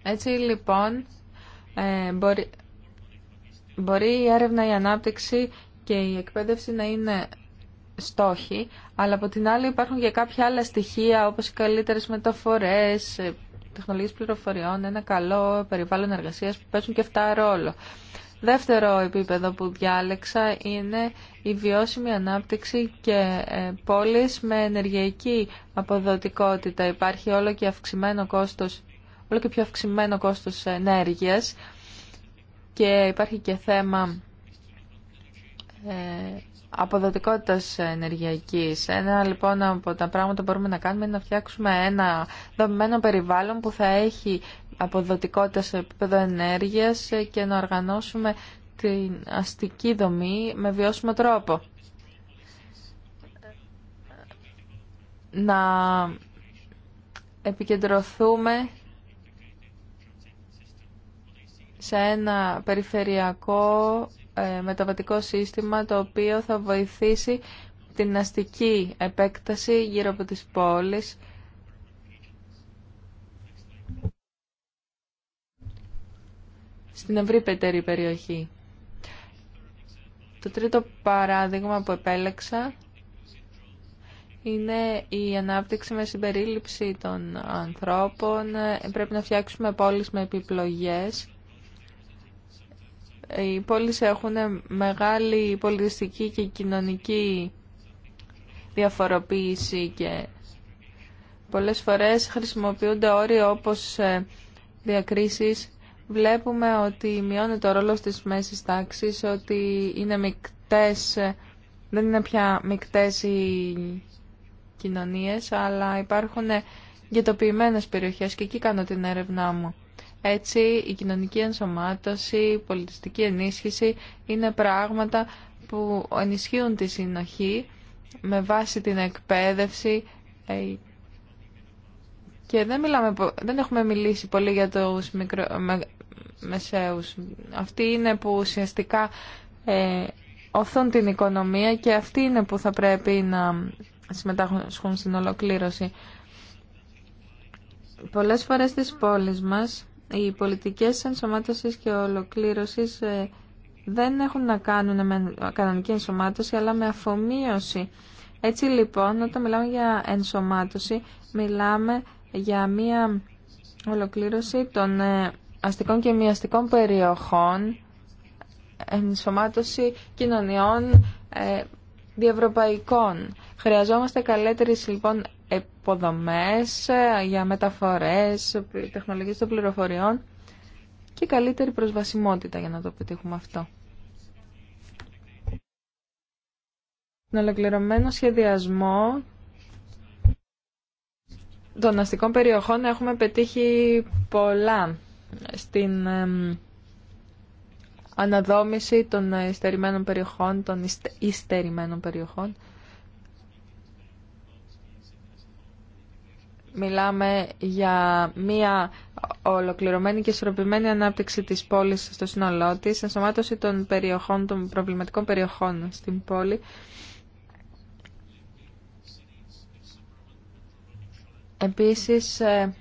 Έτσι λοιπόν ε, μπορεί, μπορεί η έρευνα, η ανάπτυξη και η εκπαίδευση να είναι στόχοι, αλλά από την άλλη υπάρχουν και κάποια άλλα στοιχεία όπως οι καλύτερες μεταφορές, ε, τεχνολογίες πληροφοριών, ένα καλό περιβάλλον εργασίας που παίζουν και αυτά ρόλο. Δεύτερο επίπεδο που διάλεξα είναι η βιώσιμη ανάπτυξη και ε, πόλεις με ενεργειακή αποδοτικότητα. Υπάρχει όλο και, αυξημένο κόστος, όλο και πιο αυξημένο κόστος ενέργειας και υπάρχει και θέμα ε, αποδοτικότητας ενεργειακής. Ένα λοιπόν από τα πράγματα που μπορούμε να κάνουμε είναι να φτιάξουμε ένα δομημένο περιβάλλον που θα έχει αποδοτικότητα σε επίπεδο ενέργειας και να οργανώσουμε την αστική δομή με βιώσιμο τρόπο. Να επικεντρωθούμε σε ένα περιφερειακό ε, μεταβατικό σύστημα το οποίο θα βοηθήσει την αστική επέκταση γύρω από τις πόλεις στην πετέρει περιοχή. Το τρίτο παράδειγμα που επέλεξα είναι η ανάπτυξη με συμπερίληψη των ανθρώπων. Πρέπει να φτιάξουμε πόλεις με επιπλογές οι πόλεις έχουν μεγάλη πολιτιστική και κοινωνική διαφοροποίηση και πολλές φορές χρησιμοποιούνται όροι όπως ε, διακρίσεις. Βλέπουμε ότι μειώνεται ο ρόλος της μέσης τάξης, ότι είναι μικτές, ε, δεν είναι πια μικτές οι κοινωνίες, αλλά υπάρχουν γετοποιημένες περιοχές και εκεί κάνω την έρευνά μου. Έτσι η κοινωνική ενσωμάτωση, η πολιτιστική ενίσχυση είναι πράγματα που ενισχύουν τη συνοχή με βάση την εκπαίδευση ε, και δεν, μιλάμε, δεν έχουμε μιλήσει πολύ για τους μικρο, με, μεσαίους. Αυτοί είναι που ουσιαστικά ε, οθούν την οικονομία και αυτοί είναι που θα πρέπει να συμμετάσχουν στην ολοκλήρωση. Πολλές φορές στις πόλεις μας οι πολιτικές ενσωμάτωσης και ολοκλήρωσης ε, δεν έχουν να κάνουν με κανονική ενσωμάτωση, αλλά με αφομοίωση. Έτσι λοιπόν, όταν μιλάμε για ενσωμάτωση, μιλάμε για μία ολοκλήρωση των ε, αστικών και μοιαστικών περιοχών, ενσωμάτωση κοινωνιών ε, διευρωπαϊκών. Χρειαζόμαστε καλύτερη λοιπόν υποδομές, ε, για μεταφορές, τεχνολογίες των πληροφοριών και καλύτερη προσβασιμότητα για να το πετύχουμε αυτό. Στον ολοκληρωμένο σχεδιασμό των αστικών περιοχών έχουμε πετύχει πολλά στην αναδόμηση των ειστερημένων περιοχών, των ειστερημένων περιοχών. μιλάμε για μια ολοκληρωμένη και ισορροπημένη ανάπτυξη της πόλης στο σύνολό της, ενσωμάτωση των περιοχών, των προβληματικών περιοχών στην πόλη, Επίσης, ε,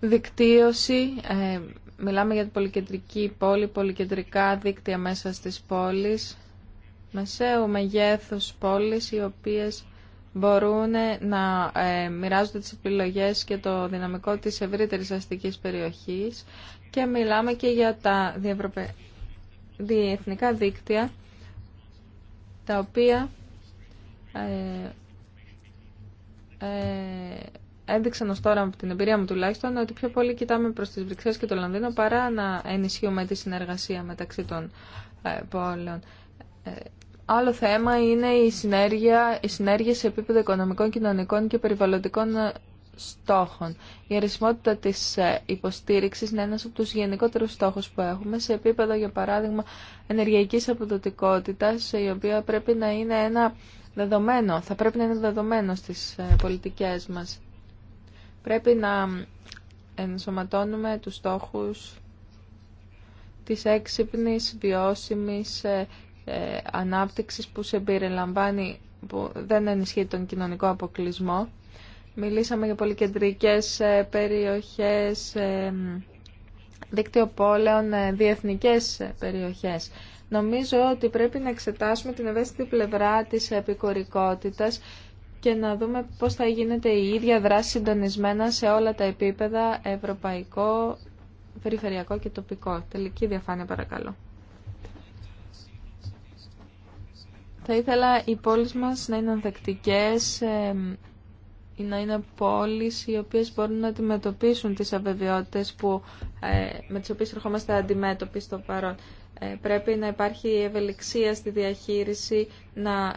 δικτύωση, ε, μιλάμε για την πολυκεντρική πόλη, πολυκεντρικά δίκτυα μέσα στις πόλεις, μεσαίου μεγέθους πόλεις, οι οποίες μπορούν να ε, μοιράζονται τις επιλογές και το δυναμικό της ευρύτερης αστικής περιοχής και μιλάμε και για τα διευρωπε... διεθνικά δίκτυα τα οποία ε, ε, έδειξαν ως τώρα από την εμπειρία μου τουλάχιστον ότι πιο πολύ κοιτάμε προς τις Βρυξές και το Λονδίνο παρά να ενισχύουμε τη συνεργασία μεταξύ των πόλεων. Άλλο θέμα είναι η συνέργεια, η σε επίπεδο οικονομικών, κοινωνικών και περιβαλλοντικών ε, στόχων. Η αρισιμότητα της ε, υποστήριξης είναι ένας από τους γενικότερους στόχους που έχουμε σε επίπεδο, για παράδειγμα, ενεργειακής αποδοτικότητας, η οποία πρέπει να είναι ένα δεδομένο, θα πρέπει να είναι δεδομένο στις ε, πολιτικές μας. Πρέπει να ενσωματώνουμε τους στόχους της έξυπνης, βιώσιμης ε, ανάπτυξης που σε περιλαμβάνει, που δεν ενισχύει τον κοινωνικό αποκλεισμό. Μιλήσαμε για πολυκεντρικές ε, περιοχές, ε, δίκτυο πόλεων, διεθνικές περιοχές. Νομίζω ότι πρέπει να εξετάσουμε την ευαίσθητη πλευρά της επικορικότητας και να δούμε πώς θα γίνεται η ίδια δράση συντονισμένα σε όλα τα επίπεδα ευρωπαϊκό, περιφερειακό και τοπικό. Τελική διαφάνεια παρακαλώ. Θα ήθελα οι πόλεις μας να είναι ανθεκτικές ή να είναι πόλεις οι οποίες μπορούν να αντιμετωπίσουν τις αβεβαιότητες που, ε, με τις οποίες ερχόμαστε αντιμέτωποι στο παρόν. Ε, πρέπει να υπάρχει ευελιξία στη διαχείριση, να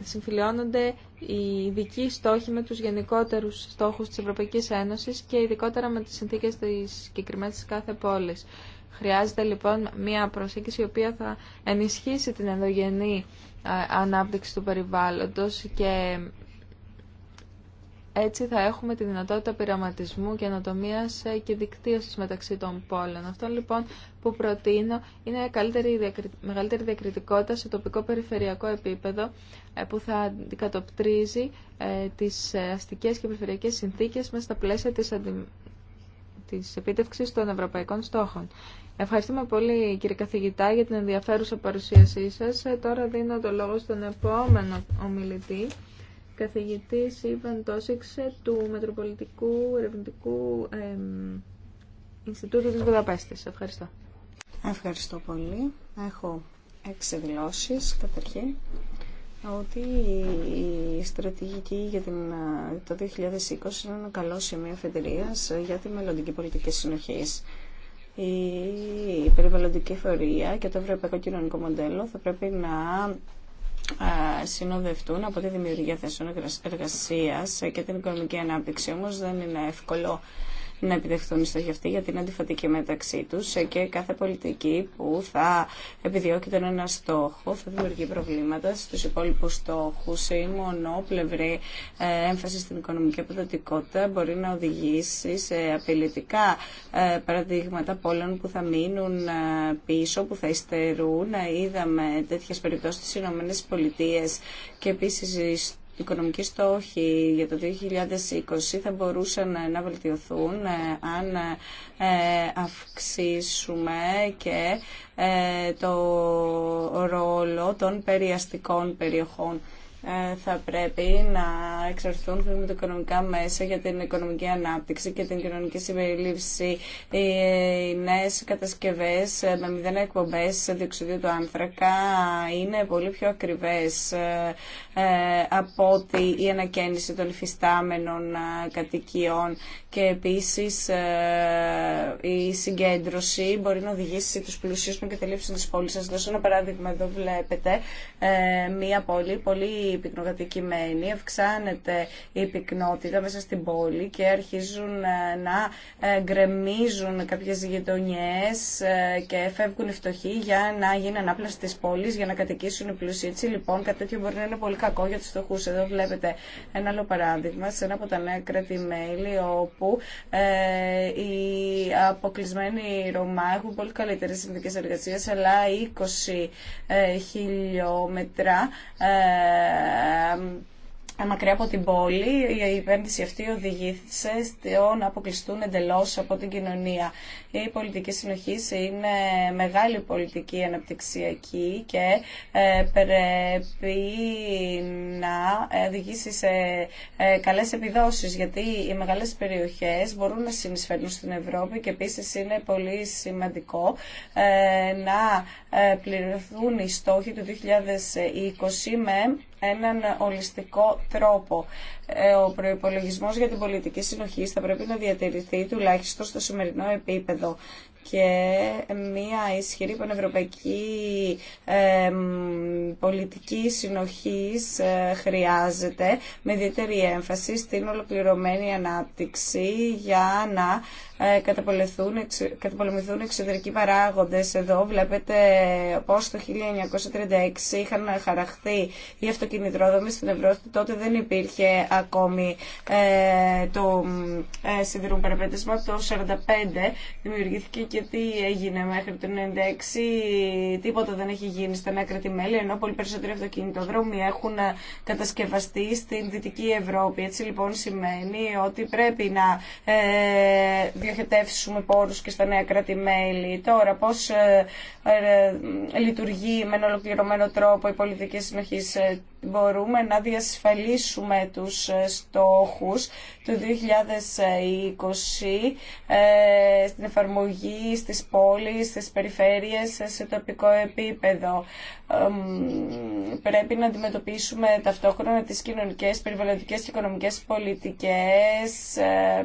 συμφιλιώνονται οι ειδικοί στόχοι με τους γενικότερους στόχους της Ευρωπαϊκής Ένωσης και ειδικότερα με τις συνθήκες της συγκεκριμένης κάθε πόλης. Χρειάζεται λοιπόν μια προσέγγιση η οποία θα ενισχύσει την ενδογενή ανάπτυξη του περιβάλλοντος και έτσι θα έχουμε τη δυνατότητα πειραματισμού, ανατομίας ε, και δικτύωση μεταξύ των πόλων. Αυτό λοιπόν που προτείνω είναι καλύτερη, μεγαλύτερη διακριτικότητα σε τοπικό περιφερειακό επίπεδο ε, που θα αντικατοπτρίζει ε, τις αστικές και περιφερειακές συνθήκες μέσα στα πλαίσια της, αντι... της των ευρωπαϊκών στόχων. Ευχαριστούμε πολύ κύριε καθηγητά για την ενδιαφέρουσα παρουσίασή σας. Ε, τώρα δίνω το λόγο στον επόμενο ομιλητή, Ευχαριστώ πολύ. Έχω εξεδησει κατά αρχή, ότι Ιβαν Τόσιξε του Μετροπολιτικού Ερευνητικού Ινστιτούτου της Βουδαπέστης. Ευχαριστώ. Ευχαριστώ πολύ. Έχω έξι δηλώσει καταρχήν ότι η στρατηγική για την, ε, το 2020 είναι ένα καλό σημείο αφετηρίας ε, για τη μελλοντική πολιτική συνοχής η περιβαλλοντική φορεία και το ευρωπαϊκό κοινωνικό μοντέλο θα πρέπει να συνοδευτούν από τη δημιουργία θέσεων εργασίας και την οικονομική ανάπτυξη. Όμως δεν είναι εύκολο να επιδεχθούν οι στόχοι αυτοί για την αντιφατική μεταξύ τους ε, και κάθε πολιτική που θα επιδιώκει τον ένα στόχο θα δημιουργεί προβλήματα στου υπόλοιπου στόχου ή μονοπλευρή ε, έμφαση στην οικονομική αποδοτικότητα μπορεί να οδηγήσει σε απειλητικά ε, παραδείγματα πόλεων που θα μείνουν πίσω, που θα υστερούν. Είδαμε τέτοιες περιπτώσει στι Ηνωμένες Πολιτείες και στο οικονομικοί στόχοι για το 2020 θα μπορούσαν ε, να βελτιωθούν ε, αν ε, αυξήσουμε και το ρόλο των περιαστικών περιοχών. Ε, θα πρέπει να εξαρθούν οικονομικά μέσα για την οικονομική ανάπτυξη και την κοινωνική συμπεριλήψη. Οι ε, νέε κατασκευέ ε, με μηδέν εκπομπέ διοξιδίου του άνθρακα είναι πολύ πιο ακριβέ από ότι η ανακαίνιση των υφιστάμενων κατοικιών και επίσης ε, η συγκέντρωση μπορεί να οδηγήσει τους πλουσίους να κατελείψουν τις πόλεις. Σας δώσω ένα παράδειγμα, εδώ βλέπετε ε, μία πόλη πολύ πυκνοκατοικημένη, αυξάνεται η πυκνότητα μέσα στην πόλη και αρχίζουν ε, να γκρεμίζουν κάποιες γειτονιές και φεύγουν οι φτωχοί για να γίνει ανάπλαση της πόλης, για να κατοικήσουν οι πλουσίοι. Έτσι λοιπόν κάτι τέτοιο μπορεί να είναι πολύ κακό για τους φτωχούς. Εδώ βλέπετε ένα άλλο παράδειγμα σε ένα από τα νέα ε, οι αποκλεισμένοι Ρωμά έχουν πολύ καλύτερε συνδικέ εργασίας, αλλά 20 ε, χιλιόμετρα ε, μακριά από την πόλη, η επένδυση αυτή οδηγήθησε στο να αποκλειστούν εντελώ από την κοινωνία. Η πολιτική συνοχή είναι μεγάλη πολιτική αναπτυξιακή και ε, πρέπει να οδηγήσει σε ε, καλές επιδόσεις, γιατί οι μεγάλες περιοχές μπορούν να συνεισφέρουν στην Ευρώπη και επίση είναι πολύ σημαντικό ε, να πληρωθούν οι στόχοι του 2020 με έναν ολιστικό τρόπο. Ε, ο προπολογισμό για την πολιτική συνοχή θα πρέπει να διατηρηθεί τουλάχιστον στο σημερινό επίπεδο και μια ισχυρή πανευρωπαϊκή πολιτική συνοχής ε, χρειάζεται με ιδιαίτερη έμφαση στην ολοκληρωμένη ανάπτυξη για να ε, καταπολεμηθούν εξωτερικοί παράγοντες. Εδώ βλέπετε πως το 1936 είχαν χαραχθεί οι αυτοκινητρόδρομοι στην Ευρώπη. Τότε δεν υπήρχε ακόμη ε, το ε, σιδηρούν παραπέτασμα. Το 1945 δημιουργήθηκε και τι έγινε μέχρι το 1996. Τίποτα δεν έχει γίνει στα νέα κρατημέλη, ενώ πολύ περισσότεροι αυτοκινητοδρόμοι έχουν κατασκευαστεί στην Δυτική Ευρώπη. Έτσι λοιπόν σημαίνει ότι πρέπει να ε, διοχετεύσουμε πόρους και στα νέα κράτη-μέλη. Τώρα, πώς ε, ε, λειτουργεί με ένα ολοκληρωμένο τρόπο η πολιτική συνοχή. Ε, μπορούμε να διασφαλίσουμε τους στόχους του 2020 στην εφαρμογή στις πόλεις, στις περιφέρειες, σε τοπικό επίπεδο. Πρέπει να αντιμετωπίσουμε ταυτόχρονα τις κοινωνικές, περιβαλλοντικές και οικονομικές πολιτικές.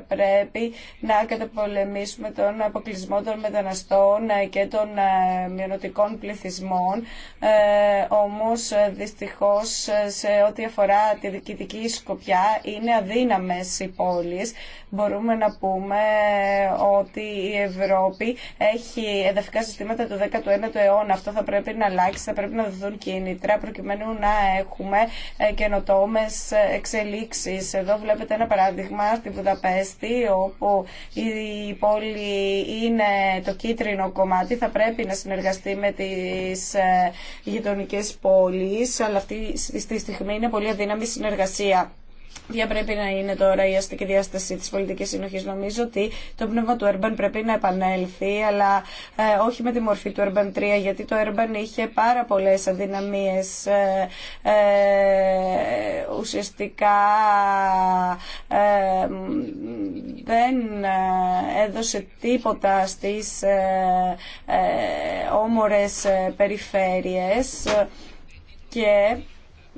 Πρέπει να πολεμήσουμε τον αποκλεισμό των μεταναστών ε, και των ε, μειονοτικών πληθυσμών. Ε, όμως δυστυχώς σε ό,τι αφορά τη διοικητική σκοπιά είναι αδύναμες οι πόλεις. Μπορούμε να πούμε ότι η Ευρώπη έχει εδαφικά συστήματα του 19ου αιώνα. Αυτό θα πρέπει να αλλάξει, θα πρέπει να δοθούν κίνητρα προκειμένου να έχουμε καινοτόμε εξελίξεις. Εδώ βλέπετε ένα παράδειγμα στη Βουδαπέστη όπου η η πόλη είναι το κίτρινο κομμάτι, θα πρέπει να συνεργαστεί με τις ε, γειτονικές πόλεις, αλλά αυτή στη στιγμή είναι πολύ αδύναμη συνεργασία. Ποια πρέπει να είναι τώρα η αστική διάσταση της πολιτικής συνοχής. Νομίζω ότι το πνεύμα του Urban πρέπει να επανέλθει, αλλά ε, όχι με τη μορφή του Urban 3, γιατί το Urban είχε πάρα πολλές αδυναμίες. Ε, ε, ουσιαστικά δεν έδωσε τίποτα στις όμορες περιφέρειες και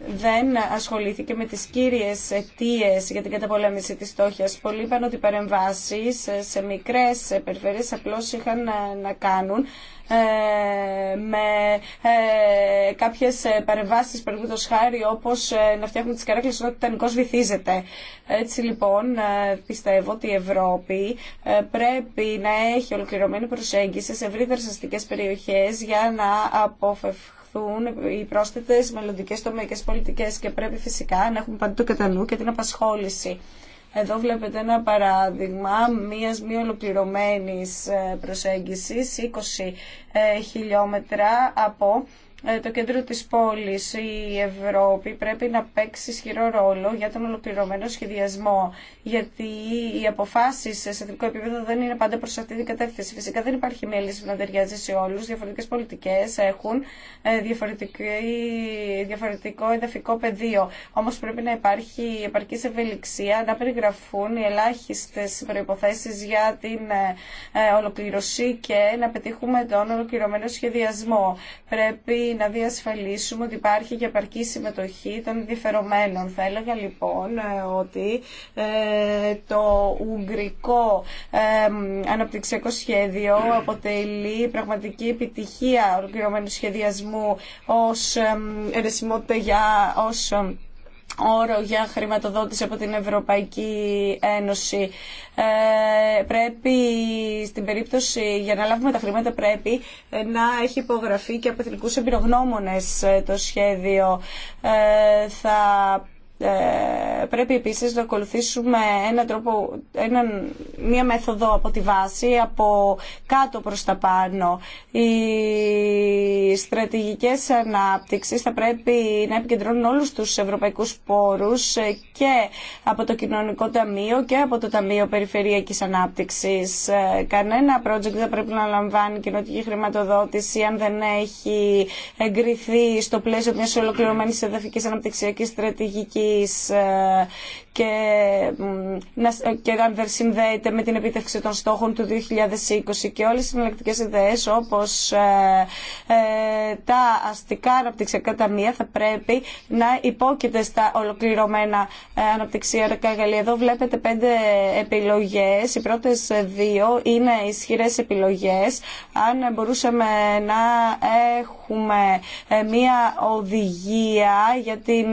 δεν ασχολήθηκε με τις κύριες αιτίε για την καταπολέμηση της στόχιας. Πολλοί είπαν ότι οι παρεμβάσεις σε μικρές περιφέρειες απλώς είχαν ε, να κάνουν ε, με ε, κάποιες παρεμβάσεις παραδείγματος χάρη όπως ε, να φτιάχνουν τις καρέκλες όταν ο Τιτανικός βυθίζεται. Έτσι λοιπόν πιστεύω ότι η Ευρώπη πρέπει να έχει ολοκληρωμένη προσέγγιση σε ευρύτερες αστικές περιοχές για να αποφευχθεί προσπαθούν οι πρόσθετες μελλοντικέ τομεικέ πολιτικές και πρέπει φυσικά να έχουμε το κατά νου και την απασχόληση. Εδώ βλέπετε ένα παράδειγμα μιας μη ολοκληρωμένη ε, προσέγγισης, 20 ε, χιλιόμετρα από ε, το κέντρο της πόλης, η Ευρώπη πρέπει να παίξει ισχυρό ρόλο για τον ολοκληρωμένο σχεδιασμό, γιατί οι αποφάσεις σε εθνικό επίπεδο δεν είναι πάντα προς αυτή την κατεύθυνση. Φυσικά δεν υπάρχει μία λύση που να ταιριάζει σε όλους, διαφορετικές πολιτικές έχουν ε, διαφορετικό εδαφικό πεδίο. Όμως πρέπει να υπάρχει επαρκή ευελιξία, να περιγραφούν οι ελάχιστες προϋποθέσεις για την ε, ολοκληρωσή και να πετύχουμε τον ολοκληρωμένο σχεδιασμό. Πρέπει να διασφαλίσουμε ότι υπάρχει και επαρκή συμμετοχή των ενδιαφερομένων. Θα έλεγα λοιπόν ε, ότι ε, το ουγγρικό αναπτυξιακό σχέδιο αποτελεί πραγματική επιτυχία ολοκληρωμένου σχεδιασμού ως ερεσιμότητα για ως όρο για χρηματοδότηση από την Ευρωπαϊκή Ένωση. Ε, πρέπει, στην περίπτωση, για να λάβουμε τα χρήματα πρέπει να έχει υπογραφεί και από εθνικούς εμπειρογνώμονες ε, το σχέδιο. Ε, θα ε, πρέπει επίσης να ακολουθήσουμε έναν τρόπο, έναν, μια μέθοδο από τη βάση, από κάτω προς τα πάνω. Οι στρατηγικές ανάπτυξης θα πρέπει να επικεντρώνουν όλους τους ευρωπαϊκούς πόρους και από το Κοινωνικό Ταμείο και από το Ταμείο Περιφερειακής Ανάπτυξης. Ε, κανένα project δεν πρέπει να λαμβάνει κοινωτική χρηματοδότηση αν δεν έχει εγκριθεί στο πλαίσιο μιας ολοκληρωμένης εδαφικής αναπτυξιακής στρατηγικής της ε, και, ε, και αν δεν συνδέεται με την επίτευξη των στόχων του 2020 και όλες οι συναλλακτικές ιδέες όπως ε, ε, τα αστικά αναπτυξιακά ταμεία θα πρέπει να υπόκειται στα ολοκληρωμένα αναπτυξιακά εργαλεία. Εδώ βλέπετε πέντε επιλογές. Οι πρώτες δύο είναι ισχυρέ επιλογές. Αν μπορούσαμε να έχουμε μία οδηγία για την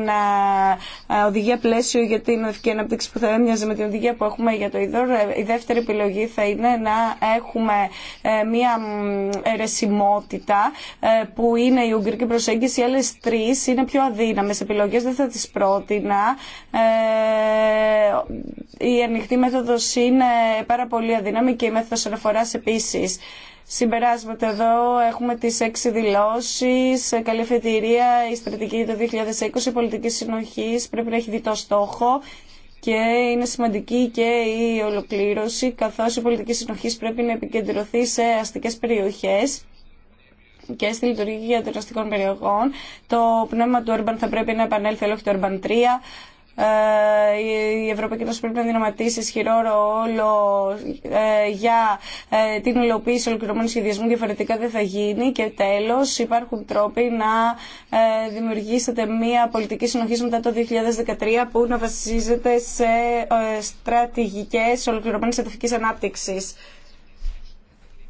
οδηγία πλαίσιο για την και ανάπτυξη που θα έμοιαζε με την οδηγία που έχουμε για το ΙΔΟΡ. Ε, η δεύτερη επιλογή θα είναι να έχουμε ε, μία ερεσιμότητα ε, που είναι η ουγγρική προσέγγιση. Οι άλλε τρει είναι πιο αδύναμε επιλογέ, δεν θα τι πρότεινα. Η ανοιχτή μέθοδο είναι πάρα πολύ αδύναμη και η μέθοδο αναφορά επίση συμπεράσματα εδώ. Έχουμε τις έξι δηλώσεις, καλή φετηρία η στρατηγική το 2020, η πολιτική συνοχή πρέπει να έχει δει το στόχο και είναι σημαντική και η ολοκλήρωση, καθώς η πολιτική συνοχή πρέπει να επικεντρωθεί σε αστικές περιοχές και στη λειτουργία των αστικών περιοχών. Το πνεύμα του Urban θα πρέπει να επανέλθει, όχι το Urban 3 ε, η Ευρωπαϊκή Ένωση πρέπει να δυναματίσει ισχυρό ρόλο ε, για ε, την υλοποίηση ολοκληρωμένου σχεδιασμού, διαφορετικά δεν θα γίνει. Και τέλο, υπάρχουν τρόποι να δημιουργήσετε μια πολιτική συνοχή μετά το 2013 που να βασίζεται σε στρατηγικέ ολοκληρωμένη εδαφική ανάπτυξη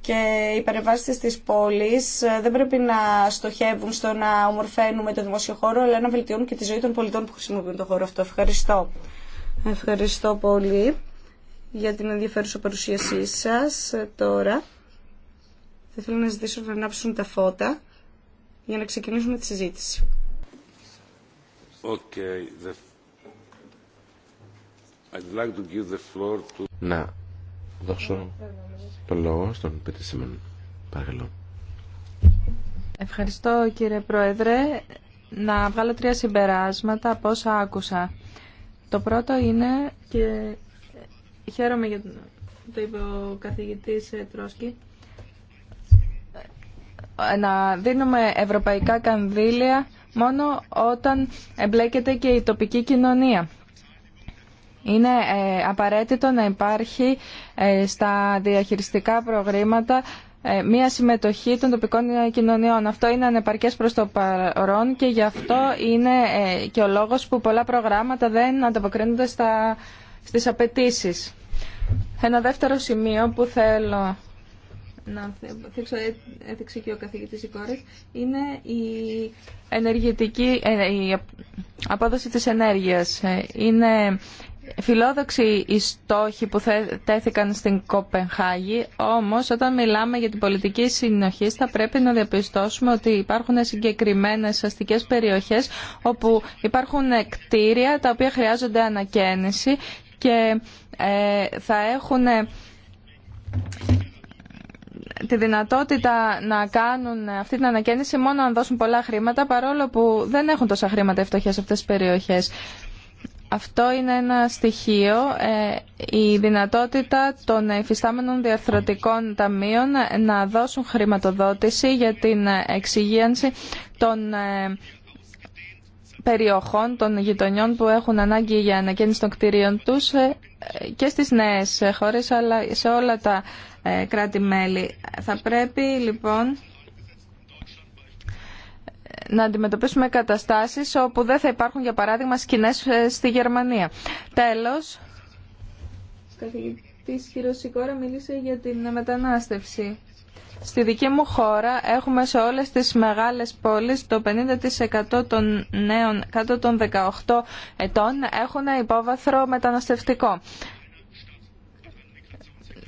και οι παρεμβάσει τη πόλη ε, δεν πρέπει να στοχεύουν στο να ομορφαίνουμε το δημόσιο χώρο, αλλά να βελτιώνουν και τη ζωή των πολιτών που χρησιμοποιούν το χώρο αυτό. Ευχαριστώ. Ευχαριστώ πολύ για την ενδιαφέρουσα παρουσίασή σας. Ε, τώρα θα ήθελα να ζητήσω να ανάψουν τα φώτα για να ξεκινήσουμε τη συζήτηση. Να δώσω στον Ευχαριστώ κύριε Πρόεδρε. Να βγάλω τρία συμπεράσματα από όσα άκουσα. Το πρώτο είναι και χαίρομαι για το είπε ο καθηγητής ε, Τρόσκι ε, να δίνουμε ευρωπαϊκά κανδύλια μόνο όταν εμπλέκεται και η τοπική κοινωνία. Είναι ε, απαραίτητο να υπάρχει ε, στα διαχειριστικά προγράμματα ε, μια συμμετοχή των τοπικών κοινωνιών. Αυτό είναι ανεπαρκές προς το παρόν και γι' αυτό είναι και ο λόγος που πολλά προγράμματα δεν ανταποκρίνονται στα, στις απαιτήσει. Ένα δεύτερο σημείο που θέλω να θέξω έδειξε και ο καθηγητής Ικόρης, είναι η, ενεργητική, η απόδοση της ενέργειας. Είναι φιλόδοξοι οι στόχοι που θέθηκαν στην Κοπενχάγη, όμως όταν μιλάμε για την πολιτική συνοχή θα πρέπει να διαπιστώσουμε ότι υπάρχουν συγκεκριμένες αστικές περιοχές όπου υπάρχουν κτίρια τα οποία χρειάζονται ανακαίνιση και ε, θα έχουν ε, τη δυνατότητα να κάνουν αυτή την ανακαίνιση μόνο αν δώσουν πολλά χρήματα παρόλο που δεν έχουν τόσα χρήματα οι φτωχές αυτές τις περιοχές. Αυτό είναι ένα στοιχείο, ε, η δυνατότητα των εφιστάμενων διαρθρωτικών ταμείων να δώσουν χρηματοδότηση για την εξυγίανση των ε, περιοχών, των γειτονιών που έχουν ανάγκη για ανακαίνιση των κτηρίων τους ε, και στις νέες χώρες αλλά σε όλα τα κράτη-μέλη. Θα πρέπει λοιπόν να αντιμετωπίσουμε καταστάσεις όπου δεν θα υπάρχουν, για παράδειγμα, σκηνές ε, στη Γερμανία. Τέλος, καθηγητής Χειροσικόρα μίλησε για την μετανάστευση. Στη δική μου χώρα έχουμε σε όλες τις μεγάλες πόλεις το 50% των νέων κάτω των 18 ετών έχουν υπόβαθρο μεταναστευτικό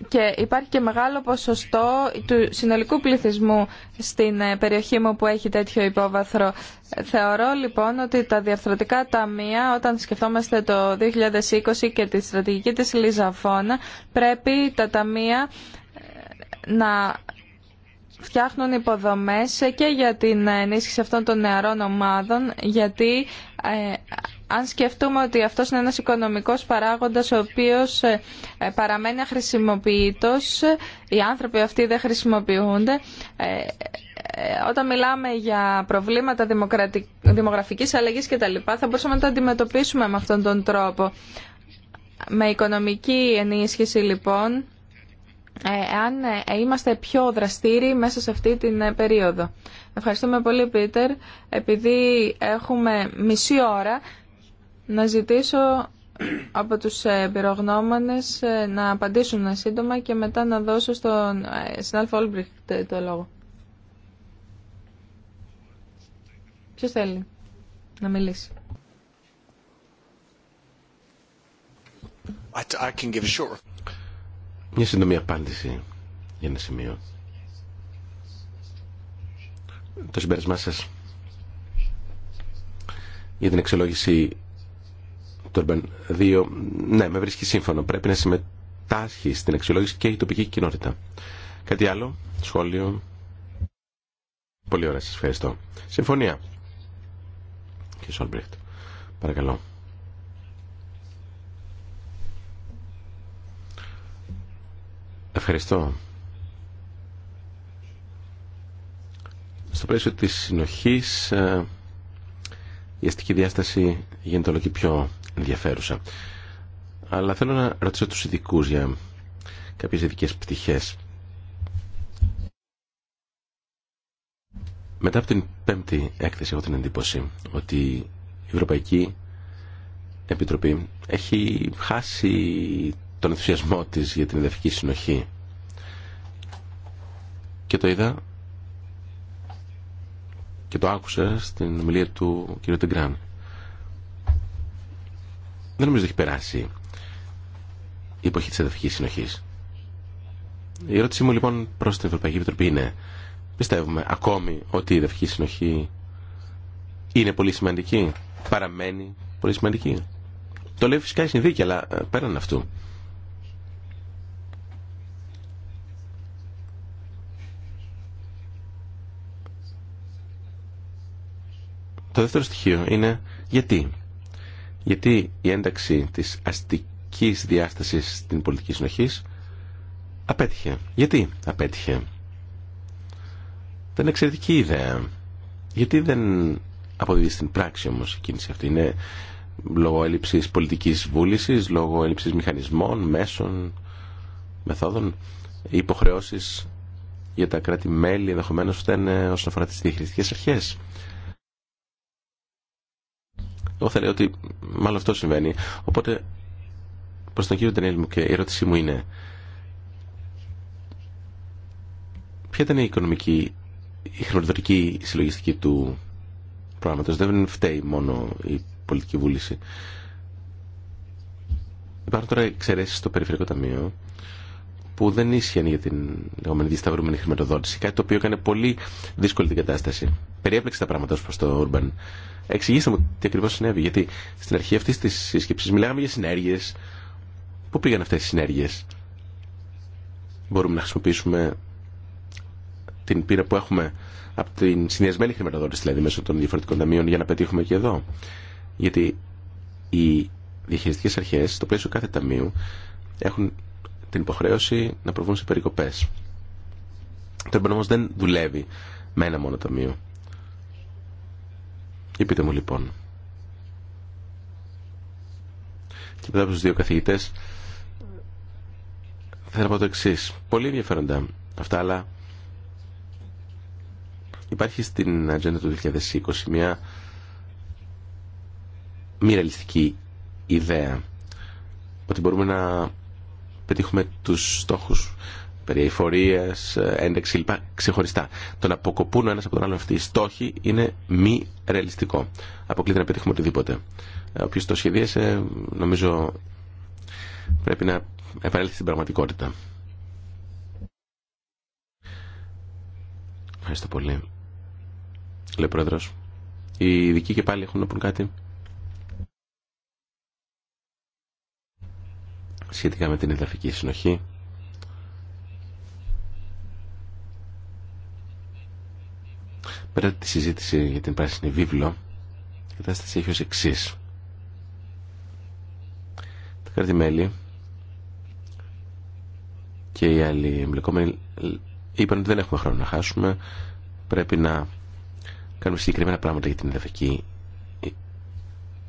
και υπάρχει και μεγάλο ποσοστό του συνολικού πληθυσμού στην ε, περιοχή μου που έχει τέτοιο υπόβαθρο. Θεωρώ λοιπόν ότι τα διαρθρωτικά ταμεία όταν σκεφτόμαστε το 2020 και τη στρατηγική της Λιζαφώνα πρέπει τα ταμεία ε, να φτιάχνουν υποδομές και για την ενίσχυση αυτών των νεαρών ομάδων γιατί ε, αν σκεφτούμε ότι αυτός είναι ένας οικονομικός παράγοντας ο οποίος ε, ε, παραμένει αχρησιμοποιητός, οι άνθρωποι αυτοί δεν χρησιμοποιούνται, ε, όταν μιλάμε για προβλήματα δημογραφικής αλλαγής και τα λοιπά, θα μπορούσαμε να το αντιμετωπίσουμε με αυτόν τον τρόπο. Με οικονομική ενίσχυση λοιπόν, αν είμαστε πιο δραστήριοι μέσα σε αυτή την περίοδο. Ευχαριστούμε πολύ, Πίτερ. Επειδή έχουμε μισή ώρα, να ζητήσω από τους ε, πυρογνώμονες ε, να απαντήσουν σύντομα και μετά να δώσω στον ε, συνάδελφο Όλμπριχτ το λόγο. Ποιος θέλει να μιλήσει. I can give Μια σύντομη απάντηση για ένα σημείο. Το συμπέρασμά σας για την εξελόγηση το Urban 2, ναι, με βρίσκει σύμφωνο. Πρέπει να συμμετάσχει στην αξιολόγηση και η τοπική κοινότητα. Κάτι άλλο, σχόλιο. Πολύ ωραία, σας ευχαριστώ. Συμφωνία. Κύριε Σόλμπριχτ, παρακαλώ. Ευχαριστώ. Στο πλαίσιο της συνοχής ε, η αστική διάσταση γίνεται όλο και πιο ενδιαφέρουσα. Αλλά θέλω να ρωτήσω τους ειδικού για κάποιες ειδικέ πτυχές. Μετά από την πέμπτη έκθεση έχω την εντύπωση ότι η Ευρωπαϊκή Επιτροπή έχει χάσει τον ενθουσιασμό της για την εδαφική συνοχή. Και το είδα και το άκουσα στην ομιλία του κ. Τεγκράν. Δεν νομίζω ότι έχει περάσει η εποχή τη εδαφική συνοχή. Η ερώτησή μου λοιπόν προ την Ευρωπαϊκή Επιτροπή είναι πιστεύουμε ακόμη ότι η εδαφική συνοχή είναι πολύ σημαντική, παραμένει πολύ σημαντική. Το λέει φυσικά η συνθήκη, αλλά ε, πέραν αυτού. Το δεύτερο στοιχείο είναι γιατί γιατί η ένταξη της αστικής διάστασης στην πολιτική συνοχή απέτυχε. Γιατί απέτυχε. είναι εξαιρετική ιδέα. Γιατί δεν αποδίδει στην πράξη όμως η κίνηση αυτή. Είναι λόγω έλλειψης πολιτικής βούλησης, λόγω έλλειψης μηχανισμών, μέσων, μεθόδων. υποχρεώσεις για τα κράτη-μέλη ενδεχομένως όσον αφορά τις διαχειριστικές αρχές. Εγώ θα λέω ότι μάλλον αυτό συμβαίνει. Οπότε προς τον κύριο Τενέλη μου και η ερώτησή μου είναι ποια ήταν η οικονομική, η χρηματοδοτική συλλογιστική του προγράμματος. Δεν φταίει μόνο η πολιτική βούληση. Υπάρχουν τώρα εξαιρέσεις στο Περιφερειακό Ταμείο που δεν ίσχυαν για την λεγόμενη δισταυρούμενη χρηματοδότηση. Κάτι το οποίο έκανε πολύ δύσκολη την κατάσταση. Περιέπλεξε τα πράγματα ω προ το Urban. Εξηγήστε μου τι ακριβώ συνέβη. Γιατί στην αρχή αυτή τη σύσκεψη μιλάγαμε για συνέργειε. Πού πήγαν αυτέ οι συνέργειε. Μπορούμε να χρησιμοποιήσουμε την πείρα που έχουμε από την συνδυασμένη χρηματοδότηση, δηλαδή μέσω των διαφορετικών ταμείων, για να πετύχουμε και εδώ. Γιατί οι διαχειριστικέ αρχέ, στο πλαίσιο κάθε ταμείου, έχουν την υποχρέωση να προβούν σε περικοπέ. Το ΕΠΕΝ όμως δεν δουλεύει με ένα μόνο ταμείο. Και πείτε μου λοιπόν. Και μετά από του δύο καθηγητές θέλω να πω το εξή. Πολύ ενδιαφέροντα αυτά, αλλά υπάρχει στην ατζέντα του 2020 μια μη ρεαλιστική ιδέα ότι μπορούμε να πετύχουμε του στόχου. περί εφορία, ένταξη κλπ. ξεχωριστά. Το να αποκοπούν ο ένα από τον άλλον αυτοί οι στόχοι είναι μη ρεαλιστικό. Αποκλείται να πετύχουμε οτιδήποτε. οποίο το σχεδίασε νομίζω πρέπει να επανέλθει στην πραγματικότητα. Ευχαριστώ πολύ. Λέει πρόεδρος. Οι ειδικοί και πάλι έχουν να πούν κάτι. σχετικά με την εδαφική συνοχή. Πέρα τη συζήτηση για την πράσινη βίβλο, η κατάσταση έχει ως εξής. Τα κρατημέλη και οι άλλοι εμπλεκόμενοι είπαν ότι δεν έχουμε χρόνο να χάσουμε, πρέπει να κάνουμε συγκεκριμένα πράγματα για την εδαφική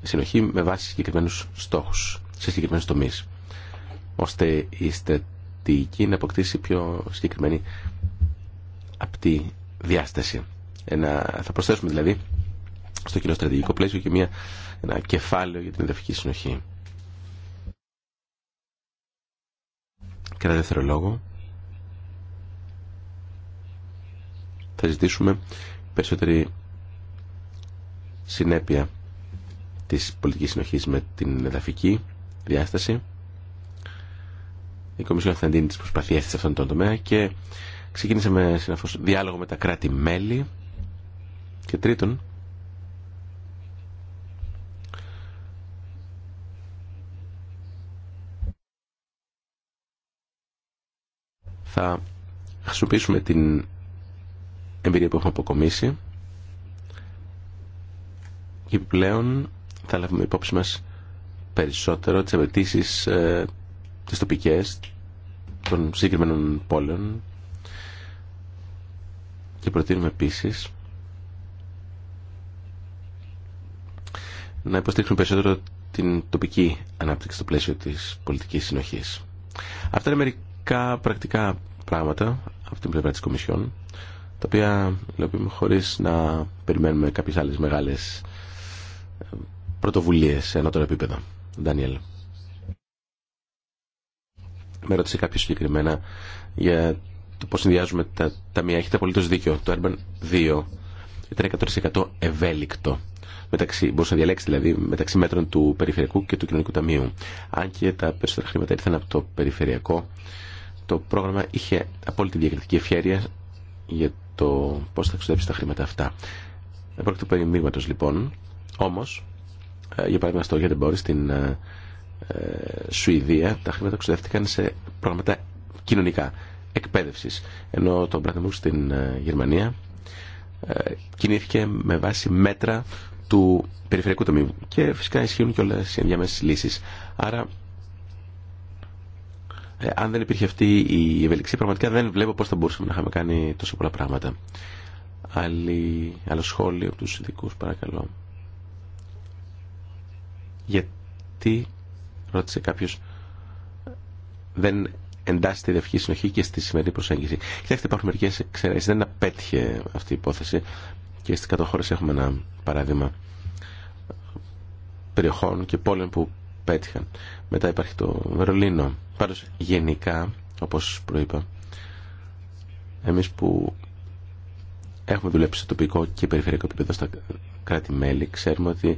συνοχή με βάση συγκεκριμένους στόχους, σε συγκεκριμένους τομείς ώστε η στρατηγική να αποκτήσει πιο συγκεκριμένη απτή διάσταση. Ένα, θα προσθέσουμε δηλαδή στο κοινό στρατηγικό πλαίσιο και μια, ένα κεφάλαιο για την εδαφική συνοχή. Κατά δεύτερο λόγο, θα ζητήσουμε περισσότερη συνέπεια της πολιτικής συνοχής με την εδαφική διάσταση η Κομισιόν θα εντείνει τι προσπαθίε σε αυτόν τον τομέα και ξεκίνησαμε συναφώς διάλογο με τα κράτη-μέλη και τρίτον θα χρησιμοποιήσουμε την εμπειρία που έχουμε αποκομίσει και πλέον θα λάβουμε υπόψη μας περισσότερο τις απαιτήσει ε, τις τοπικές των συγκεκριμένων πόλεων και προτείνουμε επίσης να υποστήριξουν περισσότερο την τοπική ανάπτυξη στο πλαίσιο της πολιτικής συνοχής. Αυτά είναι μερικά πρακτικά πράγματα από την πλευρά της Κομισιόν τα οποία λοιπόν χωρίς να περιμένουμε κάποιες άλλες μεγάλες ε, πρωτοβουλίες σε ανώτερο επίπεδο με ρώτησε κάποιο συγκεκριμένα για το πώ συνδυάζουμε τα ταμεία. Έχετε απολύτω δίκιο. Το Urban 2 ήταν 100% ευέλικτο. Μεταξύ, μπορούσε να διαλέξει δηλαδή μεταξύ μέτρων του Περιφερειακού και του Κοινωνικού Ταμείου. Αν και τα περισσότερα χρήματα ήρθαν από το Περιφερειακό, το πρόγραμμα είχε απόλυτη διακριτική ευχαίρεια για το πώ θα ξοδέψει τα χρήματα αυτά. Επρόκειτο περί μείγματο λοιπόν, όμω, ε, για παράδειγμα στο Μπόρι, στην ε, ε, Σουηδία τα χρήματα εξοδεύτηκαν σε προγράμματα κοινωνικά, εκπαίδευση. Ενώ το Μπραντεμπούργκ στην ε, Γερμανία ε, κινήθηκε με βάση μέτρα του Περιφερειακού τομείου Και φυσικά ισχύουν και όλε οι ενδιάμεσε λύσει. Άρα, αν δεν υπήρχε αυτή η ευελιξία, πραγματικά δεν βλέπω πώ θα μπορούσαμε να είχαμε κάνει τόσο πολλά πράγματα. άλλο σχόλιο από του ειδικού, παρακαλώ. Γιατί ρώτησε κάποιο, δεν εντάσσει τη δευχή συνοχή και στη σημερινή προσέγγιση. Κοιτάξτε, υπάρχουν μερικέ εξαιρέσει. Δεν απέτυχε αυτή η υπόθεση και στι κατοχώρε έχουμε ένα παράδειγμα περιοχών και πόλεων που πέτυχαν. Μετά υπάρχει το Βερολίνο. Πάντως γενικά, όπως προείπα, εμείς που έχουμε δουλέψει σε τοπικό και περιφερειακό επίπεδο στα κράτη-μέλη, ξέρουμε ότι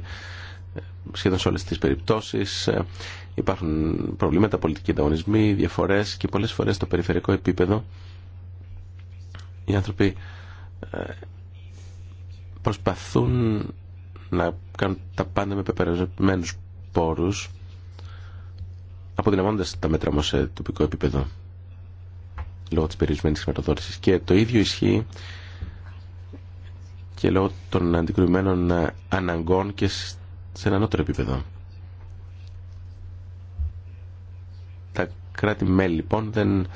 σχεδόν σε όλες τις περιπτώσεις. Ε, υπάρχουν προβλήματα, πολιτικοί ανταγωνισμοί, διαφορές και πολλές φορές στο περιφερειακό επίπεδο οι άνθρωποι ε, προσπαθούν να κάνουν τα πάντα με πεπερασμένους πόρους αποδυναμώντας τα μέτρα όμω σε τοπικό επίπεδο λόγω της περιορισμένης χρηματοδότησης και το ίδιο ισχύει και λόγω των αντικρουμένων ε, αναγκών και σε ένα ανώτερο επίπεδο. Τα κράτη-μέλη λοιπόν δεν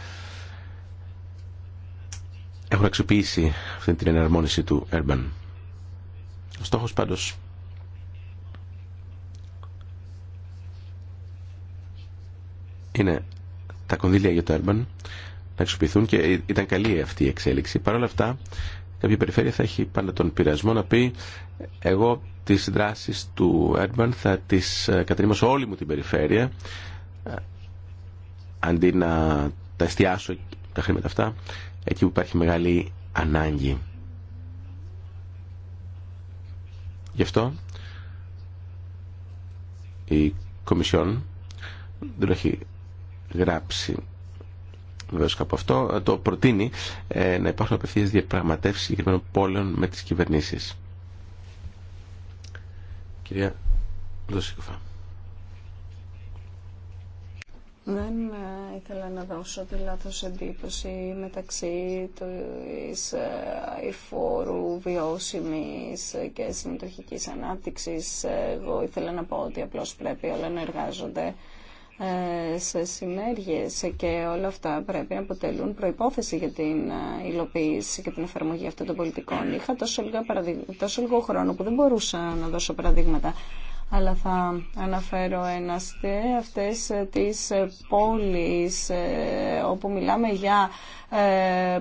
έχουν αξιοποιήσει αυτή την εναρμόνιση του Urban. Ο στόχος πάντως είναι τα κονδύλια για το Urban να αξιοποιηθούν και ήταν καλή αυτή η εξέλιξη. Παρ' όλα αυτά κάποια περιφέρεια θα έχει πάντα τον πειρασμό να πει εγώ τις δράσεις του Έρμπαν θα τις ε, κατρίμω σε όλη μου την περιφέρεια ε, αντί να τα εστιάσω τα χρήματα αυτά εκεί που υπάρχει μεγάλη ανάγκη. Γι' αυτό η Κομισιόν δεν έχει γράψει βεβαίως από αυτό, ε, το προτείνει ε, να υπάρχουν απευθείας διαπραγματεύσεις συγκεκριμένων πόλεων με τις κυβερνήσεις. Κυρία Δωσίκοφα. Δεν ε, ήθελα να δώσω τη λάθος εντύπωση μεταξύ της υφόρου βιώσιμης και συμμετοχικής ανάπτυξης. Εγώ ήθελα να πω ότι απλώς πρέπει όλα να εργάζονται ε, σε συνέργειες και όλα αυτά πρέπει να αποτελούν προϋπόθεση για την ε, υλοποίηση και την εφαρμογή αυτών των πολιτικών. Είχα τόσο λίγο, τόσο χρόνο που δεν μπορούσα να δώσω παραδείγματα αλλά θα αναφέρω ένα στε αυτές ε, τις πόλεις όπου μιλάμε για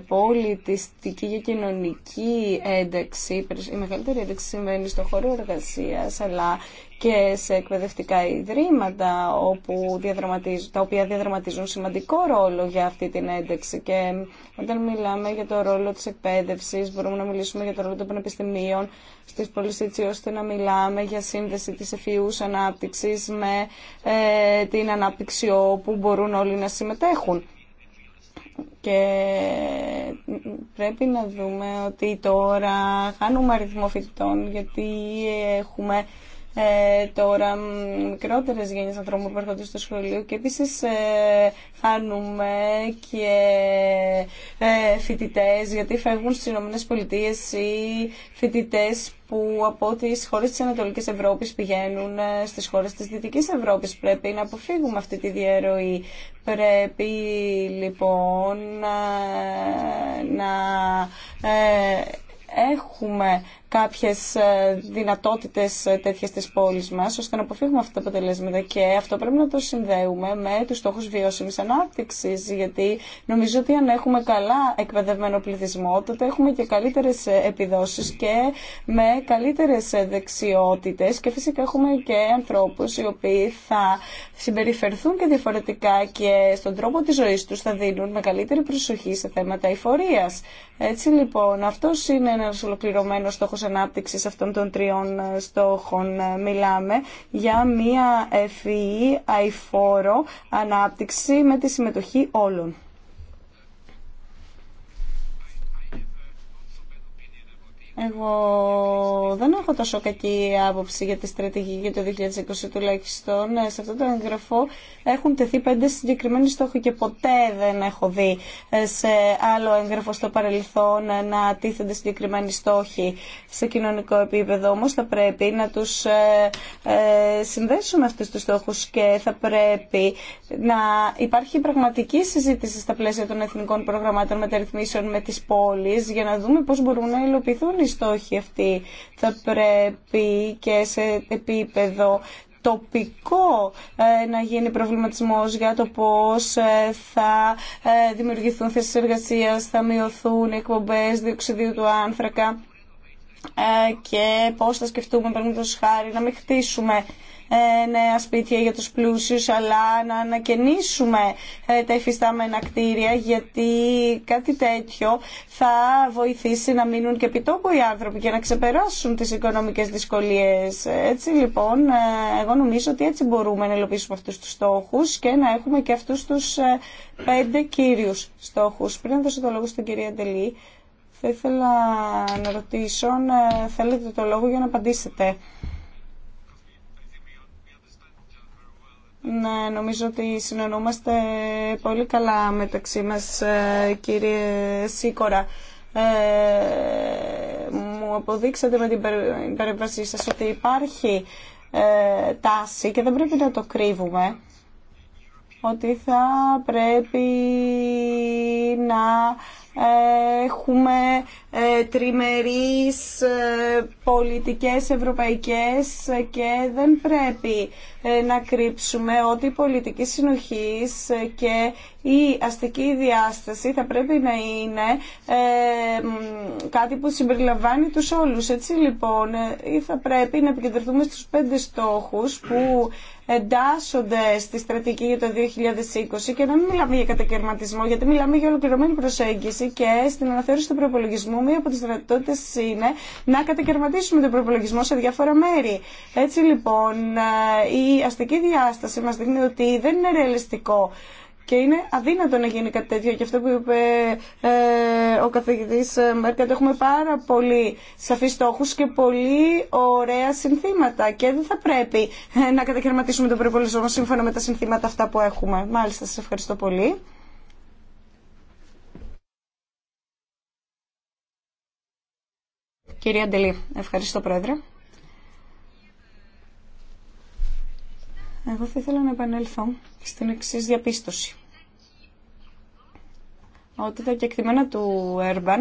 πολιτιστική και κοινωνική ένταξη. Η μεγαλύτερη ένταξη συμβαίνει στο χώρο εργασίας, αλλά και σε εκπαιδευτικά ιδρύματα όπου τα οποία διαδραματίζουν σημαντικό ρόλο για αυτή την ένταξη και όταν μιλάμε για το ρόλο της εκπαίδευσης μπορούμε να μιλήσουμε για το ρόλο των πανεπιστημίων στις πόλεις έτσι ώστε να μιλάμε για σύνδεση της εφηούς ανάπτυξης με ε, την ανάπτυξη όπου μπορούν όλοι να συμμετέχουν και πρέπει να δούμε ότι τώρα χάνουμε αριθμό γιατί έχουμε ε, τώρα μικρότερε γενιέ ανθρώπων που έρχονται στο σχολείο και επίση ε, χάνουμε και ε, φοιτητέ γιατί φεύγουν στι ΗΠΑ ή φοιτητέ που από τις χώρες της Ανατολική Ευρώπης πηγαίνουν ε, στις χώρες της Δυτικής Ευρώπης. Πρέπει να αποφύγουμε αυτή τη διαρροή. Πρέπει λοιπόν ε, να ε, έχουμε Κάποιε δυνατότητε ε, τέτοιε τη πόλη μα ώστε να αποφύγουμε αυτά τα αποτελέσματα. Και αυτό πρέπει να το συνδέουμε με του στόχου βιώσιμη ανάπτυξη, γιατί νομίζω ότι αν έχουμε καλά εκπαιδευμένο πληθυσμό, τότε έχουμε και καλύτερε ε, επιδόσεις και με καλύτερε δεξιότητε. και φυσικά έχουμε και ανθρώπου οι οποίοι θα συμπεριφερθούν και διαφορετικά και στον τρόπο τη ζωή του, θα δίνουν μεγαλύτερη προσοχή σε θέματα υφορία. Έτσι λοιπόν, αυτό είναι ένα ολοκληρωμένο στόχο στόχους ανάπτυξης αυτών των τριών ε, στόχων. Ε, μιλάμε για μια ευφυή αηφόρο e ανάπτυξη με τη συμμετοχή όλων. Εγώ δεν έχω τόσο κακή άποψη για τη στρατηγική για το 2020 τουλάχιστον. Ε, σε αυτό το εγγραφό έχουν τεθεί πέντε συγκεκριμένοι στόχοι και ποτέ δεν έχω δει ε, σε άλλο έγγραφο στο παρελθόν ε, να τίθενται συγκεκριμένοι στόχοι σε κοινωνικό επίπεδο. Όμω θα πρέπει να τους συνδέσουμε αυτού του στόχου. και θα πρέπει να υπάρχει πραγματική συζήτηση στα πλαίσια των εθνικών προγραμμάτων μεταρρυθμίσεων με τις πόλεις για να δούμε πώ μπορούν να υλοποιηθούν στόχοι αυτοί. Θα πρέπει και σε επίπεδο τοπικό ε, να γίνει προβληματισμός για το πώς ε, θα ε, δημιουργηθούν θέσεις εργασίας, θα μειωθούν οι εκπομπές διοξιδίου του άνθρακα και πώς θα σκεφτούμε, το χάρη, να μην χτίσουμε νέα σπίτια για τους πλούσιους, αλλά να ανακαινήσουμε ε, τα υφιστάμενα κτίρια, γιατί κάτι τέτοιο θα βοηθήσει να μείνουν και επιτόπου οι άνθρωποι και να ξεπεράσουν τις οικονομικές δυσκολίες. Έτσι λοιπόν, ε, εγώ νομίζω ότι έτσι μπορούμε να υλοποιήσουμε αυτούς τους στόχους και να έχουμε και αυτούς τους ε, πέντε κύριους στόχους. Πριν δώσω το λόγο στην κυρία Ντελή, θα ήθελα να ρωτήσω αν θέλετε το λόγο για να απαντήσετε. Ναι, νομίζω ότι συνεννοούμαστε πολύ καλά μεταξύ μας, ε, κύριε Σίκορα. Ε, μου αποδείξατε με την παρέμβασή σας ότι υπάρχει ε, τάση και δεν πρέπει να το κρύβουμε ότι θα πρέπει να ε, έχουμε ε, τριμερείς ε, πολιτικές ευρωπαϊκές και δεν πρέπει ε, να κρύψουμε ότι η πολιτική συνοχής και η αστική διάσταση θα πρέπει να είναι κάτι που συμπεριλαμβάνει τους όλους. Έτσι λοιπόν θα πρέπει να επικεντρωθούμε στους πέντε στόχους που εντάσσονται στη στρατηγική για το 2020 και να μην μιλάμε για κατακαιρματισμό γιατί μιλάμε για ολοκληρωμένη προσέγγιση και στην αναθεώρηση του προπολογισμού μία από τι δυνατότητε είναι να κατακαιρματίσουμε τον προπολογισμό σε διάφορα μέρη. Έτσι λοιπόν, ε, η αστική διάσταση μα δείχνει ότι δεν είναι ρεαλιστικό και είναι αδύνατο να γίνει κάτι τέτοιο. Και αυτό που είπε ε, ο καθηγητή ε, Μέρκετ, έχουμε πάρα πολύ σαφεί στόχου και πολύ ωραία συνθήματα. Και δεν θα πρέπει να κατακαιρματίσουμε τον προπολογισμό σύμφωνα με τα συνθήματα αυτά που έχουμε. Μάλιστα, σα ευχαριστώ πολύ. Κυρία Αντελή, ευχαριστώ Πρόεδρε. Εγώ θα ήθελα να επανέλθω στην εξή διαπίστωση. Ότι τα κεκτημένα του Urban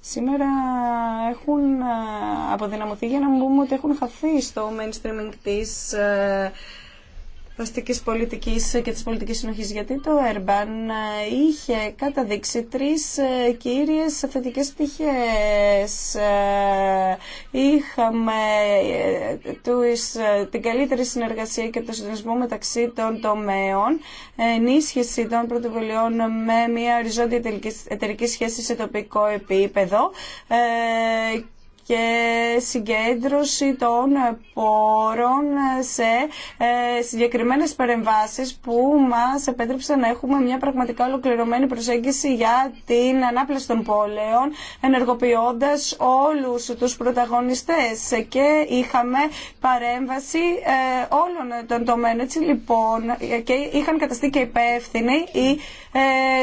σήμερα έχουν ε, αποδυναμωθεί για να μην πούμε ότι έχουν χαθεί στο mainstreaming της ε, δραστικής πολιτική και τη πολιτική συνοχή, γιατί το Έρμπαν ε, είχε καταδείξει τρει ε, κύριε θετικέ πτυχέ. Ε, είχαμε την καλύτερη συνεργασία και το συνδυασμό μεταξύ των τομέων, ενίσχυση των πρωτοβουλειών με μια οριζόντια εταιρική σχέση σε τοπικό επίπεδο και συγκέντρωση των πόρων σε ε, συγκεκριμένες παρεμβάσεις που μας επέτρεψαν να έχουμε μια πραγματικά ολοκληρωμένη προσέγγιση για την ανάπλαση των πόλεων, ενεργοποιώντας όλους τους πρωταγωνιστές και είχαμε παρέμβαση ε, όλων των τομέων. Έτσι λοιπόν, και είχαν καταστεί και υπεύθυνοι οι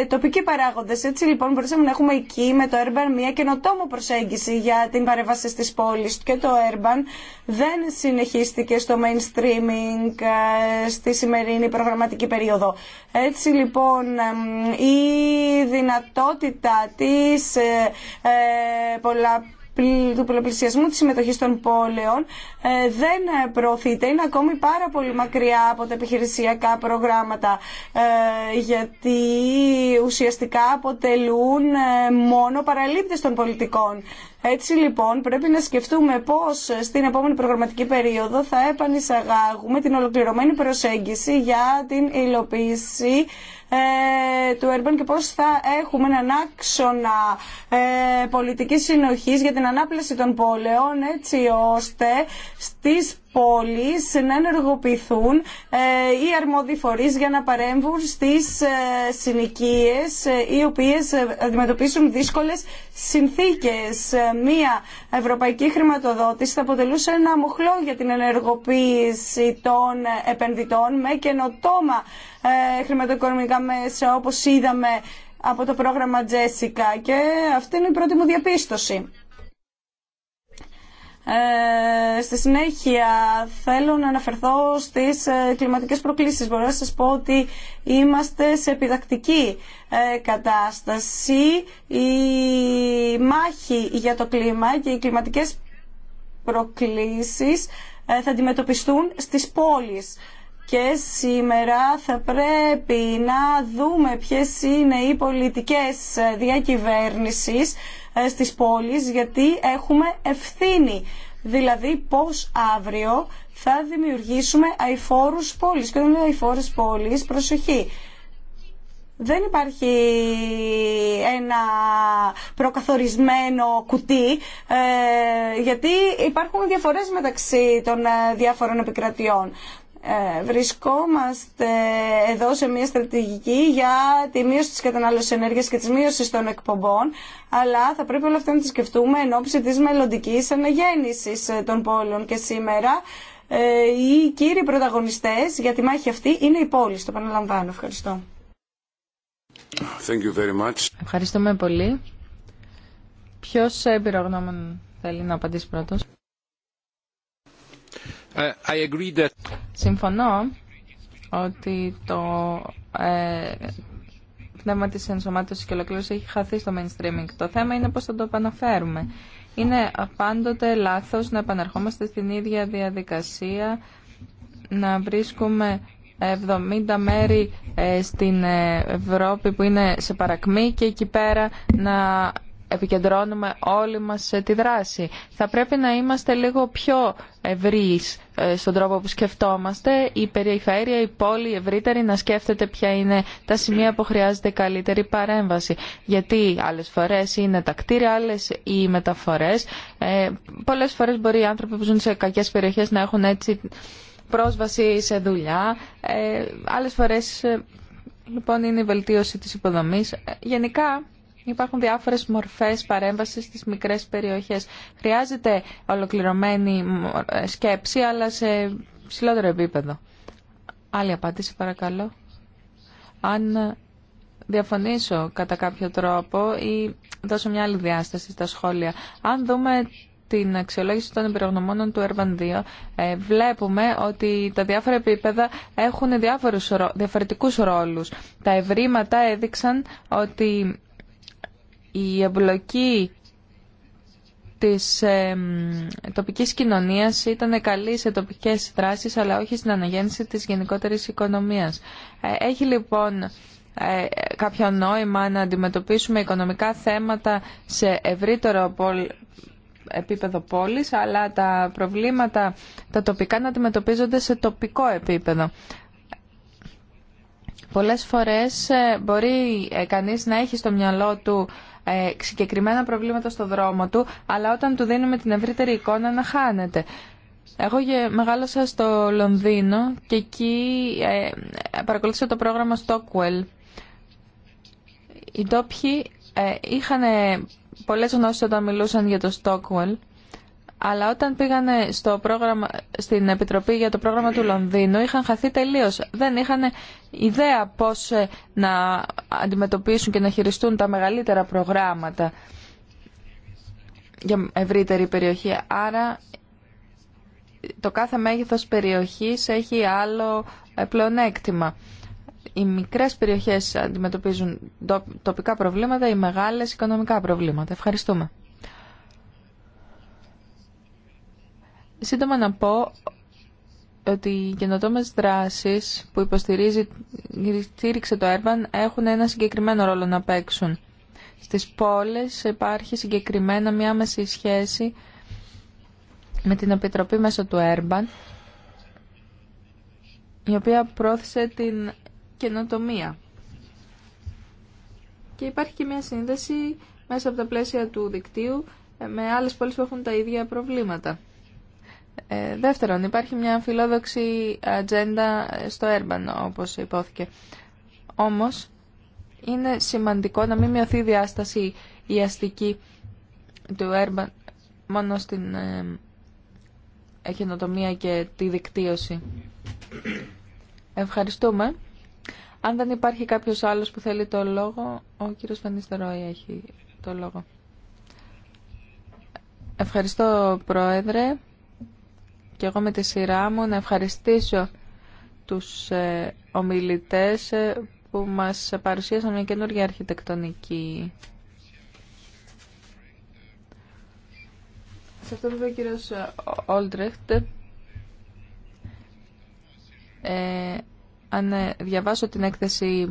ε, τοπικοί παράγοντες. Έτσι λοιπόν μπορούσαμε να έχουμε εκεί με το Urban μια καινοτόμο προσέγγιση για την παρεμβάση Τη της και το urban δεν συνεχίστηκε στο mainstreaming ε, στη σημερινή προγραμματική περίοδο. Έτσι λοιπόν η δυνατότητα της ε, ε του πολλαπλησιασμού της συμμετοχής των πόλεων ε, δεν προωθείται, είναι ακόμη πάρα πολύ μακριά από τα επιχειρησιακά προγράμματα ε, γιατί ουσιαστικά αποτελούν ε, μόνο παραλήπτες των πολιτικών. Έτσι λοιπόν πρέπει να σκεφτούμε πώς στην επόμενη προγραμματική περίοδο θα επανεισαγάγουμε την ολοκληρωμένη προσέγγιση για την υλοποίηση ε, του Ερμπαν και πώς θα έχουμε έναν άξονα ε, πολιτικής συνοχής για την ανάπλαση των πόλεων έτσι ώστε στις πόλεις να ενεργοποιηθούν ε, οι αρμόδιοι φορείς για να παρέμβουν στις ε, συνοικίες ε, οι οποίες αντιμετωπίσουν δύσκολες συνθήκες. Μία ευρωπαϊκή χρηματοδότηση θα αποτελούσε ένα μοχλό για την ενεργοποίηση των επενδυτών με καινοτόμα χρηματοοικονομικά μέσα όπως είδαμε από το πρόγραμμα Jessica και αυτή είναι η πρώτη μου διαπίστωση. Ε, στη συνέχεια θέλω να αναφερθώ στις ε, κλιματικές προκλήσεις. Μπορώ να σας πω ότι είμαστε σε επιδακτική ε, κατάσταση. Η μάχη για το κλίμα και οι κλιματικές προκλήσεις ε, θα αντιμετωπιστούν στις πόλεις και σήμερα θα πρέπει να δούμε ποιες είναι οι πολιτικές διακυβέρνησης ε, στις πόλεις γιατί έχουμε ευθύνη. Δηλαδή πώς αύριο θα δημιουργήσουμε αϊφόρους πόλεις. Και όταν είναι αϊφόρες πόλεις, προσοχή. Δεν υπάρχει ένα προκαθορισμένο κουτί, ε, γιατί υπάρχουν διαφορές μεταξύ των ε, διάφορων επικρατιών. Ε, βρισκόμαστε εδώ σε μια στρατηγική για τη μείωση της κατανάλωσης ενέργειας και της μείωσης των εκπομπών, αλλά θα πρέπει όλα αυτά να τις σκεφτούμε εν ώψη της μελλοντικής αναγέννησης των πόλεων και σήμερα ε, οι κύριοι πρωταγωνιστές για τη μάχη αυτή είναι οι πόλεις. Το επαναλαμβάνω. Ευχαριστώ. Thank you very much. Ευχαριστούμε πολύ. Ποιος εμπειρογνώμων θέλει να απαντήσει πρώτος. Ε, Συμφωνώ ότι το ε, πνεύμα της ενσωμάτωσης και ολοκλήρωση έχει χαθεί στο mainstreaming. Το θέμα είναι πώς θα το επαναφέρουμε. Είναι πάντοτε λάθος να επαναρχόμαστε στην ίδια διαδικασία, να βρίσκουμε 70 μέρη ε, στην ε, Ευρώπη που είναι σε παρακμή και εκεί πέρα να επικεντρώνουμε όλοι μας ε, τη δράση. Θα πρέπει να είμαστε λίγο πιο ευρύς ε, στον τρόπο που σκεφτόμαστε. Η περιφέρεια, η πόλη, ευρύτερη να σκέφτεται ποια είναι τα σημεία που χρειάζεται καλύτερη παρέμβαση. Γιατί άλλες φορές είναι τα κτίρια, άλλες οι μεταφορές. Ε, πολλές φορές μπορεί οι άνθρωποι που ζουν σε κακές περιοχές να έχουν έτσι πρόσβαση σε δουλειά. Ε, άλλες φορές ε, λοιπόν είναι η βελτίωση της υποδομής. γενικά Υπάρχουν διάφορες μορφές παρέμβασης στις μικρές περιοχές. Χρειάζεται ολοκληρωμένη σκέψη, αλλά σε ψηλότερο επίπεδο. Άλλη απάντηση, παρακαλώ. Αν διαφωνήσω κατά κάποιο τρόπο ή δώσω μια άλλη διάσταση στα σχόλια. Αν δούμε την αξιολόγηση των εμπειρογνωμόνων του Urban 2 ε, βλέπουμε ότι τα διάφορα επίπεδα έχουν διάφορους, διαφορετικούς ρόλους. Τα ευρήματα έδειξαν ότι η εμπλοκή της ε, τοπικής κοινωνίας ήταν καλή σε τοπικές δράσεις αλλά όχι στην αναγέννηση της γενικότερης οικονομίας. Ε, έχει λοιπόν ε, κάποιο νόημα να αντιμετωπίσουμε οικονομικά θέματα σε ευρύτερο επίπεδο πόλης αλλά τα προβλήματα τα τοπικά να αντιμετωπίζονται σε τοπικό επίπεδο. Πολλές φορές ε, μπορεί κανείς να έχει στο μυαλό του ε, συγκεκριμένα προβλήματα στο δρόμο του, αλλά όταν του δίνουμε την ευρύτερη εικόνα να χάνεται. Εγώ μεγάλωσα στο Λονδίνο και εκεί ε, παρακολούθησα το πρόγραμμα Stockwell. Οι ντόπιοι ε, είχαν πολλές γνώσεις όταν μιλούσαν για το Stockwell αλλά όταν πήγανε στο πρόγραμμα, στην Επιτροπή για το πρόγραμμα του Λονδίνου είχαν χαθεί τελείω. Δεν είχαν ιδέα πώς ε, να αντιμετωπίσουν και να χειριστούν τα μεγαλύτερα προγράμματα για ευρύτερη περιοχή. Άρα το κάθε μέγεθος περιοχής έχει άλλο ε, πλεονέκτημα. Οι μικρές περιοχές αντιμετωπίζουν τοπικά προβλήματα, οι μεγάλες οικονομικά προβλήματα. Ευχαριστούμε. Σύντομα να πω ότι οι καινοτόμε δράσει που υποστηρίζει, στήριξε το Urban έχουν ένα συγκεκριμένο ρόλο να παίξουν. Στις πόλεις υπάρχει συγκεκριμένα μια άμεση σχέση με την Επιτροπή μέσω του Urban, η οποία πρόθεσε την καινοτομία. Και υπάρχει και μια σύνδεση μέσα από τα πλαίσια του δικτύου με άλλες πόλεις που έχουν τα ίδια προβλήματα. Ε, δεύτερον, υπάρχει μια φιλόδοξη ατζέντα στο Έρμπαν, όπως υπόθηκε. Όμως, είναι σημαντικό να μην μειωθεί η διάσταση η αστική του Έρμπαν μόνο στην ε, και τη δικτύωση. Ευχαριστούμε. Αν δεν υπάρχει κάποιος άλλος που θέλει το λόγο, ο κύριος Φανίστερόη έχει το λόγο. Ευχαριστώ, Πρόεδρε και εγώ με τη σειρά μου να ευχαριστήσω τους ε, ομιλητές ε, που μας παρουσίασαν μια καινούργια αρχιτεκτονική. Σε αυτό που είπε ο κύριος ε, Όλτρεχτ, ε, αν διαβάσω την έκθεση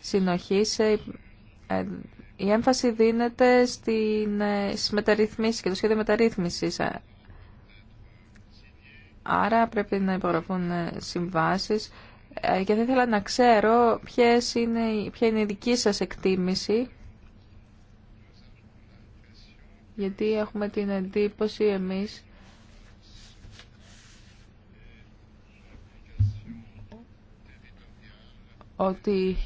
συνοχής, η έμφαση δίνεται στις μεταρρυθμίσεις και το σχέδιο μεταρρύθμισης. Άρα πρέπει να υπογραφούν ε, συμβάσεις ε, και θα ήθελα να ξέρω ποιες είναι, ποια είναι η δική σας εκτίμηση γιατί έχουμε την εντύπωση εμείς ότι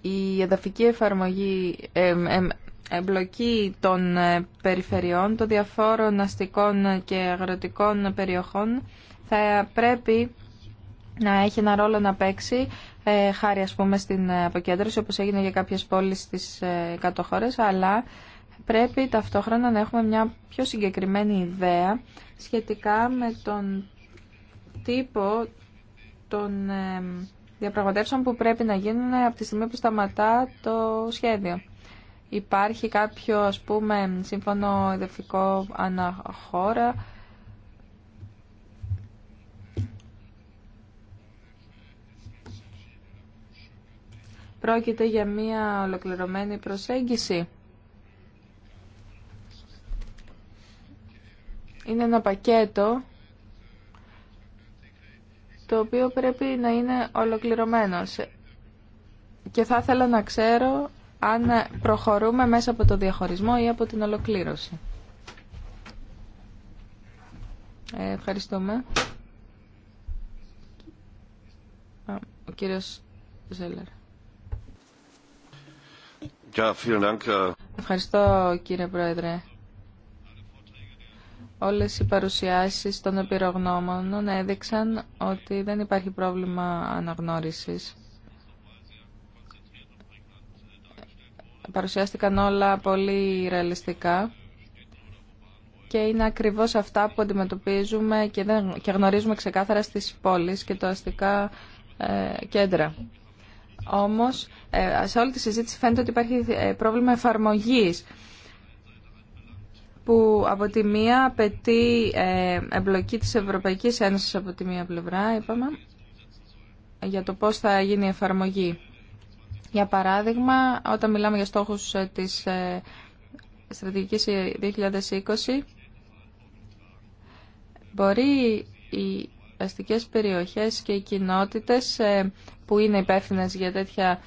η εδαφική εφαρμογή, εμπλοκή των ε, περιφερειών, των διαφόρων αστικών και αγροτικών περιοχών θα πρέπει να έχει ένα ρόλο να παίξει ε, χάρη ας πούμε στην αποκέντρωση όπως έγινε για κάποιες πόλεις στις ε, αλλά πρέπει ταυτόχρονα να έχουμε μια πιο συγκεκριμένη ιδέα σχετικά με τον τύπο των ε, διαπραγματεύσεων που πρέπει να γίνουν από τη στιγμή που σταματά το σχέδιο. Υπάρχει κάποιο ας πούμε σύμφωνο εδευτικό αναχώρα. Πρόκειται για μια ολοκληρωμένη προσέγγιση. Είναι ένα πακέτο το οποίο πρέπει να είναι ολοκληρωμένο. Και θα ήθελα να ξέρω αν προχωρούμε μέσα από το διαχωρισμό ή από την ολοκλήρωση. Ε, ευχαριστούμε. Ο κύριος Ζέλερ. Äh, Ευχαριστώ κύριε Πρόεδρε. Όλες οι παρουσιάσεις των επιρρογνώμων έδειξαν ότι δεν υπάρχει πρόβλημα αναγνώρισης. παρουσιάστηκαν όλα πολύ ρεαλιστικά και είναι ακριβώς αυτά που αντιμετωπίζουμε και, δεν, και γνωρίζουμε ξεκάθαρα στις πόλεις και το αστικά ε, κέντρα. Όμως, ε, σε όλη τη συζήτηση φαίνεται ότι υπάρχει ε, πρόβλημα εφαρμογής που από τη μία απαιτεί εμπλοκή της Ευρωπαϊκής Ένωσης από τη μία πλευρά, είπαμε, για το πώς θα γίνει η εφαρμογή. Για παράδειγμα, όταν μιλάμε για στόχους ε, της ε, στρατηγικής 2020, ε, μπορεί οι αστικές περιοχές και οι κοινότητες που είναι υπεύθυνε για τέτοια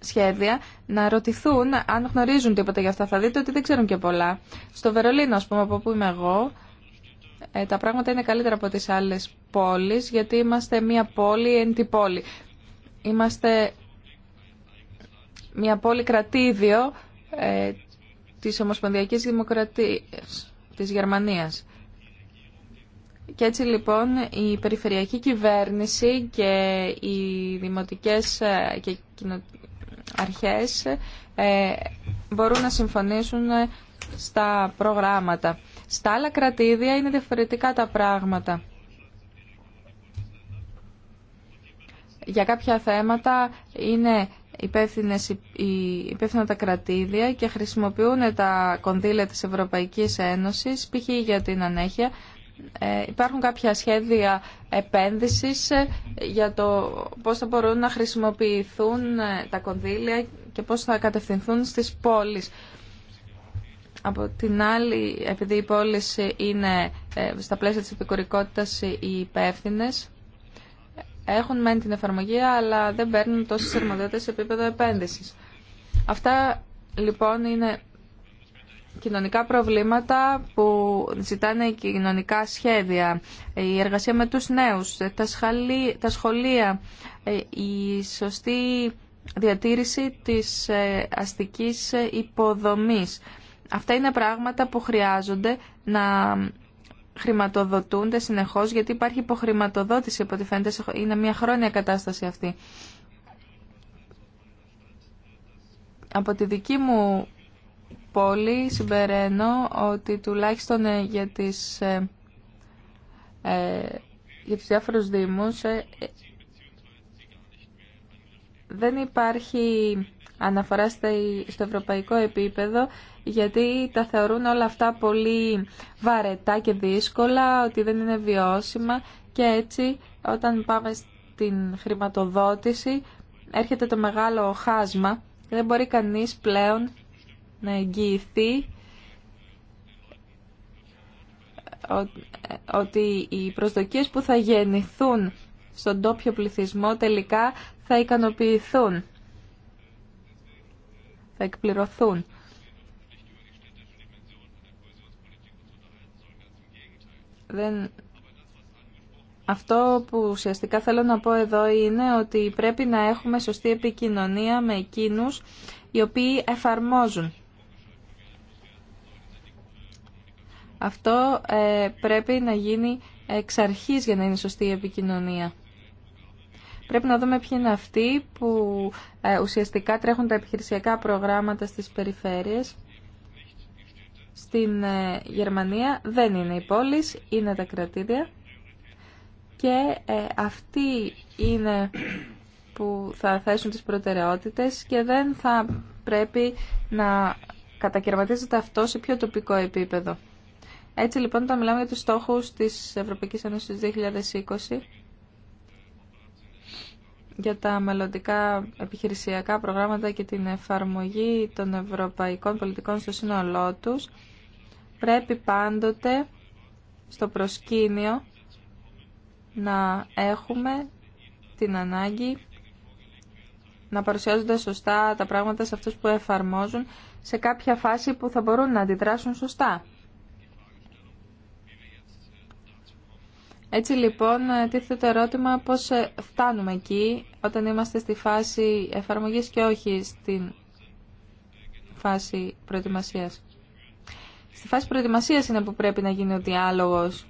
σχέδια να ρωτηθούν αν γνωρίζουν τίποτα για αυτά. Θα δείτε ότι δεν ξέρουν και πολλά. Στο Βερολίνο, ας πούμε, από που είμαι εγώ, τα πράγματα είναι καλύτερα από τις άλλες πόλεις, γιατί είμαστε μια πόλη εν πόλη. Είμαστε μια πόλη κρατήδιο ε, της Ομοσπονδιακής Δημοκρατίας της Γερμανίας. Και έτσι λοιπόν η περιφερειακή κυβέρνηση και οι δημοτικές ε, και αρχές ε, μπορούν να συμφωνήσουν στα προγράμματα. Στα άλλα κρατήδια είναι διαφορετικά τα πράγματα. για κάποια θέματα είναι υπεύθυνα τα κρατήδια και χρησιμοποιούν τα κονδύλια της Ευρωπαϊκής Ένωσης, π.χ. για την ανέχεια. Ε, υπάρχουν κάποια σχέδια επένδυσης ε, για το πώς θα μπορούν να χρησιμοποιηθούν ε, τα κονδύλια και πώς θα κατευθυνθούν στις πόλεις. Από την άλλη, επειδή οι πόλεις είναι στα πλαίσια της επικουρικότητας οι υπεύθυνες, έχουν μεν την εφαρμογή, αλλά δεν παίρνουν τόσε αρμοδιότητε σε επίπεδο επένδυση. Αυτά λοιπόν είναι κοινωνικά προβλήματα που ζητάνε οι κοινωνικά σχέδια, η εργασία με τους νέους, τα σχολεία, ε, η σωστή διατήρηση της ε, αστικής ε, υποδομής. Αυτά είναι πράγματα που χρειάζονται να χρηματοδοτούνται συνεχώς γιατί υπάρχει υποχρηματοδότηση από είναι μια χρόνια κατάσταση αυτή. Από τη δική μου πόλη συμπεραίνω ότι τουλάχιστον ε, για τις, ε, ε, για τους διάφορους δήμους ε, δεν υπάρχει αναφορά στο ευρωπαϊκό επίπεδο γιατί τα θεωρούν όλα αυτά πολύ βαρετά και δύσκολα, ότι δεν είναι βιώσιμα και έτσι όταν πάμε στην χρηματοδότηση έρχεται το μεγάλο χάσμα δεν μπορεί κανείς πλέον να εγγυηθεί ότι οι προσδοκίες που θα γεννηθούν στον τόπιο πληθυσμό τελικά θα ικανοποιηθούν θα εκπληρωθούν. Αυτό που ουσιαστικά θέλω να πω εδώ είναι ότι πρέπει να έχουμε σωστή επικοινωνία με εκείνους οι οποίοι εφαρμόζουν. Αυτό ε, πρέπει να γίνει εξ αρχής για να είναι σωστή η επικοινωνία. Πρέπει να δούμε ποιοι είναι αυτοί που ε, ουσιαστικά τρέχουν τα επιχειρησιακά προγράμματα στις περιφέρειες. Στην ε, Γερμανία δεν είναι οι πόλεις, είναι τα κρατήδια και ε, αυτοί είναι που θα θέσουν τις προτεραιότητες και δεν θα πρέπει να κατακαιρματίζεται αυτό σε πιο τοπικό επίπεδο. Έτσι λοιπόν όταν μιλάμε για τους στόχους της Ευρωπαϊκής Ένωσης 2020 για τα μελλοντικά επιχειρησιακά προγράμματα και την εφαρμογή των ευρωπαϊκών πολιτικών στο σύνολό τους πρέπει πάντοτε στο προσκήνιο να έχουμε την ανάγκη να παρουσιάζονται σωστά τα πράγματα σε αυτούς που εφαρμόζουν σε κάποια φάση που θα μπορούν να αντιδράσουν σωστά. Έτσι λοιπόν ε, τίθεται το ερώτημα πώς ε, φτάνουμε εκεί όταν είμαστε στη φάση εφαρμογής και όχι στην φάση προετοιμασίας. Στη φάση προετοιμασίας είναι που πρέπει να γίνει ο διάλογος.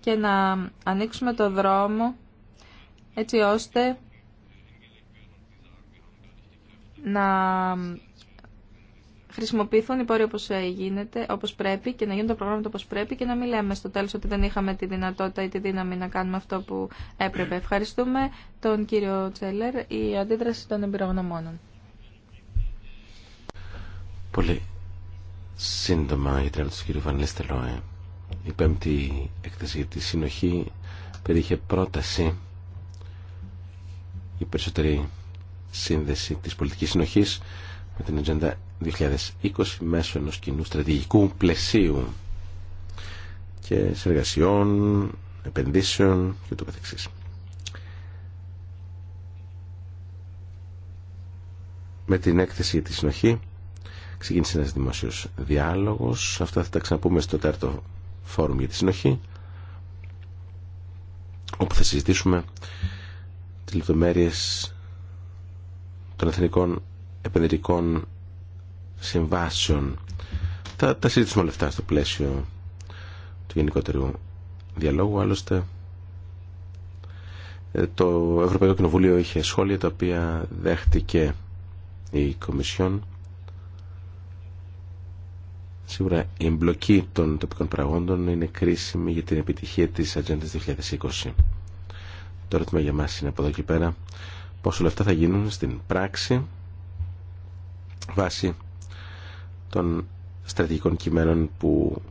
Και να ανοίξουμε το δρόμο έτσι ώστε να χρησιμοποιηθούν οι πόροι όπως γίνεται, όπως πρέπει και να γίνουν τα προγράμματα όπως πρέπει και να μην λέμε στο τέλος ότι δεν είχαμε τη δυνατότητα ή τη δύναμη να κάνουμε αυτό που έπρεπε. Ευχαριστούμε τον κύριο Τσέλερ, η αντίδραση των εμπειρογνωμόνων. Πολύ σύντομα για την του κύριου Βανλίστελόε. Η πέμπτη έκθεση για τη συνοχή περίχε πρόταση η περισσότερη σύνδεση της πολιτικής συνοχής με την ατζέντα 2020 μέσω ενός κοινού στρατηγικού πλαισίου και συνεργασιών, επενδύσεων και το καθεξής. Με την έκθεση για τη συνοχή ξεκίνησε ένας δημόσιος διάλογος. Αυτά θα τα ξαναπούμε στο τέταρτο φόρουμ για τη συνοχή όπου θα συζητήσουμε τις λεπτομέρειες των εθνικών επενδυτικών συμβάσεων. Θα τα συζητήσουμε όλα αυτά στο πλαίσιο του γενικότερου διαλόγου. Άλλωστε, ε, το Ευρωπαϊκό Κοινοβούλιο είχε σχόλια τα οποία δέχτηκε η Κομισιόν. Σίγουρα η εμπλοκή των τοπικών παραγόντων είναι κρίσιμη για την επιτυχία της Ατζέντας 2020. Το ερώτημα για μας είναι από εδώ και πέρα πώς όλα αυτά θα γίνουν στην πράξη βάσει των στρατηγικών κειμένων που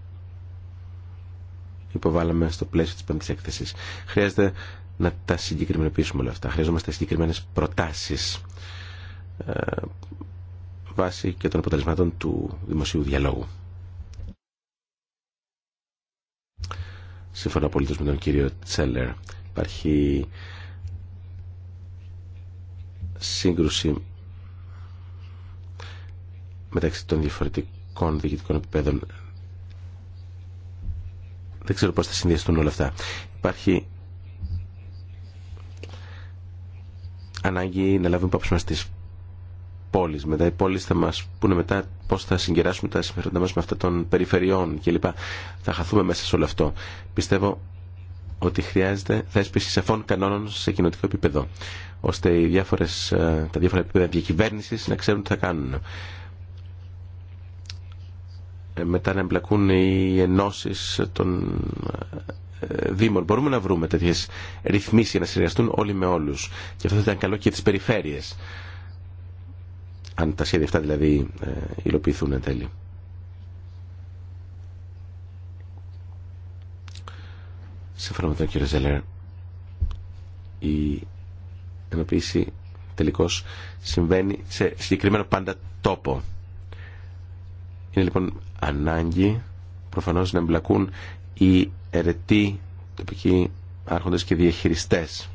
υποβάλαμε στο πλαίσιο της πέμπτης έκθεσης. Χρειάζεται να τα συγκεκριμενοποιήσουμε όλα αυτά. Χρειαζόμαστε συγκεκριμένες προτάσεις ε, βάσει και των αποτελεσμάτων του δημοσίου διαλόγου. Σύμφωνα πολύ με τον κύριο Τσέλερ υπάρχει σύγκρουση μεταξύ των διαφορετικών διοικητικών επιπέδων. Δεν ξέρω πώς θα συνδυαστούν όλα αυτά. Υπάρχει ανάγκη να λάβουμε υπόψη μας τις πόλεις. Μετά οι πόλεις θα μας πούνε μετά πώς θα συγκεράσουμε τα συμφέροντά μας με αυτά των περιφερειών κλπ. Θα χαθούμε μέσα σε όλο αυτό. Πιστεύω ότι χρειάζεται θέσπιση σαφών κανόνων σε κοινοτικό επίπεδο, ώστε οι διάφορες, ε, τα διάφορα επίπεδα διακυβέρνηση να ξέρουν τι θα κάνουν μετά να εμπλακούν οι ενώσεις των ε, δήμων. Μπορούμε να βρούμε τέτοιες ρυθμίσεις για να συνεργαστούν όλοι με όλους. Και αυτό θα ήταν καλό και για τις περιφέρειες. Αν τα σχέδια αυτά δηλαδή ε, υλοποιηθούν εν τέλει. Σύμφωνα με τον κύριο Ζελέρ, η ενοποίηση τελικώς συμβαίνει σε συγκεκριμένο πάντα τόπο. Είναι λοιπόν ανάγκη προφανώς να εμπλακούν οι ερετοί τοπικοί άρχοντες και διαχειριστές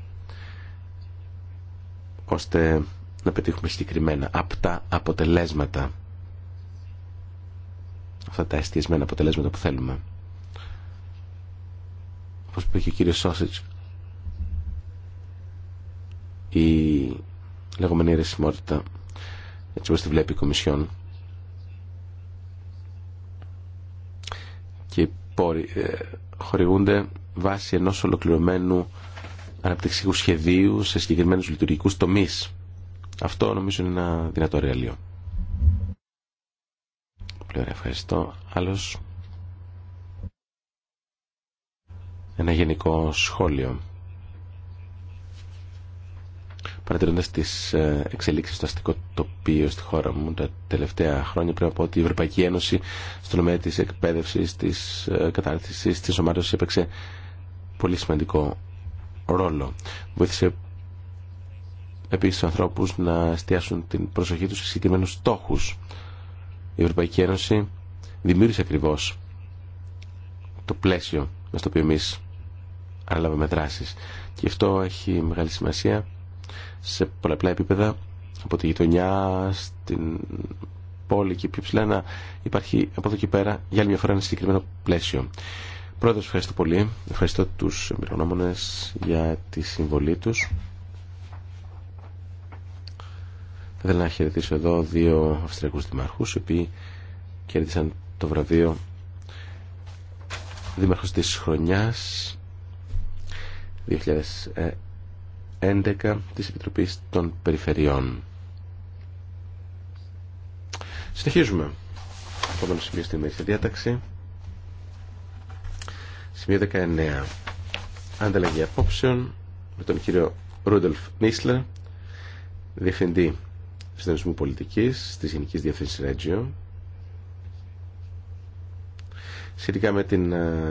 ώστε να πετύχουμε συγκεκριμένα τα αποτελέσματα αυτά τα εστιασμένα αποτελέσματα που θέλουμε όπως είπε και ο κύριος Σόσιτς η λεγόμενη αιρεσιμότητα έτσι όπως τη βλέπει η Κομισιόν πόροι ε, χορηγούνται βάσει ενός ολοκληρωμένου αναπτυξικού σχεδίου σε συγκεκριμένους λειτουργικούς τομείς. Αυτό νομίζω είναι ένα δυνατό εργαλείο. ευχαριστώ. Άλλος. Ένα γενικό σχόλιο παρατηρώντας τις ε, εξελίξεις στο αστικό τοπίο στη χώρα μου τα τελευταία χρόνια πρέπει να πω ότι η Ευρωπαϊκή Ένωση στον τομέα της εκπαίδευσης, της ε, κατάρτισης, της ομάδας έπαιξε πολύ σημαντικό ρόλο. Βοήθησε επίσης του ανθρώπους να εστιάσουν την προσοχή τους σε συγκεκριμένους στόχους. Η Ευρωπαϊκή Ένωση δημιούργησε ακριβώ το πλαίσιο με στο οποίο εμείς αναλάβαμε δράσεις. Και αυτό έχει μεγάλη σημασία σε πολλαπλά επίπεδα από τη γειτονιά στην πόλη και πιο ψηλά να υπάρχει από εδώ και πέρα για άλλη μια φορά ένα συγκεκριμένο πλαίσιο. Πρώτος, ευχαριστώ πολύ. Ευχαριστώ τους εμπειρογνώμονες για τη συμβολή τους. Θα ήθελα να χαιρετήσω εδώ δύο Αυστριακούς δημαρχούς, οι οποίοι κέρδισαν το βραβείο Δήμαρχος της Χρονιάς 2011 11 της Επιτροπής των Περιφερειών. Συνεχίζουμε. Επόμενο σημείο στη μέση διάταξη. Σημείο 19. Ανταλλαγή απόψεων με τον κύριο Ρούντελφ Νίσλερ, Διευθυντή Συντονισμού Πολιτικής της Γενικής Διευθύνσης Ρέτζιο, σχετικά με την ε,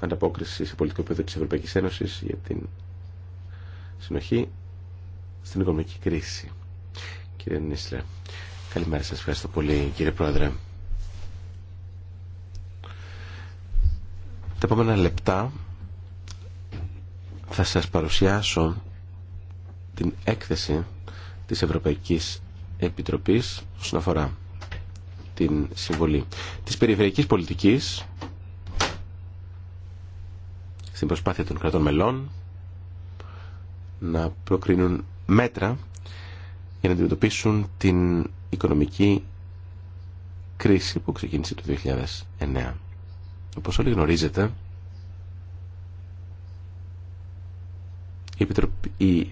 ανταπόκριση σε πολιτικό επίπεδο της Ευρωπαϊκής Ένωσης για την συνοχή στην οικονομική κρίση. Κύριε Νίσλε, καλημέρα σας. Ευχαριστώ πολύ κύριε Πρόεδρε. Τα επόμενα λεπτά θα σας παρουσιάσω την έκθεση της Ευρωπαϊκής Επιτροπής όσον αφορά την συμβολή της περιφερειακής πολιτικής στην προσπάθεια των κρατών μελών να προκρίνουν μέτρα για να αντιμετωπίσουν την οικονομική κρίση που ξεκίνησε το 2009. Όπως όλοι γνωρίζετε, η,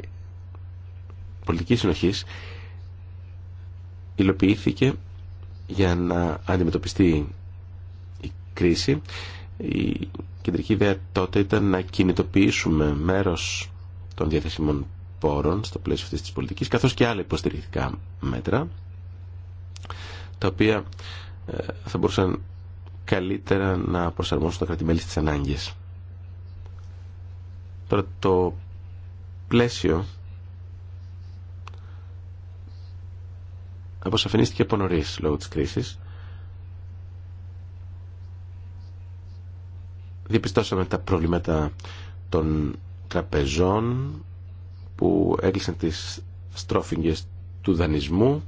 πολιτική συνοχής υλοποιήθηκε για να αντιμετωπιστεί η κρίση. Η κεντρική ιδέα τότε ήταν να κινητοποιήσουμε μέρος των διαθέσιμων πόρων στο πλαίσιο αυτής της πολιτικής, καθώς και άλλα υποστηρικτικά μέτρα, τα οποία ε, θα μπορούσαν καλύτερα να προσαρμόσουν τα κρατημέλη στις ανάγκες. Τώρα το πλαίσιο αποσαφηνίστηκε από νωρίς λόγω της κρίσης. Διαπιστώσαμε τα προβλήματα των τραπεζών που έκλεισαν τις στρόφιγγες του δανεισμού.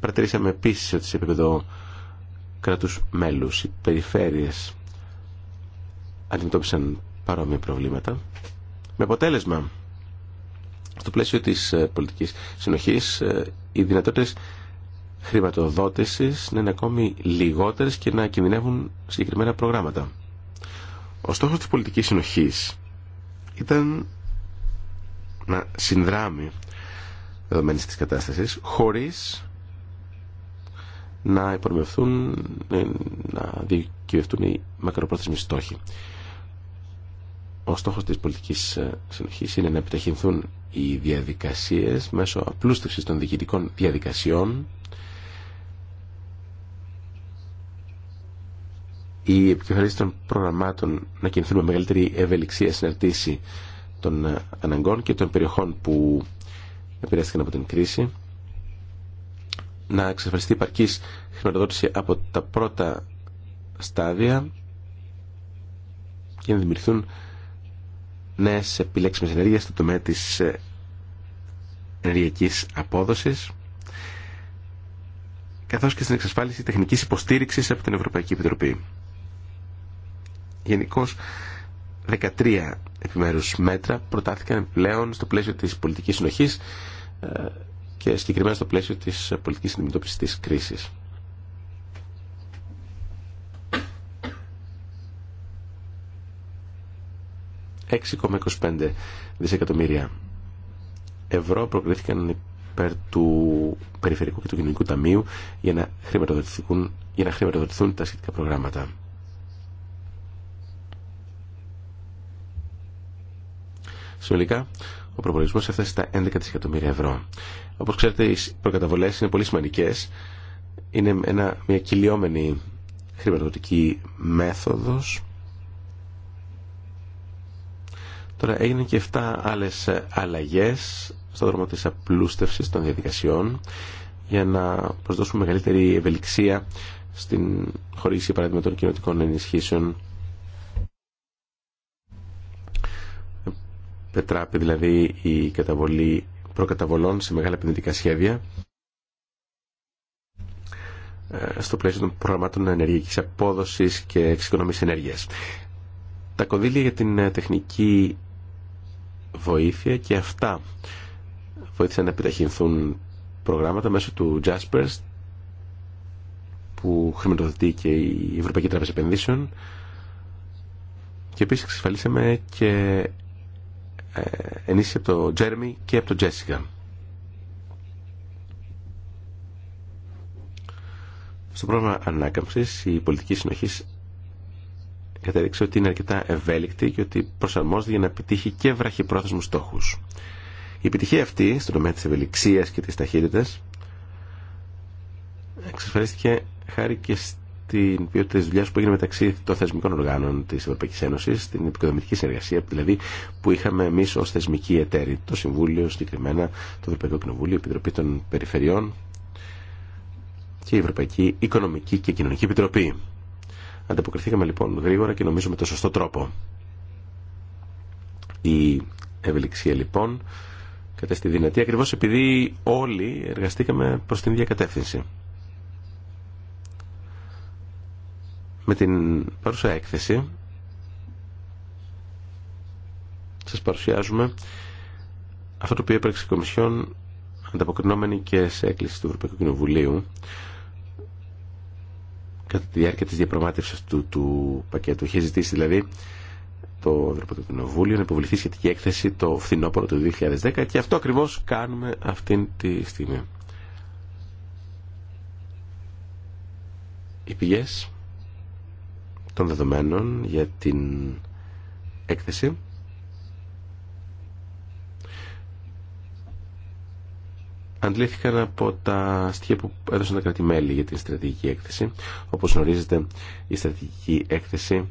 Παρατηρήσαμε επίσης ότι σε επίπεδο κράτους μέλους οι περιφέρειες αντιμετώπισαν παρόμοια προβλήματα με αποτέλεσμα στο πλαίσιο της ε, πολιτικής συνοχής ε, οι δυνατότητες χρηματοδότησης να είναι ακόμη λιγότερες και να κινδυνεύουν συγκεκριμένα προγράμματα. Ο στόχος της πολιτικής συνοχής ήταν να συνδράμει δεδομένη της κατάστασης χωρίς να υπορμευθούν, ε, να διοικηθούν οι μακροπρόθεσμοι στόχοι. Ο στόχος της πολιτικής ε, συνοχής είναι να επιταχυνθούν οι διαδικασίες μέσω απλούστευσης των διοικητικών διαδικασιών οι επικεφαλής των προγραμμάτων να κινηθούν με μεγαλύτερη ευελιξία συναρτήσει των ε, αναγκών και των περιοχών που επηρεάστηκαν από την κρίση να εξασφαλιστεί υπαρκής χρηματοδότηση από τα πρώτα στάδια και να δημιουργηθούν νέες επιλέξιμες ενέργειες στο τομέα της ε, ενεργειακής απόδοσης καθώς και στην εξασφάλιση τεχνικής υποστήριξης από την Ευρωπαϊκή Επιτροπή. Γενικώ 13 επιμέρους μέτρα προτάθηκαν πλέον στο πλαίσιο της πολιτικής συνοχής ε, και συγκεκριμένα στο πλαίσιο της πολιτικής αντιμετώπισης της κρίσης. ...6,25 δισεκατομμύρια ευρώ προκλήθηκαν υπέρ του περιφερικού και του Κοινωνικού Ταμείου για να χρηματοδοτηθούν, για να χρηματοδοτηθούν τα σχετικά προγράμματα. Συνολικά, ο προπολογισμό έφτασε στα 11 δισεκατομμύρια ευρώ. Όπω ξέρετε, οι προκαταβολέ είναι πολύ σημαντικέ. Είναι μια κυλιόμενη χρηματοδοτική μέθοδο. Τώρα έγιναν και 7 άλλε αλλαγέ στον δρόμο τη απλούστευση των διαδικασιών για να προσδώσουμε μεγαλύτερη ευελιξία στην χορήγηση παράδειγμα των κοινωτικών ενισχύσεων πετράπη, δηλαδή η καταβολή προκαταβολών σε μεγάλα επενδυτικά σχέδια ε, στο πλαίσιο των προγραμμάτων ενεργειακής απόδοσης και εξοικονομής ενέργειας. Τα κονδύλια για την ε, τεχνική βοήθεια και αυτά βοήθησαν να επιταχυνθούν προγράμματα μέσω του Jaspers που χρηματοδοτεί και η Ευρωπαϊκή Τράπεζα Επενδύσεων και επίσης εξασφαλίσαμε και ε, ενίσχυση από το Τζέρμι και από το Τζέσικα. Στο πρόγραμμα ανάκαμψη η πολιτική συνοχή κατέδειξε ότι είναι αρκετά ευέλικτη και ότι προσαρμόζεται για να επιτύχει και βραχυπρόθεσμου στόχους. Η επιτυχία αυτή στον τομέα της ευελιξία και της ταχύτητας εξασφαλίστηκε χάρη και την ποιότητα τη δουλειά που έγινε μεταξύ των θεσμικών οργάνων τη Ευρωπαϊκή Ένωση, την επικοδομητική συνεργασία δηλαδή που είχαμε εμεί ω θεσμικοί εταίροι, το Συμβούλιο συγκεκριμένα, το Ευρωπαϊκό Κοινοβούλιο, η Επιτροπή των Περιφερειών και η Ευρωπαϊκή Οικονομική και Κοινωνική Επιτροπή. Ανταποκριθήκαμε λοιπόν γρήγορα και νομίζω με το σωστό τρόπο. Η ευελιξία λοιπόν κατέστη δυνατή ακριβώς επειδή όλοι εργαστήκαμε προς την ίδια κατεύθυνση. Με την παρούσα έκθεση σας παρουσιάζουμε αυτό το οποίο έπρεξε η Κομισιόν ανταποκρινόμενη και σε έκκληση του Ευρωπαϊκού Κοινοβουλίου κατά τη διάρκεια της διαπραγμάτευσης του, του πακέτου. Είχε ζητήσει δηλαδή το Ευρωπαϊκό Κοινοβούλιο να υποβληθεί σχετική έκθεση το φθινόπωρο του 2010 και αυτό ακριβώς κάνουμε αυτή τη στιγμή. Οι πηγές των δεδομένων για την έκθεση. Αντλήθηκαν από τα στοιχεία που έδωσαν τα κρατημέλη για την στρατηγική έκθεση. Όπως γνωρίζετε, η στρατηγική έκθεση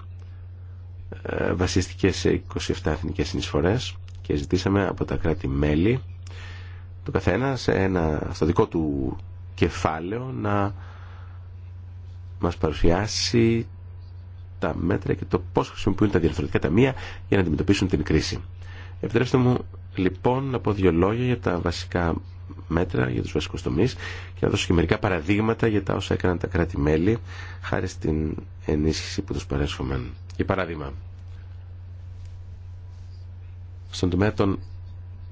ε, βασίστηκε σε 27 εθνικές συνεισφορές και ζητήσαμε από τα κράτη-μέλη το καθένα σε ένα, στο δικό του κεφάλαιο να μας παρουσιάσει τα μέτρα και το πώ χρησιμοποιούν τα διαρθρωτικά ταμεία για να αντιμετωπίσουν την κρίση. Επιτρέψτε μου λοιπόν να πω δύο λόγια για τα βασικά μέτρα, για του βασικού τομεί και να δώσω και μερικά παραδείγματα για τα όσα έκαναν τα κράτη-μέλη χάρη στην ενίσχυση που του παρέσχομαι. Για παράδειγμα, στον τομέα των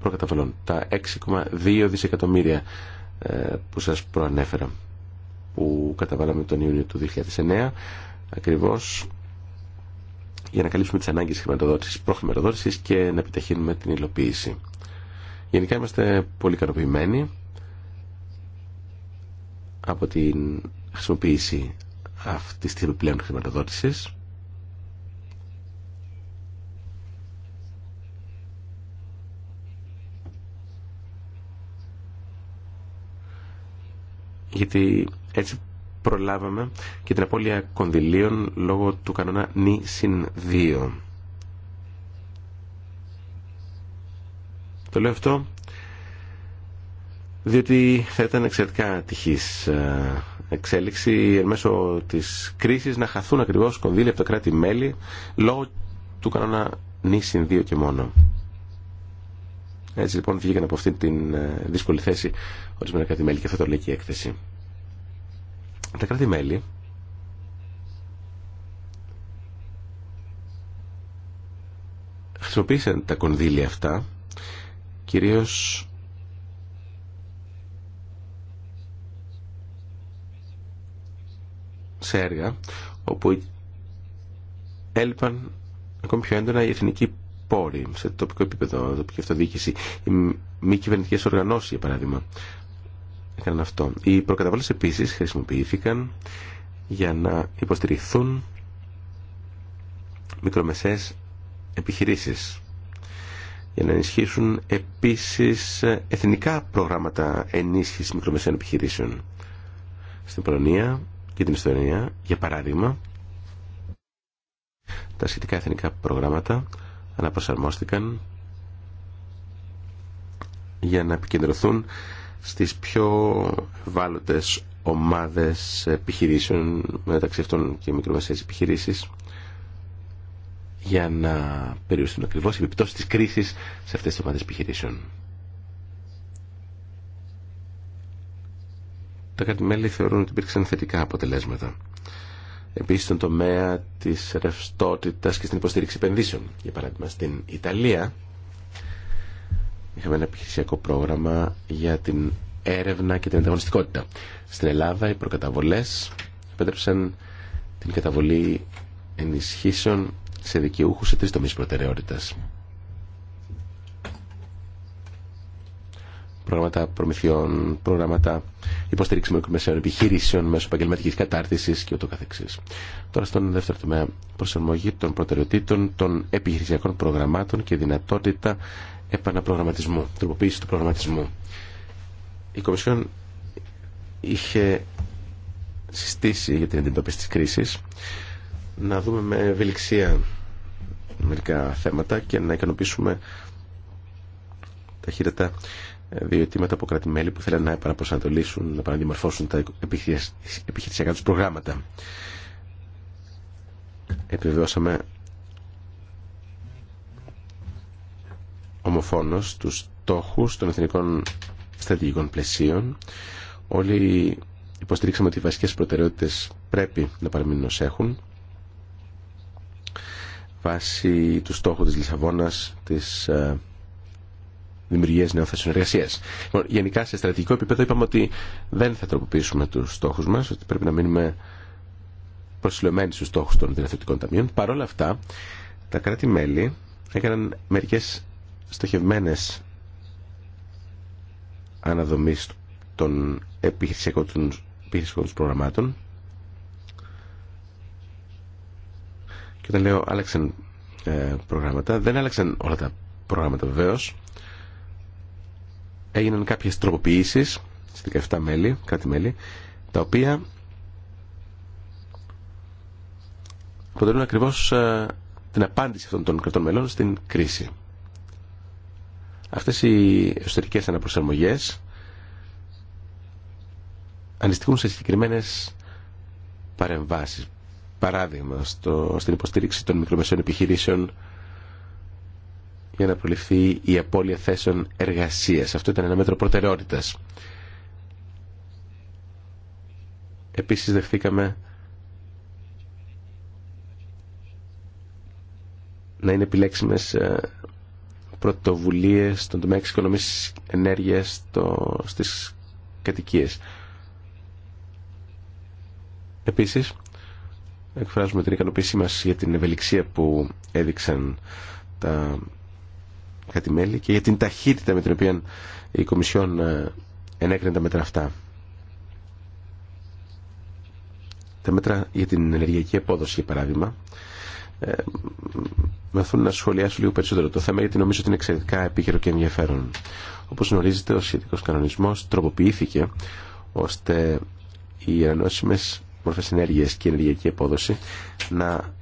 προκαταβολών, τα 6,2 δισεκατομμύρια ε, που σας προανέφερα που καταβάλαμε τον Ιούνιο του 2009 ακριβώς για να καλύψουμε τι ανάγκε χρηματοδότηση προχρηματοδότηση και να επιταχύνουμε την υλοποίηση. Γενικά είμαστε πολύ ικανοποιημένοι από την χρησιμοποίηση αυτή τη επιπλέον χρηματοδότηση. Γιατί έτσι προλάβαμε και την απώλεια κονδυλίων λόγω του κανόνα νη συν Το λέω αυτό διότι θα ήταν εξαιρετικά τυχής ε, εξέλιξη εν μέσω της κρίσης να χαθούν ακριβώς κονδύλια από τα κράτη-μέλη λόγω του κανόνα νη συν και μόνο. Έτσι λοιπόν βγήκαν από αυτή την ε, δύσκολη θέση ορισμένα κράτη-μέλη και αυτό το λέει και η έκθεση. Τα κράτη-μέλη χρησιμοποίησαν τα κονδύλια αυτά κυρίως σε έργα όπου έλειπαν ακόμη πιο έντονα οι εθνικοί πόροι σε τοπικό επίπεδο, τοπική αυτοδιοίκηση, οι μη κυβερνητικέ οργανώσει, για παράδειγμα έκαναν αυτό. Οι προκαταβολές επίσης χρησιμοποιήθηκαν για να υποστηριχθούν μικρομεσαίες επιχειρήσεις για να ενισχύσουν επίσης εθνικά προγράμματα ενίσχυσης μικρομεσαίων επιχειρήσεων. Στην Πολωνία και την Ιστορία, για παράδειγμα, τα σχετικά εθνικά προγράμματα αναπροσαρμόστηκαν για να επικεντρωθούν στις πιο ευάλωτες ομάδες επιχειρήσεων μεταξύ αυτών και μικρομεσαίες επιχειρήσεις για να περιοριστούν ακριβώς οι επιπτώσεις της κρίσης σε αυτές τις ομάδες επιχειρήσεων. Τα κράτη-μέλη θεωρούν ότι υπήρξαν θετικά αποτελέσματα. Επίσης στον τομέα της ρευστότητα και στην υποστήριξη επενδύσεων. Για παράδειγμα, στην Ιταλία είχαμε ένα επιχειρησιακό πρόγραμμα για την έρευνα και την ανταγωνιστικότητα. Στην Ελλάδα οι προκαταβολές επέτρεψαν την καταβολή ενισχύσεων σε δικαιούχους σε τρεις τομείς προτεραιότητας. Προγράμματα προμηθειών, προγράμματα υποστήριξη μικρομεσαίων επιχειρήσεων μέσω επαγγελματική κατάρτιση και ούτω καθεξής. Τώρα στον δεύτερο τομέα, προσαρμογή των προτεραιοτήτων των επιχειρησιακών προγραμμάτων και δυνατότητα επαναπρογραμματισμού, τροποποίηση του προγραμματισμού. Η Κομισιόν είχε συστήσει για την αντιμετώπιση της κρίσης να δούμε με ευελιξία μερικά θέματα και να ικανοποιήσουμε ταχύτατα ε, δύο αιτήματα από κράτη-μέλη που θέλουν να επαναπροσανατολίσουν, να επαναδημορφώσουν τα επιχειρησιακά τους προγράμματα. Επιβεβαιώσαμε ομοφόνος τους στόχους των εθνικών στρατηγικών πλαισίων. Όλοι υποστηρίξαμε ότι οι βασικές προτεραιότητες πρέπει να παραμείνουν ως έχουν βάσει του στόχου της Λισαβόνας της ε, δημιουργίας νέων θέσεων εργασίας. Λοιπόν, γενικά σε στρατηγικό επίπεδο είπαμε ότι δεν θα τροποποιήσουμε τους στόχους μας, ότι πρέπει να μείνουμε προσυλλομένοι στους στόχους των διευθυντικών ταμείων. Παρ' αυτά, τα κράτη-μέλη έκαναν μερικές στοχευμένες αναδομής των επιχειρησιακών τους προγραμμάτων και όταν λέω άλλαξαν ε, προγράμματα δεν άλλαξαν όλα τα προγράμματα βεβαίω. έγιναν κάποιες τροποποιήσεις σε 17 μέλη, κάτι μέλη τα οποία αποτελούν ακριβώς ε, την απάντηση αυτών των κρατών μελών στην κρίση Αυτές οι εσωτερικές αναπροσαρμογές ανιστικούν σε συγκεκριμένες παρεμβάσεις. Παράδειγμα, στο, στην υποστήριξη των μικρομεσαίων επιχειρήσεων για να προληφθεί η απώλεια θέσεων εργασίας. Αυτό ήταν ένα μέτρο προτεραιότητας. Επίσης δεχθήκαμε να είναι επιλέξιμες ε, πρωτοβουλίε στον τομέα της οικονομής ενέργειας στο, στις κατοικίες. Επίσης, εκφράζουμε την ικανοποίησή μας για την ευελιξία που έδειξαν τα κατημέλη και για την ταχύτητα με την οποία η Κομισιόν ε, ενέκρινε τα μέτρα αυτά. Τα μέτρα για την ενεργειακή απόδοση, για παράδειγμα, ε, με να σχολιάσω λίγο περισσότερο το θέμα γιατί νομίζω ότι είναι εξαιρετικά επίκαιρο και ενδιαφέρον. Όπως γνωρίζετε ο σχετικός κανονισμός τροποποιήθηκε ώστε οι ανανόσιμες μορφές ενέργειας και η ενεργειακή απόδοση να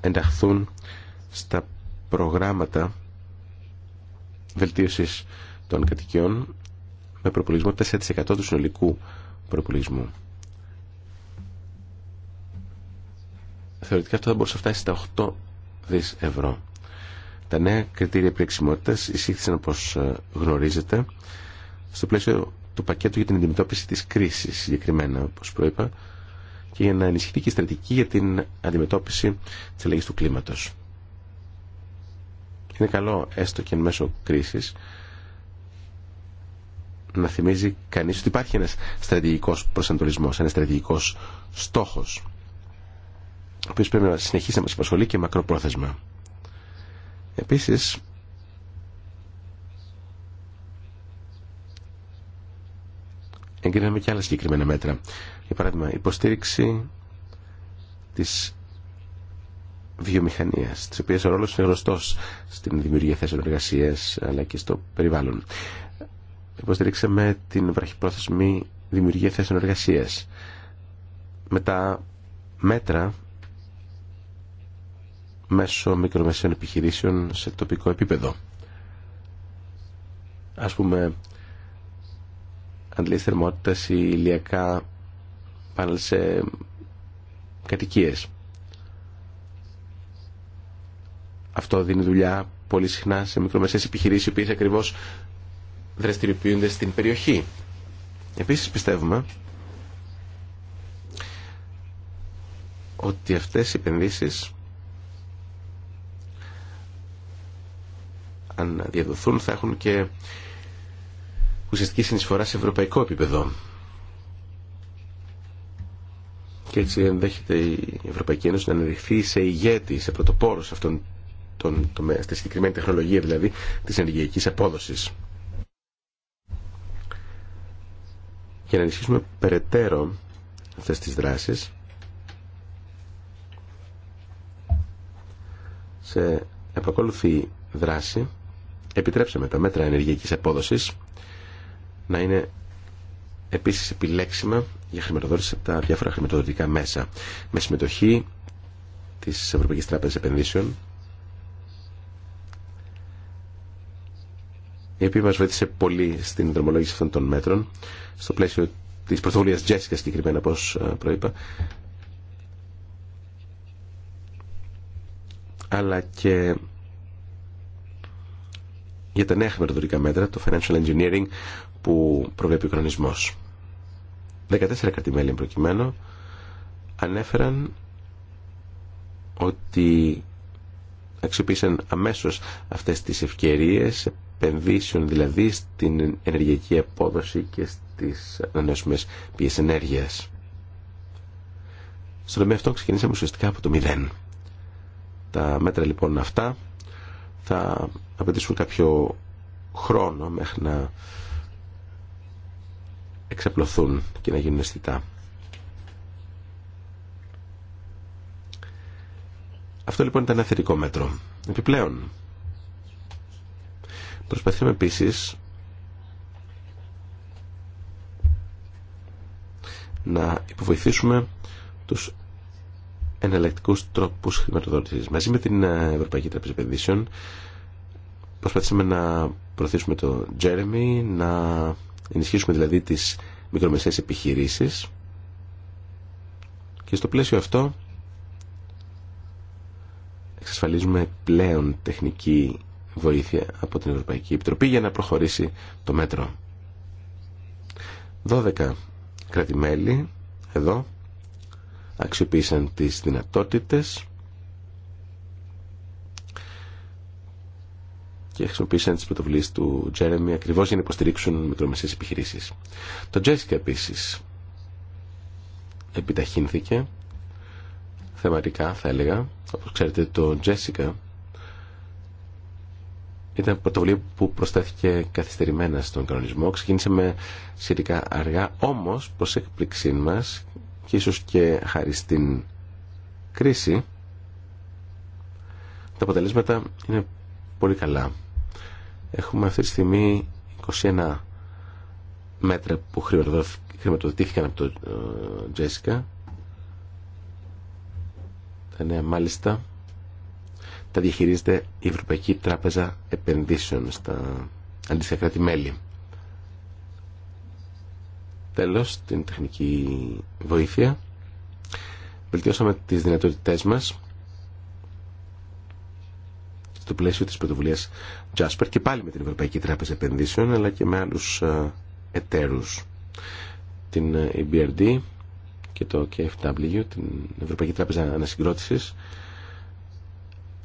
ενταχθούν στα προγράμματα βελτίωσης των κατοικιών με προπολογισμό 4% του συνολικού προπολογισμού. θεωρητικά αυτό θα μπορούσε να φτάσει στα 8 δις ευρώ. Τα νέα κριτήρια επιλεξιμότητας εισήχθησαν όπως ε, γνωρίζετε στο πλαίσιο του πακέτου για την αντιμετώπιση της κρίσης συγκεκριμένα όπως προείπα και για να ενισχυθεί και η στρατηγική για την αντιμετώπιση της αλλαγής του κλίματος. Είναι καλό έστω και εν μέσω κρίσης να θυμίζει κανείς ότι υπάρχει ένας στρατηγικός προσανατολισμός, ένας στρατηγικός στόχος ο οποίος πρέπει να συνεχίσει να μας απασχολεί και μακροπρόθεσμα. Επίσης, εγκρίναμε και άλλα συγκεκριμένα μέτρα. Για παράδειγμα, υποστήριξη της βιομηχανίας, της οποίας ο ρόλος είναι γνωστός στην δημιουργία θέσεων εργασία αλλά και στο περιβάλλον. Υποστηρίξαμε την βραχυπρόθεσμη δημιουργία θέσεων εργασία. Με τα μέτρα μέσω μικρομεσαίων επιχειρήσεων σε τοπικό επίπεδο. Ας πούμε, αντλίες θερμότητας ή ηλιακά πάνελ σε κατοικίες. Αυτό δίνει δουλειά πολύ συχνά σε μικρομεσαίες επιχειρήσεις οι οποίες ακριβώς δραστηριοποιούνται στην περιοχή. Επίσης πιστεύουμε ότι αυτές οι επενδύσεις αν διαδοθούν, θα έχουν και ουσιαστική συνεισφορά σε ευρωπαϊκό επίπεδο. Και έτσι ενδέχεται η Ευρωπαϊκή Ένωση να αναδειχθεί σε ηγέτη, σε πρωτοπόρο σε αυτόν τον τομέα, στη συγκεκριμένη τεχνολογία δηλαδή της ενεργειακής απόδοσης. Για να ενισχύσουμε περαιτέρω αυτές τις δράσεις σε επακολουθή δράση επιτρέψαμε τα μέτρα ενεργειακής απόδοσης να είναι επίσης επιλέξιμα για χρηματοδότηση από τα διάφορα χρηματοδοτικά μέσα με συμμετοχή της Ευρωπαϊκής Τράπεζας Επενδύσεων η οποία μας βοήθησε πολύ στην δρομολόγηση αυτών των μέτρων στο πλαίσιο της πρωτοβουλίας Τζέσικα συγκεκριμένα όπως ε, προείπα αλλά και για τα νέα χρηματοδοτικά μέτρα, το financial engineering που προβλέπει ο κρονισμό. 14 κρατημέλη προκειμένου ανέφεραν ότι αξιοποίησαν αμέσως αυτές τις ευκαιρίες επενδύσεων δηλαδή στην ενεργειακή απόδοση και στις ανανεώσιμες πηγές ενέργειας. Στο τομέα αυτό ξεκινήσαμε ουσιαστικά από το μηδέν. Τα μέτρα λοιπόν αυτά θα απαιτήσουν κάποιο χρόνο μέχρι να εξαπλωθούν και να γίνουν αισθητά. Αυτό λοιπόν ήταν ένα θετικό μέτρο. Επιπλέον, προσπαθήσαμε επίσης να υποβοηθήσουμε τους εναλλακτικού τρόπου χρηματοδότηση. Μαζί με την ε, Ευρωπαϊκή Τράπεζα Επενδύσεων προσπαθήσαμε να προωθήσουμε το Jeremy, να ενισχύσουμε δηλαδή τι μικρομεσαίε επιχειρήσει και στο πλαίσιο αυτό εξασφαλίζουμε πλέον τεχνική βοήθεια από την Ευρωπαϊκή Επιτροπή για να προχωρήσει το μέτρο. 12 κρατη εδώ αξιοποίησαν τις δυνατότητες και χρησιμοποίησαν τις πρωτοβουλίες του Τζέρεμι ακριβώς για να υποστηρίξουν μικρομεσαίες επιχειρήσεις. Το Τζέσικα επίσης επιταχύνθηκε θεματικά θα έλεγα. Όπως ξέρετε το Τζέσικα ήταν πρωτοβουλία που προστάθηκε καθυστερημένα στον κανονισμό. Ξεκίνησε με σχετικά αργά, όμως προς έκπληξή μας και ίσως και χάρη στην κρίση τα αποτελέσματα είναι πολύ καλά. Έχουμε αυτή τη στιγμή 21 μέτρα που χρηματοδοτήθηκαν από το ε, Τζέσικα. Τα νέα μάλιστα τα διαχειρίζεται η Ευρωπαϊκή Τράπεζα Επενδύσεων στα αντίστοιχα κράτη-μέλη. Τέλος, την τεχνική βοήθεια. Βελτιώσαμε τις δυνατότητές μας στο πλαίσιο της πρωτοβουλία Jasper και πάλι με την Ευρωπαϊκή Τράπεζα Επενδύσεων αλλά και με άλλους ε, εταίρους. Την ε, EBRD και το KFW, την Ευρωπαϊκή Τράπεζα Ανασυγκρότησης.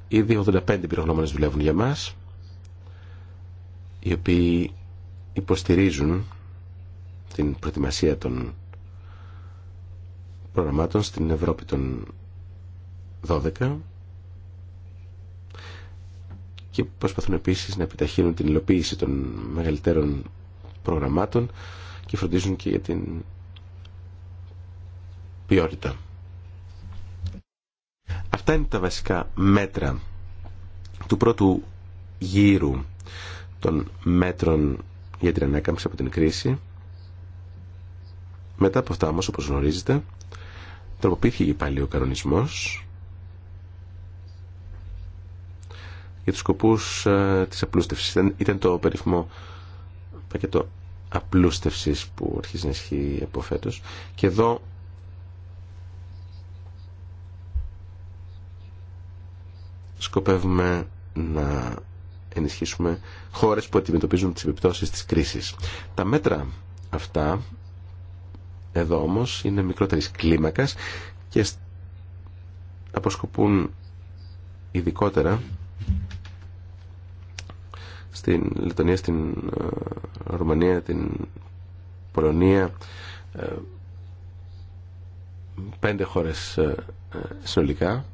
Ήδη 85 πυρογνώμονες δουλεύουν για μας οι οποίοι υποστηρίζουν την προετοιμασία των προγραμμάτων στην Ευρώπη των 12 και προσπαθούν επίσης να επιταχύνουν την υλοποίηση των μεγαλύτερων προγραμμάτων και φροντίζουν και για την ποιότητα. Αυτά είναι τα βασικά μέτρα του πρώτου γύρου των μέτρων για την ανάκαμψη από την κρίση μετά από αυτά όμως, όπως γνωρίζετε, τροποποιήθηκε πάλι ο κανονισμός για τους σκοπούς ε, της απλούστευσης. Ήταν, ήταν το περίφημο πακέτο απλούστευσης που αρχίζει να ισχύει από φέτος. Και εδώ σκοπεύουμε να ενισχύσουμε χώρες που αντιμετωπίζουν τις επιπτώσεις της κρίσης. Τα μέτρα αυτά εδώ όμως είναι μικρότερης κλίμακας και αποσκοπούν ειδικότερα στην Λετωνία, στην ε, Ρουμανία, την Πολωνία ε, πέντε χώρες ε, συνολικά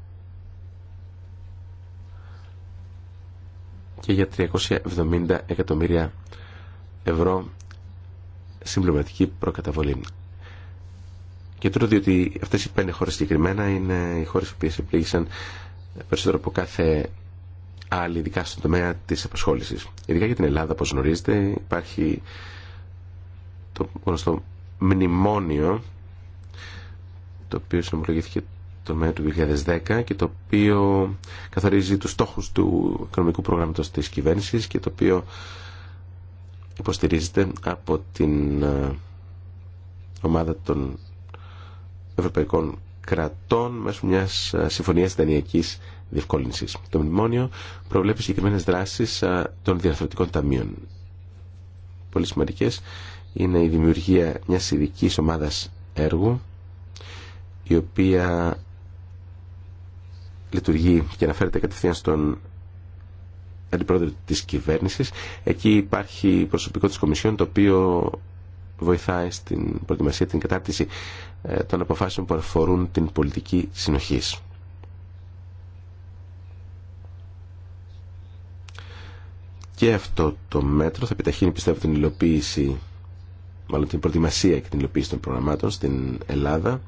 και για 370 εκατομμύρια ευρώ συμπληρωματική προκαταβολή. Και τούτο διότι αυτές οι πέντε χώρε συγκεκριμένα είναι οι χώρες που επλήγησαν περισσότερο από κάθε άλλη, ειδικά στον τομέα της απασχόλησης. Ειδικά για την Ελλάδα, όπω γνωρίζετε, υπάρχει το γνωστό μνημόνιο το οποίο συνομολογήθηκε το Μέο του 2010 και το οποίο καθορίζει τους στόχους του οικονομικού προγράμματος της κυβέρνησης και το οποίο υποστηρίζεται από την ε, ομάδα των ευρωπαϊκών κρατών μέσω μια ε, συμφωνία δανειακή διευκόλυνση. Το μνημόνιο προβλέπει συγκεκριμένε δράσει ε, των διαρθρωτικών ταμείων. Πολύ σημαντικέ είναι η δημιουργία μια ειδική ομάδα έργου η οποία λειτουργεί και αναφέρεται κατευθείαν στον αντιπρόεδρο της κυβέρνησης. Εκεί υπάρχει προσωπικό της Κομισιόν το οποίο βοηθάει στην προετοιμασία, την κατάρτιση ε, των αποφάσεων που αφορούν την πολιτική συνοχή. Και αυτό το μέτρο θα επιταχύνει πιστεύω την υλοποίηση, μάλλον την προετοιμασία και την υλοποίηση των προγραμμάτων στην Ελλάδα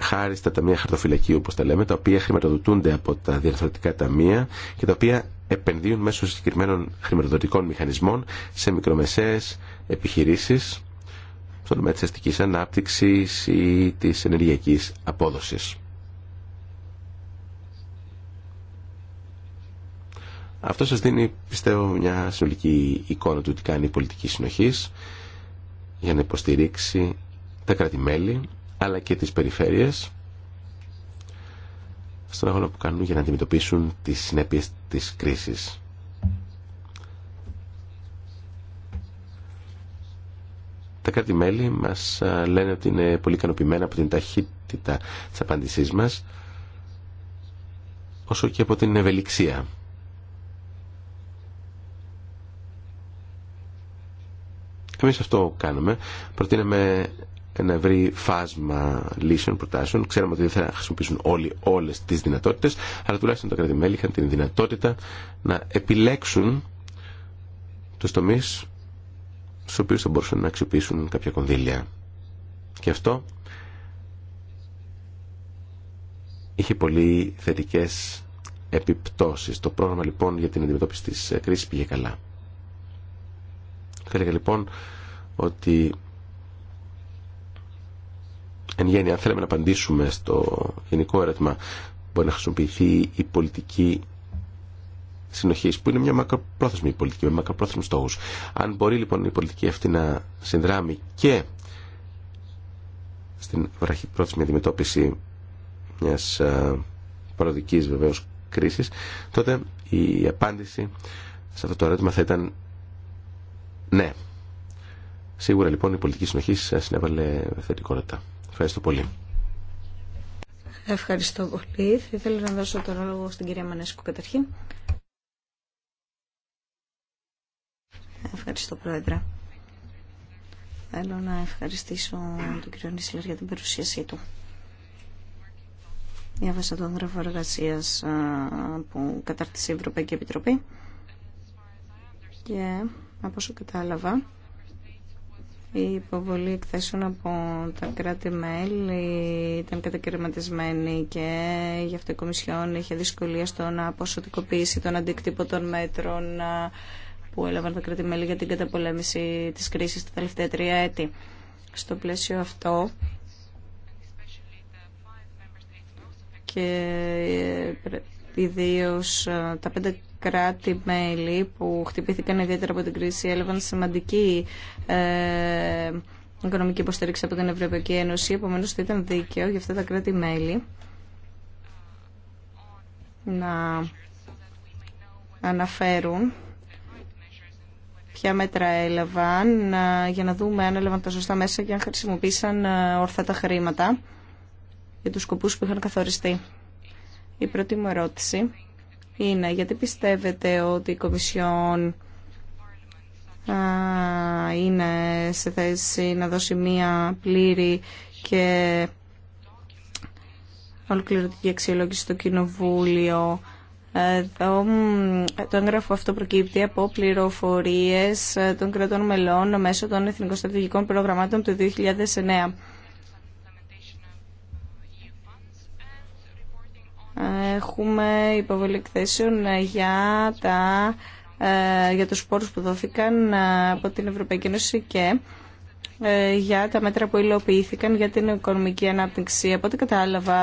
χάρη στα ταμεία χαρτοφυλακή όπω τα λέμε, τα οποία χρηματοδοτούνται από τα διαρθρωτικά ταμεία και τα οποία επενδύουν μέσω συγκεκριμένων χρηματοδοτικών μηχανισμών σε μικρομεσαίες επιχειρήσεις στον τομέα της αστικής ή της ενεργειακής απόδοσης. Αυτό σας δίνει, πιστεύω, μια συνολική εικόνα του τι κάνει η πολιτική συνοχής για να υποστηρίξει τα κράτη-μέλη αλλά και τις περιφέρειες στον αγώνα που κάνουν για να αντιμετωπίσουν τις συνέπειες της κρίσης. Τα κράτη-μέλη μας λένε ότι είναι πολύ ικανοποιημένα από την ταχύτητα της απάντησής μας όσο και από την ευελιξία. Εμείς αυτό κάνουμε. Προτείναμε να βρει φάσμα λύσεων, προτάσεων. Ξέραμε ότι δεν θα χρησιμοποιήσουν όλοι όλες τις δυνατότητες, αλλά τουλάχιστον τα κράτη-μέλη είχαν την δυνατότητα να επιλέξουν τους τομείς στους οποίους θα μπορούσαν να αξιοποιήσουν κάποια κονδύλια. Και αυτό είχε πολύ θετικές επιπτώσεις. Το πρόγραμμα λοιπόν για την αντιμετώπιση της κρίσης πήγε καλά. Θα έλεγα λοιπόν ότι Εν γέννη, αν θέλαμε να απαντήσουμε στο γενικό ερώτημα, μπορεί να χρησιμοποιηθεί η πολιτική συνοχή, που είναι μια μακροπρόθεσμη πολιτική, με μακροπρόθεσμου στόχου. Αν μπορεί λοιπόν η πολιτική αυτή να συνδράμει και στην βραχυπρόθεσμη αντιμετώπιση μια ε, παροδική βεβαίω κρίση, τότε η απάντηση σε αυτό το ερώτημα θα ήταν ναι. Σίγουρα λοιπόν η πολιτική συνοχή συνέβαλε θετικότητα. Ευχαριστώ πολύ. Ευχαριστώ πολύ. Θα ήθελα να δώσω το λόγο στην κυρία Μανέσκου καταρχήν. Ευχαριστώ Πρόεδρε. Θέλω να ευχαριστήσω τον κύριο Νίσλερ για την παρουσίασή του. Διάβασα τον γράφο εργασία που κατάρτισε η Ευρωπαϊκή Επιτροπή και από όσο κατάλαβα η υποβολή εκθέσεων από τα κράτη-μέλη ήταν κατακαιρματισμένη και γι' αυτό η Κομισιόν είχε δυσκολία στο να ποσοτικοποιήσει τον αντίκτυπο των μέτρων που έλαβαν τα κράτη-μέλη για την καταπολέμηση της κρίσης τα τελευταία τρία έτη. Στο πλαίσιο αυτό και ε, ιδίω τα πέντε κράτη-μέλη που χτυπήθηκαν ιδιαίτερα από την κρίση έλαβαν σημαντική ε, οικονομική υποστήριξη από την Ευρωπαϊκή Ένωση. Επομένω, θα ήταν δίκαιο για αυτά τα κράτη-μέλη να αναφέρουν ποια μέτρα έλαβαν ε, για να δούμε αν έλαβαν τα σωστά μέσα και αν χρησιμοποίησαν ε, ορθά τα χρήματα για τους σκοπούς που είχαν καθοριστεί. Η πρώτη μου ερώτηση είναι γιατί πιστεύετε ότι η Κομισιόν είναι σε θέση να δώσει μία πλήρη και ολοκληρωτική αξιολόγηση στο Κοινοβούλιο. Εδώ, το έγγραφο αυτό προκύπτει από πληροφορίες ε, των κρατών μελών μέσω των Εθνικών Στρατηγικών Προγραμμάτων του 2009. Έχουμε υποβολή εκθέσεων για, τα, ε, για τους πόρους που δόθηκαν ε, από την Ευρωπαϊκή Ένωση και ε, για τα μέτρα που υλοποιήθηκαν για την οικονομική ανάπτυξη. Από ό,τι κατάλαβα,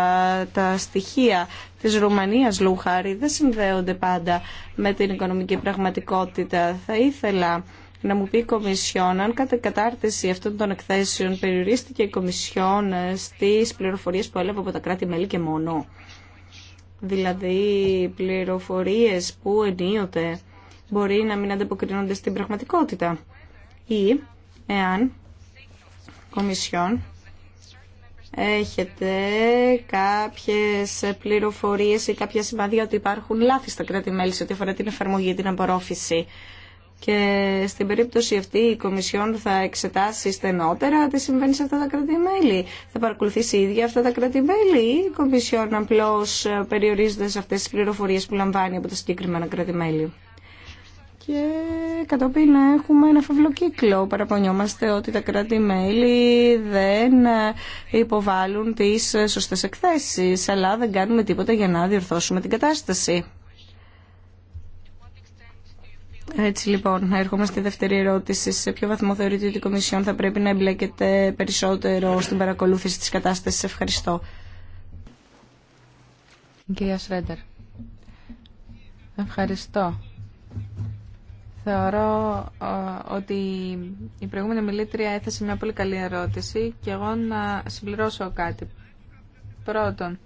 τα στοιχεία της Ρουμανίας, Λουχάρη, δεν συνδέονται πάντα με την οικονομική πραγματικότητα. Θα ήθελα να μου πει η Κομισιόν, αν κατά κατάρτιση αυτών των εκθέσεων περιορίστηκε η Κομισιόν στις πληροφορίες που έλαβε από τα κράτη-μέλη και μόνο δηλαδή πληροφορίες που ενίοτε μπορεί να μην ανταποκρίνονται στην πραγματικότητα ή εάν Κομισιόν έχετε κάποιες πληροφορίες ή κάποια σημάδια ότι υπάρχουν λάθη στα κράτη-μέλη σε ό,τι αφορά την εφαρμογή την απορρόφηση και στην περίπτωση αυτή η Κομισιόν θα εξετάσει στενότερα τι συμβαίνει σε αυτά τα κράτη-μέλη. Θα παρακολουθήσει η ίδια αυτά τα ή η Κομισιόν απλώ ε, περιορίζεται σε αυτέ τι πληροφορίε που λαμβάνει από τα συγκεκριμένα κράτη-μέλη. Και κατόπιν έχουμε ένα φαυλοκύκλο. Παραπονιόμαστε ότι τα κράτη-μέλη δεν ε, υποβάλλουν τι ε, σωστέ εκθέσει. αλλά δεν κάνουμε τίποτα για να διορθώσουμε την κατάσταση. Έτσι λοιπόν, έρχομαι στη δεύτερη ερώτηση. Σε ποιο βαθμό θεωρείτε ότι η Κομισιόν θα πρέπει να εμπλέκεται περισσότερο στην παρακολούθηση της κατάστασης. Ευχαριστώ. Κυρία Σρέντερ, ευχαριστώ. Θεωρώ ότι η προηγούμενη μιλήτρια έθεσε μια πολύ καλή ερώτηση και εγώ να συμπληρώσω κάτι. Πρώτον,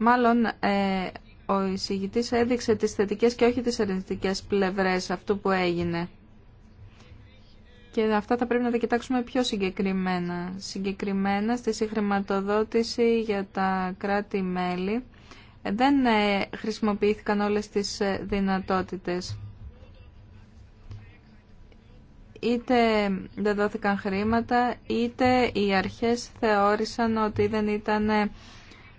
μάλλον ε, ο εισηγητής έδειξε τις θετικές και όχι τις αρνητικές πλευρές αυτού που έγινε. Και αυτά θα πρέπει να τα κοιτάξουμε πιο συγκεκριμένα. Συγκεκριμένα στη συγχρηματοδότηση για τα κράτη-μέλη ε, δεν ε, χρησιμοποιήθηκαν όλες τις ε, δυνατότητες. Είτε δεν δόθηκαν χρήματα, είτε οι αρχές θεώρησαν ότι δεν ήταν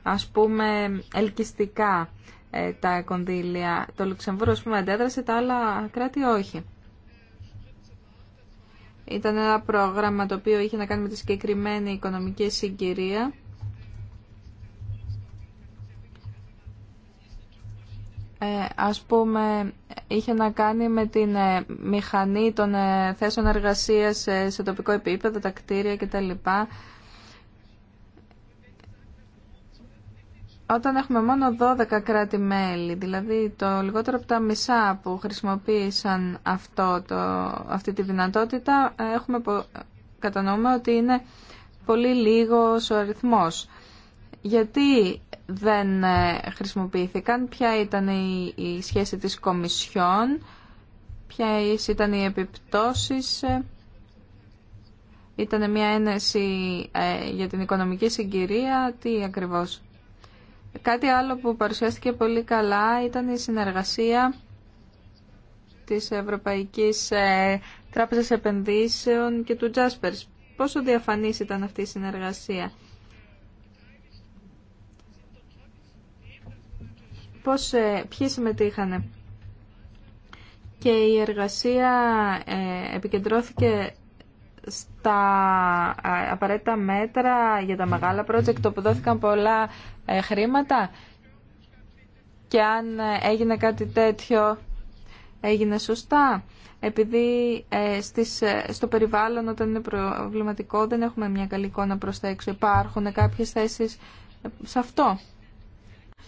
ας πούμε ελκυστικά ε, τα κονδύλια. Το Λουξεμβούργο, πούμε, αντέδρασε, τα άλλα κράτη όχι. Ήταν ένα πρόγραμμα το οποίο είχε να κάνει με τη συγκεκριμένη οικονομική συγκυρία. Ε, ας πούμε, είχε να κάνει με την ε, μηχανή των θέσεων εργασίας σε τοπικό επίπεδο, τα κτίρια κτλ. όταν έχουμε μόνο 12 κράτη-μέλη, δηλαδή το λιγότερο από τα μισά που χρησιμοποίησαν αυτό το, αυτή τη δυνατότητα, έχουμε κατανοούμε ότι είναι πολύ λίγος ο αριθμός. Γιατί δεν ε, χρησιμοποιήθηκαν, ποια ήταν η, σχέση της Κομισιόν, ποια ήταν οι επιπτώσεις... Ε? Ήταν μια ένεση ε, για την οικονομική συγκυρία. Τι ακριβώς. Κάτι άλλο που παρουσιάστηκε πολύ καλά ήταν η συνεργασία της Ευρωπαϊκής ε, Τράπεζας Επενδύσεων και του Τζάσπερς. Πόσο διαφανής ήταν αυτή η συνεργασία. Πώς, ε, ποιοι συμμετείχαν. Και η εργασία ε, επικεντρώθηκε στα απαραίτητα μέτρα για τα μεγάλα project όπου δόθηκαν πολλά ε, χρήματα και αν ε, έγινε κάτι τέτοιο έγινε σωστά επειδή ε, στις, στο περιβάλλον όταν είναι προβληματικό δεν έχουμε μια καλή εικόνα προς τα έξω υπάρχουν κάποιες θέσεις σε αυτό.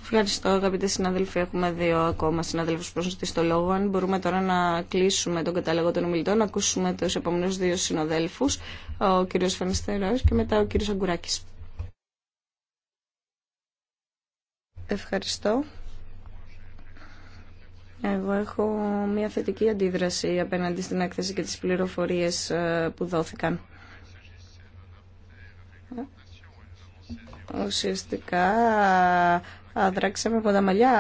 Ευχαριστώ αγαπητοί συνάδελφοι. Έχουμε δύο ακόμα συνάδελφους που έχουν στο λόγο. Αν μπορούμε τώρα να κλείσουμε τον κατάλογο των ομιλητών, να ακούσουμε τους επόμενους δύο συναδέλφους, ο κύριος Φανιστερός και μετά ο κύριος Αγκουράκης. Ευχαριστώ. Εγώ έχω μια θετική αντίδραση απέναντι στην έκθεση και τις πληροφορίες ε, που δόθηκαν. Ουσιαστικά Δράξαμε από τα μαλλιά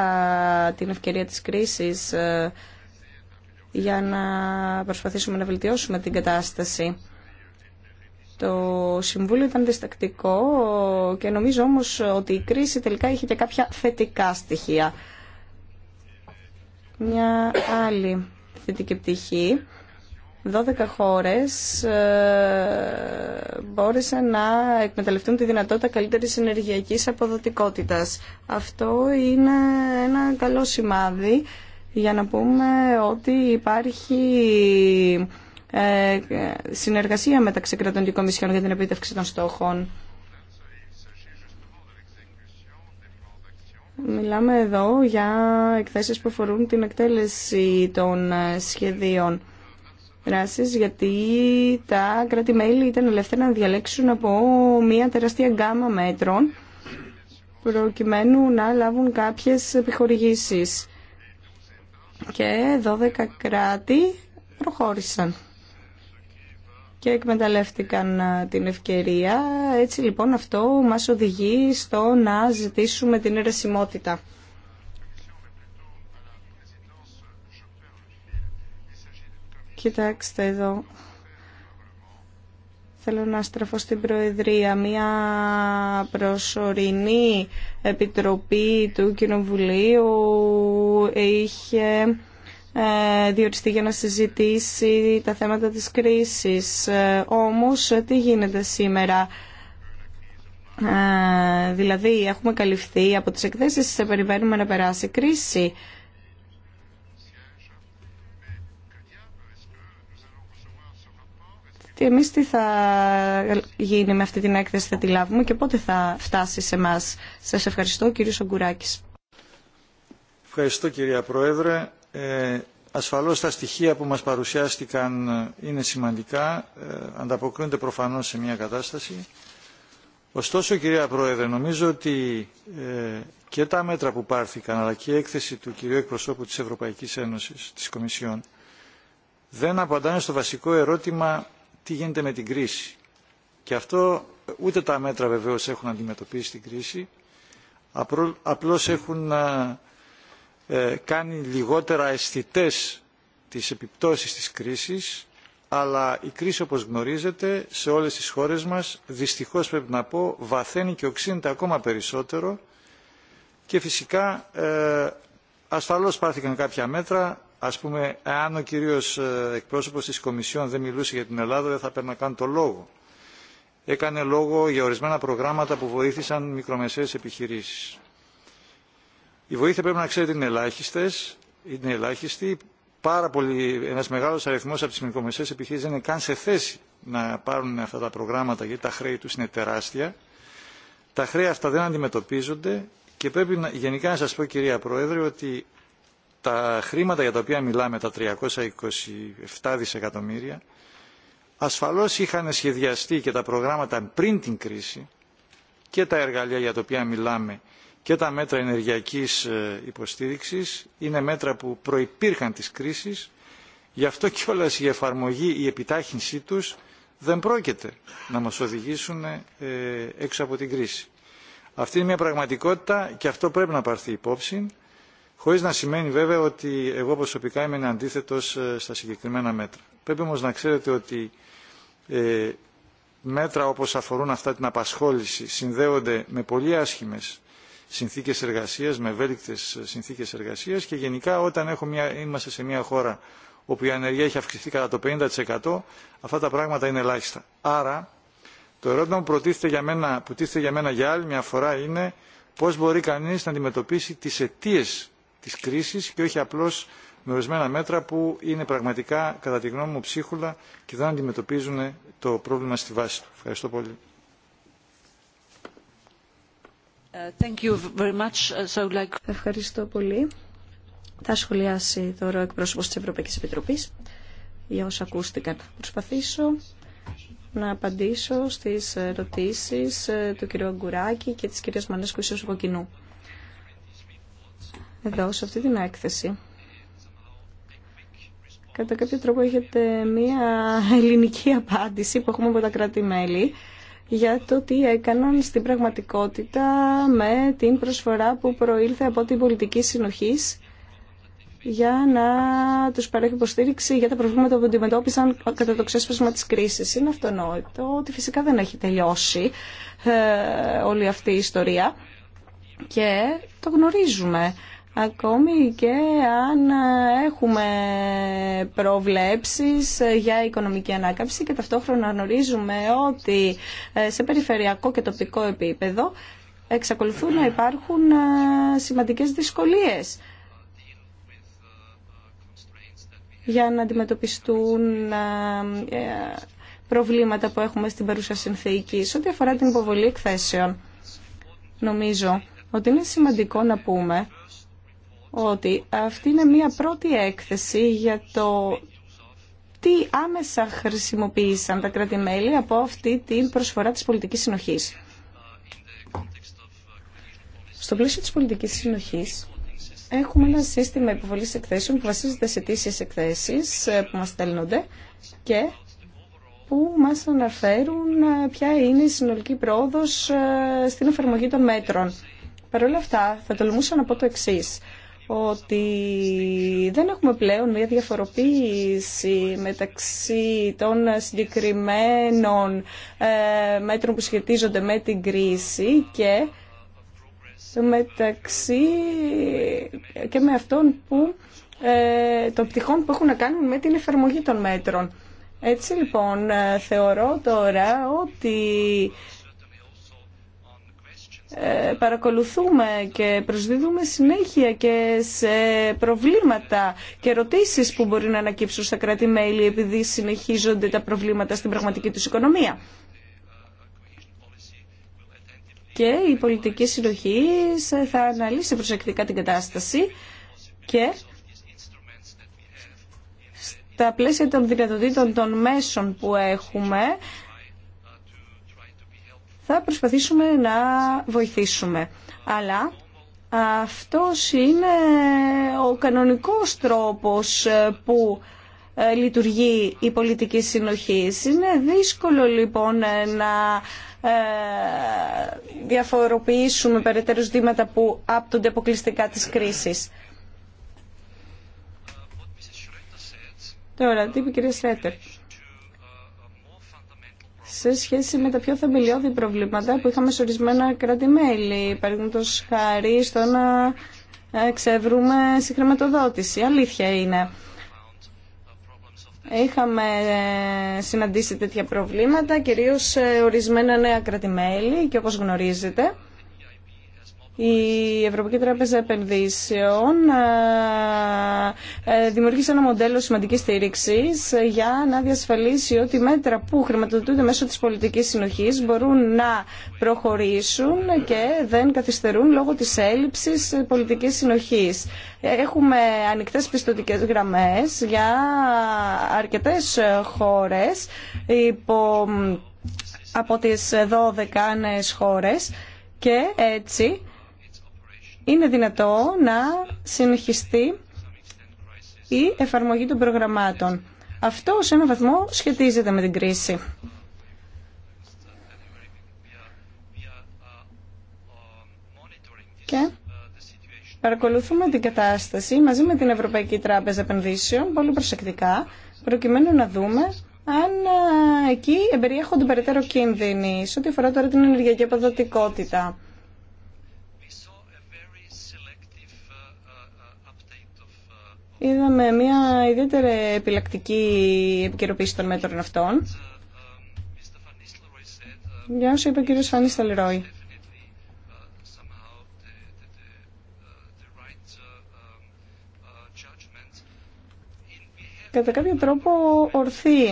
την ευκαιρία της κρίσης ε, για να προσπαθήσουμε να βελτιώσουμε την κατάσταση. Το Συμβούλιο ήταν διστακτικό και νομίζω όμως ότι η κρίση τελικά είχε και κάποια θετικά στοιχεία. Μια άλλη θετική πτυχή 12 χώρες ε, μπόρεσαν να εκμεταλλευτούν τη δυνατότητα καλύτερης ενεργειακής αποδοτικότητας. Αυτό είναι ένα καλό σημάδι για να πούμε ότι υπάρχει ε, συνεργασία μεταξύ κρατών και κομισιών για την επίτευξη των στόχων. Μιλάμε εδώ για εκθέσεις που αφορούν την εκτέλεση των ε, σχεδίων δράσεις γιατί τα κράτη-μέλη ήταν ελεύθερα να διαλέξουν από μια τεράστια γκάμα μέτρων προκειμένου να λάβουν κάποιες επιχορηγήσεις. Και 12 κράτη προχώρησαν και εκμεταλλεύτηκαν την ευκαιρία. Έτσι λοιπόν αυτό μας οδηγεί στο να ζητήσουμε την αιρεσιμότητα. Κοιτάξτε εδώ. Θέλω να στραφώ στην Προεδρία. Μια προσωρινή επιτροπή του Κοινοβουλίου είχε ε, διοριστεί για να συζητήσει τα θέματα της κρίσης. Ε, όμως, τι γίνεται σήμερα. Ε, δηλαδή, έχουμε καλυφθεί από τις εκθέσεις, περιμένουμε να περάσει κρίση. τι εμείς τι θα γίνει με αυτή την έκθεση, θα τη λάβουμε και πότε θα φτάσει σε εμά. Σας ευχαριστώ κύριο Σογκουράκης. Ευχαριστώ κυρία Πρόεδρε. Ε, ασφαλώς τα στοιχεία που μας παρουσιάστηκαν είναι σημαντικά, ε, ανταποκρίνονται προφανώς σε μια κατάσταση. Ωστόσο κυρία Πρόεδρε, νομίζω ότι ε, και τα μέτρα που πάρθηκαν αλλά και η έκθεση του κυρίου εκπροσώπου της Ευρωπαϊκής Ένωσης, της Κομισιόν, δεν απαντάνε στο βασικό ερώτημα τι γίνεται με την κρίση. Και αυτό ούτε τα μέτρα βεβαίως έχουν αντιμετωπίσει την κρίση, απλώς έχουν ε, κάνει λιγότερα αισθητέ τις επιπτώσεις της κρίσης, αλλά η κρίση όπως γνωρίζετε σε όλες τις χώρες μας δυστυχώς πρέπει να πω βαθαίνει και οξύνεται ακόμα περισσότερο και φυσικά ε, ασφαλώς πάθηκαν κάποια μέτρα ας πούμε, αν ο κύριος ε, εκπρόσωπος της Κομισιόν δεν μιλούσε για την Ελλάδα, δεν θα να καν το λόγο. Έκανε λόγο για ορισμένα προγράμματα που βοήθησαν μικρομεσαίες επιχειρήσεις. Η βοήθεια πρέπει να ξέρετε είναι ελάχιστες, είναι ελάχιστη. Πάρα πολύ, ένας μεγάλος αριθμός από τις μικρομεσαίες επιχειρήσεις δεν είναι καν σε θέση να πάρουν αυτά τα προγράμματα γιατί τα χρέη τους είναι τεράστια. Τα χρέη αυτά δεν αντιμετωπίζονται και πρέπει να, γενικά να σας πω κυρία Πρόεδρε ότι τα χρήματα για τα οποία μιλάμε, τα 327 δισεκατομμύρια, ασφαλώς είχαν σχεδιαστεί και τα προγράμματα πριν την κρίση και τα εργαλεία για τα οποία μιλάμε και τα μέτρα ενεργειακής ε, υποστήριξης είναι μέτρα που προϋπήρχαν της κρίσης, γι' αυτό και όλα η εφαρμογή, η επιτάχυνσή τους δεν πρόκειται να μας οδηγήσουν ε, έξω από την κρίση. Αυτή είναι μια πραγματικότητα και αυτό πρέπει να πάρθει υπόψη χωρίς να σημαίνει βέβαια ότι εγώ προσωπικά είμαι αντίθετος ε, στα συγκεκριμένα μέτρα. Πρέπει όμως να ξέρετε ότι ε, μέτρα όπως αφορούν αυτά την απασχόληση συνδέονται με πολύ άσχημες συνθήκες εργασίας, με ευέλικτες ε, συνθήκες εργασίας και γενικά όταν έχω μια, είμαστε σε μια χώρα όπου η ανεργία έχει αυξηθεί κατά το 50% αυτά τα πράγματα είναι ελάχιστα. Άρα το ερώτημα που, για μένα, τίθεται για μένα για άλλη μια φορά είναι πώς μπορεί κανείς να αντιμετωπίσει τις αιτίες της κρίσης και όχι απλώς με ορισμένα μέτρα που είναι πραγματικά, κατά τη γνώμη μου, ψίχουλα και δεν αντιμετωπίζουν το πρόβλημα στη βάση του. Ευχαριστώ πολύ. Uh, uh, Ευχαριστώ πολύ. Θα σχολιάσει τώρα ο εκπρόσωπο τη Ευρωπαϊκή Επιτροπή για όσα ακούστηκαν. Προσπαθήσω να απαντήσω στι ερωτήσει ε, του κ. Αγκουράκη και τη κ. Μανέσκου, ίσω εδώ, σε αυτή την έκθεση. Κατά κάποιο τρόπο έχετε μία ελληνική απάντηση που έχουμε από τα κράτη-μέλη για το τι έκαναν στην πραγματικότητα με την προσφορά που προήλθε από την πολιτική συνοχής για να του παρέχει υποστήριξη για τα προβλήματα που αντιμετώπισαν κατά το ξέσπασμα τη κρίση. Είναι αυτονόητο ότι φυσικά δεν έχει τελειώσει ε, όλη αυτή η ιστορία και το γνωρίζουμε ακόμη και αν ε, έχουμε προβλέψεις ε, για οικονομική ανάκαμψη και ταυτόχρονα γνωρίζουμε ότι ε, σε περιφερειακό και τοπικό επίπεδο εξακολουθούν να υπάρχουν σημαντικές δυσκολίες για να αντιμετωπιστούν προβλήματα που έχουμε στην παρούσα συνθήκη σε ό,τι αφορά την υποβολή εκθέσεων. Νομίζω ότι είναι σημαντικό να πούμε ότι αυτή είναι μία πρώτη έκθεση για το τι άμεσα χρησιμοποίησαν τα κράτη-μέλη από αυτή την προσφορά της πολιτικής συνοχής. Στο πλαίσιο της πολιτικής συνοχής έχουμε ένα σύστημα υποβολής εκθέσεων που βασίζεται σε τήσεις εκθέσεις ε, που μας στέλνονται και που μας αναφέρουν ε, ποια είναι η συνολική πρόοδος ε, στην εφαρμογή των μέτρων. Παρ' όλα αυτά θα τολμούσα να πω το εξή ότι δεν έχουμε πλέον μια διαφοροποίηση μεταξύ των συγκεκριμένων ε, μέτρων που σχετίζονται με την κρίση και μεταξύ και με αυτών που ε, των πτυχών που έχουν να κάνουν με την εφαρμογή των μέτρων. Έτσι λοιπόν ε, θεωρώ τώρα ότι ε, παρακολουθούμε και προσδίδουμε συνέχεια και σε προβλήματα και ερωτήσεις που μπορεί να ανακύψουν στα κράτη-μέλη επειδή συνεχίζονται τα προβλήματα στην πραγματική τους οικονομία. Και η πολιτική συνοχή θα αναλύσει προσεκτικά την κατάσταση και στα πλαίσια των δυνατοτήτων των μέσων που έχουμε θα προσπαθήσουμε να βοηθήσουμε. Αλλά αυτός είναι ο κανονικός τρόπος ε, που ε, λειτουργεί η πολιτική συνοχή. Είναι δύσκολο λοιπόν ε, να διαφοροποιήσουμε περαιτέρω ζητήματα που άπτονται αποκλειστικά της κρίσης. Τώρα, τι είπε η κυρία Σρέτερ σε σχέση με τα πιο θεμελιώδη προβλήματα που είχαμε σε ορισμένα κράτη-μέλη. Παραδείγματο χάρη στο να εξεύρουμε συγχρηματοδότηση. Αλήθεια είναι. Είχαμε συναντήσει τέτοια προβλήματα, κυρίως σε ορισμένα νέα κράτη-μέλη και όπως γνωρίζετε η Ευρωπαϊκή Τράπεζα Επενδύσεων ε, ε, δημιούργησε ένα μοντέλο σημαντικής στήριξης ε, για να διασφαλίσει ότι μέτρα που χρηματοδοτούνται μέσω της πολιτικής συνοχής μπορούν να προχωρήσουν και δεν καθυστερούν λόγω της έλλειψης πολιτικής συνοχής. Έχουμε ανοιχτές πιστοτικές γραμμές για αρκετές χώρες υπό, από τις 12 χώρες και έτσι είναι δυνατό να συνεχιστεί η εφαρμογή των προγραμμάτων. Αυτό σε έναν βαθμό σχετίζεται με την κρίση. Και παρακολουθούμε την κατάσταση μαζί με την Ευρωπαϊκή Τράπεζα Επενδύσεων πολύ προσεκτικά, προκειμένου να δούμε αν ε, εκεί εμπεριέχονται περαιτέρω κίνδυνοι σε ό,τι αφορά τώρα την ενεργειακή αποδοτικότητα. Είδαμε μια ιδιαίτερη επιλακτική επικαιροποίηση των μέτρων αυτών. Για όσο είπε ο κύριο Φανίσταλ Ταλρόη. Κατά κάποιο τρόπο ορθή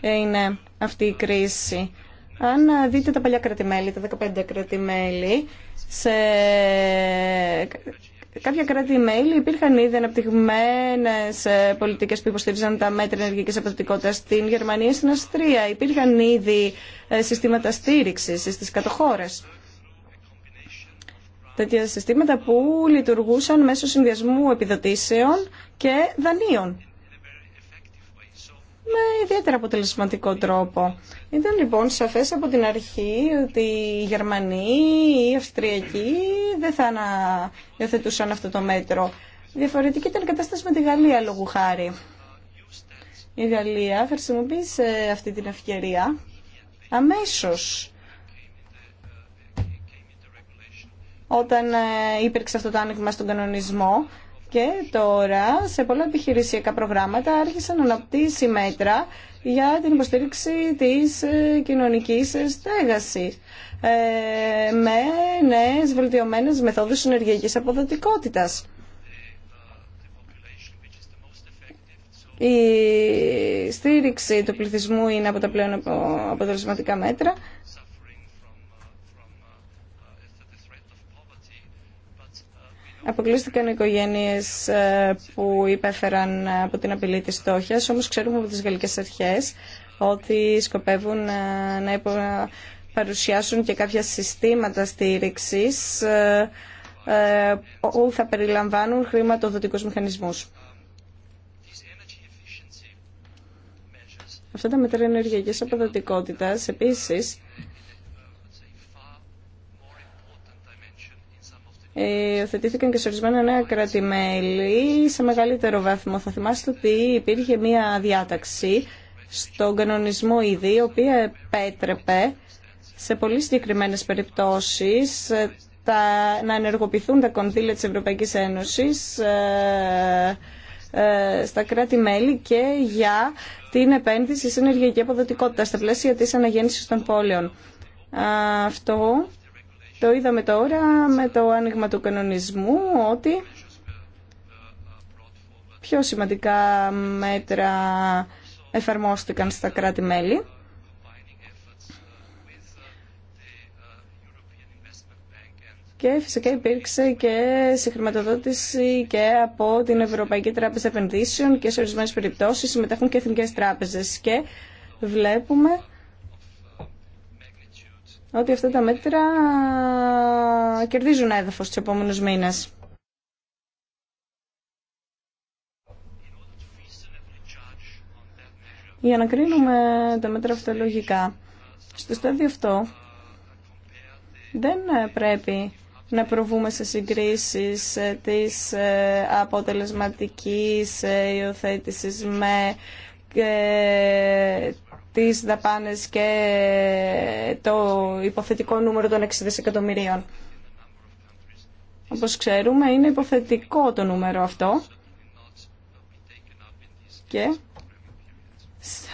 είναι αυτή η κρίση. Αν δείτε τα παλιά κρατημέλη, τα 15 κρατημέλη, σε Κάποια κράτη-μέλη υπήρχαν ήδη αναπτυγμένε ε, πολιτικέ που υποστήριζαν τα μέτρα ενεργειακή αποδοτικότητα στην Γερμανία στην Αυστρία. Υπήρχαν ήδη ε, συστήματα στήριξη στι κατοχώρε. Τέτοια συστήματα που λειτουργούσαν μέσω συνδυασμού επιδοτήσεων και δανείων με ιδιαίτερα αποτελεσματικό τρόπο. Ήταν λοιπόν σαφές από την αρχή ότι οι Γερμανοί, οι Αυστριακοί δεν θα αναθετούσαν αυτό το μέτρο. Διαφορετική ήταν η κατάσταση με τη Γαλλία λόγου χάρη. Η Γαλλία χρησιμοποίησε αυτή την ευκαιρία αμέσως όταν ε, υπήρξε αυτό το άνοιγμα στον κανονισμό και τώρα σε πολλά επιχειρησιακά προγράμματα άρχισαν να αναπτύσσει μέτρα για την υποστήριξη της ε, κοινωνικής στέγασης ε, με νέες βελτιωμένες μεθόδους συνεργειακής αποδοτικότητας. Η στήριξη του πληθυσμού είναι από τα πλέον αποτελεσματικά μέτρα Αποκλείστηκαν οι οικογένειε ε, που υπέφεραν ε, από την απειλή τη στόχιας, όμω ξέρουμε από τις γαλλικές αρχές ότι σκοπεύουν ε, να παρουσιάσουν και κάποια συστήματα στήριξη που θα περιλαμβάνουν χρήματοδοτικού μηχανισμού. Αυτά τα μέτρα ενεργειακή αποδοτικότητα επίσης Ε, υιοθετήθηκαν και σε ορισμένα νέα κράτη-μέλη σε μεγαλύτερο βαθμό. Θα θυμάστε ότι υπήρχε μία διάταξη στον κανονισμό ήδη, η οποία επέτρεπε σε πολύ συγκεκριμένες περιπτώσεις ε, τα, να ενεργοποιηθούν τα κονδύλια της Ευρωπαϊκής Ένωσης ε, στα κράτη-μέλη και για την επένδυση σε ενεργειακή αποδοτικότητα στα πλαίσια της αναγέννησης των πόλεων. Αυτό το είδαμε τώρα με το άνοιγμα του κανονισμού ότι πιο σημαντικά μέτρα εφαρμόστηκαν στα κράτη-μέλη. Και φυσικά υπήρξε και συγχρηματοδότηση και από την Ευρωπαϊκή Τράπεζα Επενδύσεων και σε ορισμένε περιπτώσει συμμετέχουν και εθνικέ τράπεζε. Και βλέπουμε ότι αυτά τα μέτρα κερδίζουν έδαφος τους επόμενου μήνες. Για να κρίνουμε τα μέτρα αυτολογικά. Στο στάδιο αυτό δεν πρέπει να προβούμε σε συγκρίσεις της αποτελεσματικής υιοθέτηση με ε, τις δαπάνες και το υποθετικό νούμερο των 6 δισεκατομμυρίων. Όπως ξέρουμε είναι υποθετικό το νούμερο αυτό και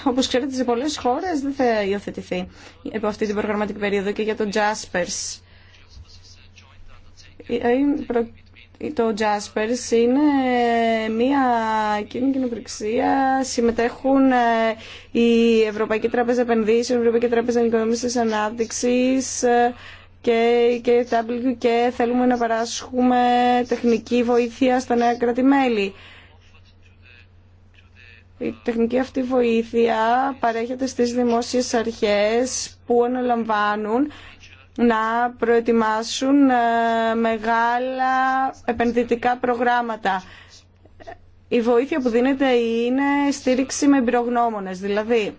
όπως ξέρετε σε πολλές χώρες δεν θα υιοθετηθεί από αυτή την προγραμματική περίοδο και για τον Jaspers ε, ε, το Jaspers είναι μια κοινή κοινοπληξία. Συμμετέχουν ε, η Ευρωπαϊκή Τράπεζα Επενδύσεων, η Ευρωπαϊκή Τράπεζα Οικονομική ανάπτυξη ε, και, και KW και θέλουμε να παράσχουμε τεχνική βοήθεια στα νέα κράτη-μέλη. Η τεχνική αυτή βοήθεια παρέχεται στις δημόσιες αρχές που αναλαμβάνουν να προετοιμάσουν ε, μεγάλα επενδυτικά προγράμματα. Η βοήθεια που δίνεται είναι στήριξη με εμπειρογνώμονες, δηλαδή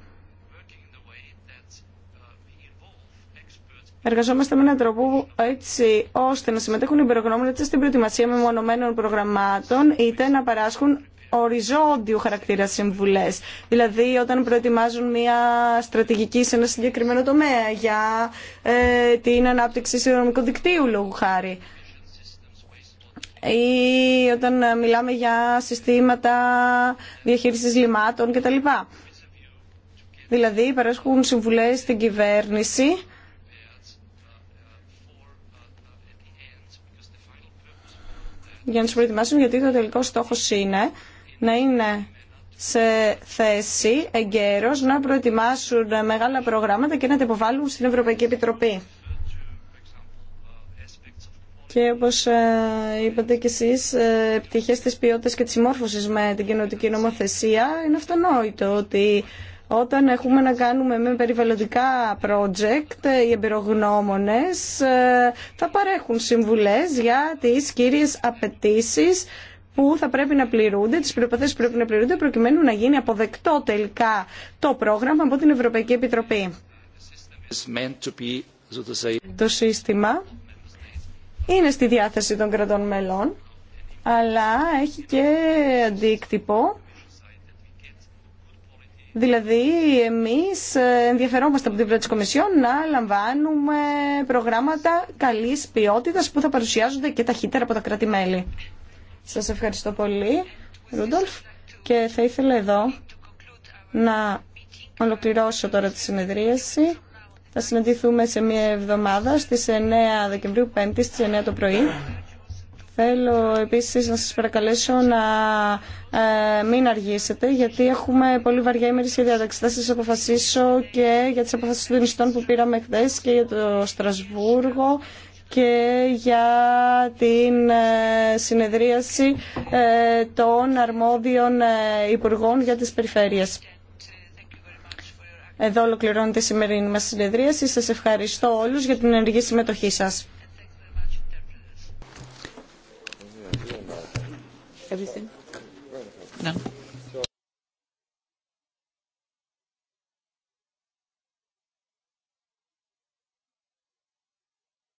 Εργαζόμαστε με έναν τρόπο έτσι ώστε να συμμετέχουν οι εμπειρογνώμονε στην προετοιμασία μεμονωμένων προγραμμάτων είτε να παράσχουν οριζόντιου χαρακτήρα συμβουλέ, Δηλαδή όταν προετοιμάζουν μια στρατηγική σε ένα συγκεκριμένο τομέα για ε, την ανάπτυξη συνδρομικού δικτύου λόγου χάρη ή όταν μιλάμε για συστήματα διαχείρισης λιμάτων κτλ. Δηλαδή παρέσχουν συμβουλές στην κυβέρνηση για να τους προετοιμάσουν γιατί το τελικό στόχος είναι να είναι σε θέση εγκαίρως να προετοιμάσουν μεγάλα προγράμματα και να τα υποβάλουν στην Ευρωπαϊκή Επιτροπή. Και όπως ε, είπατε κι εσείς, ε, πτυχές της ποιότητας και της συμμόρφωσης με την κοινωτική νομοθεσία είναι αυτονόητο ότι όταν έχουμε να κάνουμε με περιβαλλοντικά project, ε, οι εμπειρογνώμονες θα παρέχουν συμβουλές για τις κύριες απαιτήσει που θα πρέπει να πληρούνται, τις προϋποθέσεις που πρέπει να πληρούνται προκειμένου να γίνει αποδεκτό τελικά το πρόγραμμα από την Ευρωπαϊκή Επιτροπή. Το σύστημα είναι στη διάθεση των κρατών μελών, αλλά έχει και αντίκτυπο. Δηλαδή, εμείς ενδιαφερόμαστε από την πλευρά της Κομισιόν να λαμβάνουμε προγράμματα καλής ποιότητας που θα παρουσιάζονται και ταχύτερα από τα κράτη-μέλη. Σας ευχαριστώ πολύ, Ρούντολφ, και θα ήθελα εδώ να ολοκληρώσω τώρα τη συνεδρίαση. Θα συναντηθούμε σε μία εβδομάδα στις 9 Δεκεμβρίου 5 στις 9 το πρωί. Θέλω επίσης να σας παρακαλέσω να ε, μην αργήσετε γιατί έχουμε πολύ βαριά ημερήσια διάταξη. Θα σας αποφασίσω και για τις αποφάσεις των νηστών που πήραμε χθε και για το Στρασβούργο και για την ε, συνεδρίαση ε, των αρμόδιων ε, υπουργών για τις περιφέρειες. Εδώ ολοκληρώνεται η σημερινή μας συνεδρίαση. Σας ευχαριστώ όλους για την ενεργή συμμετοχή σας.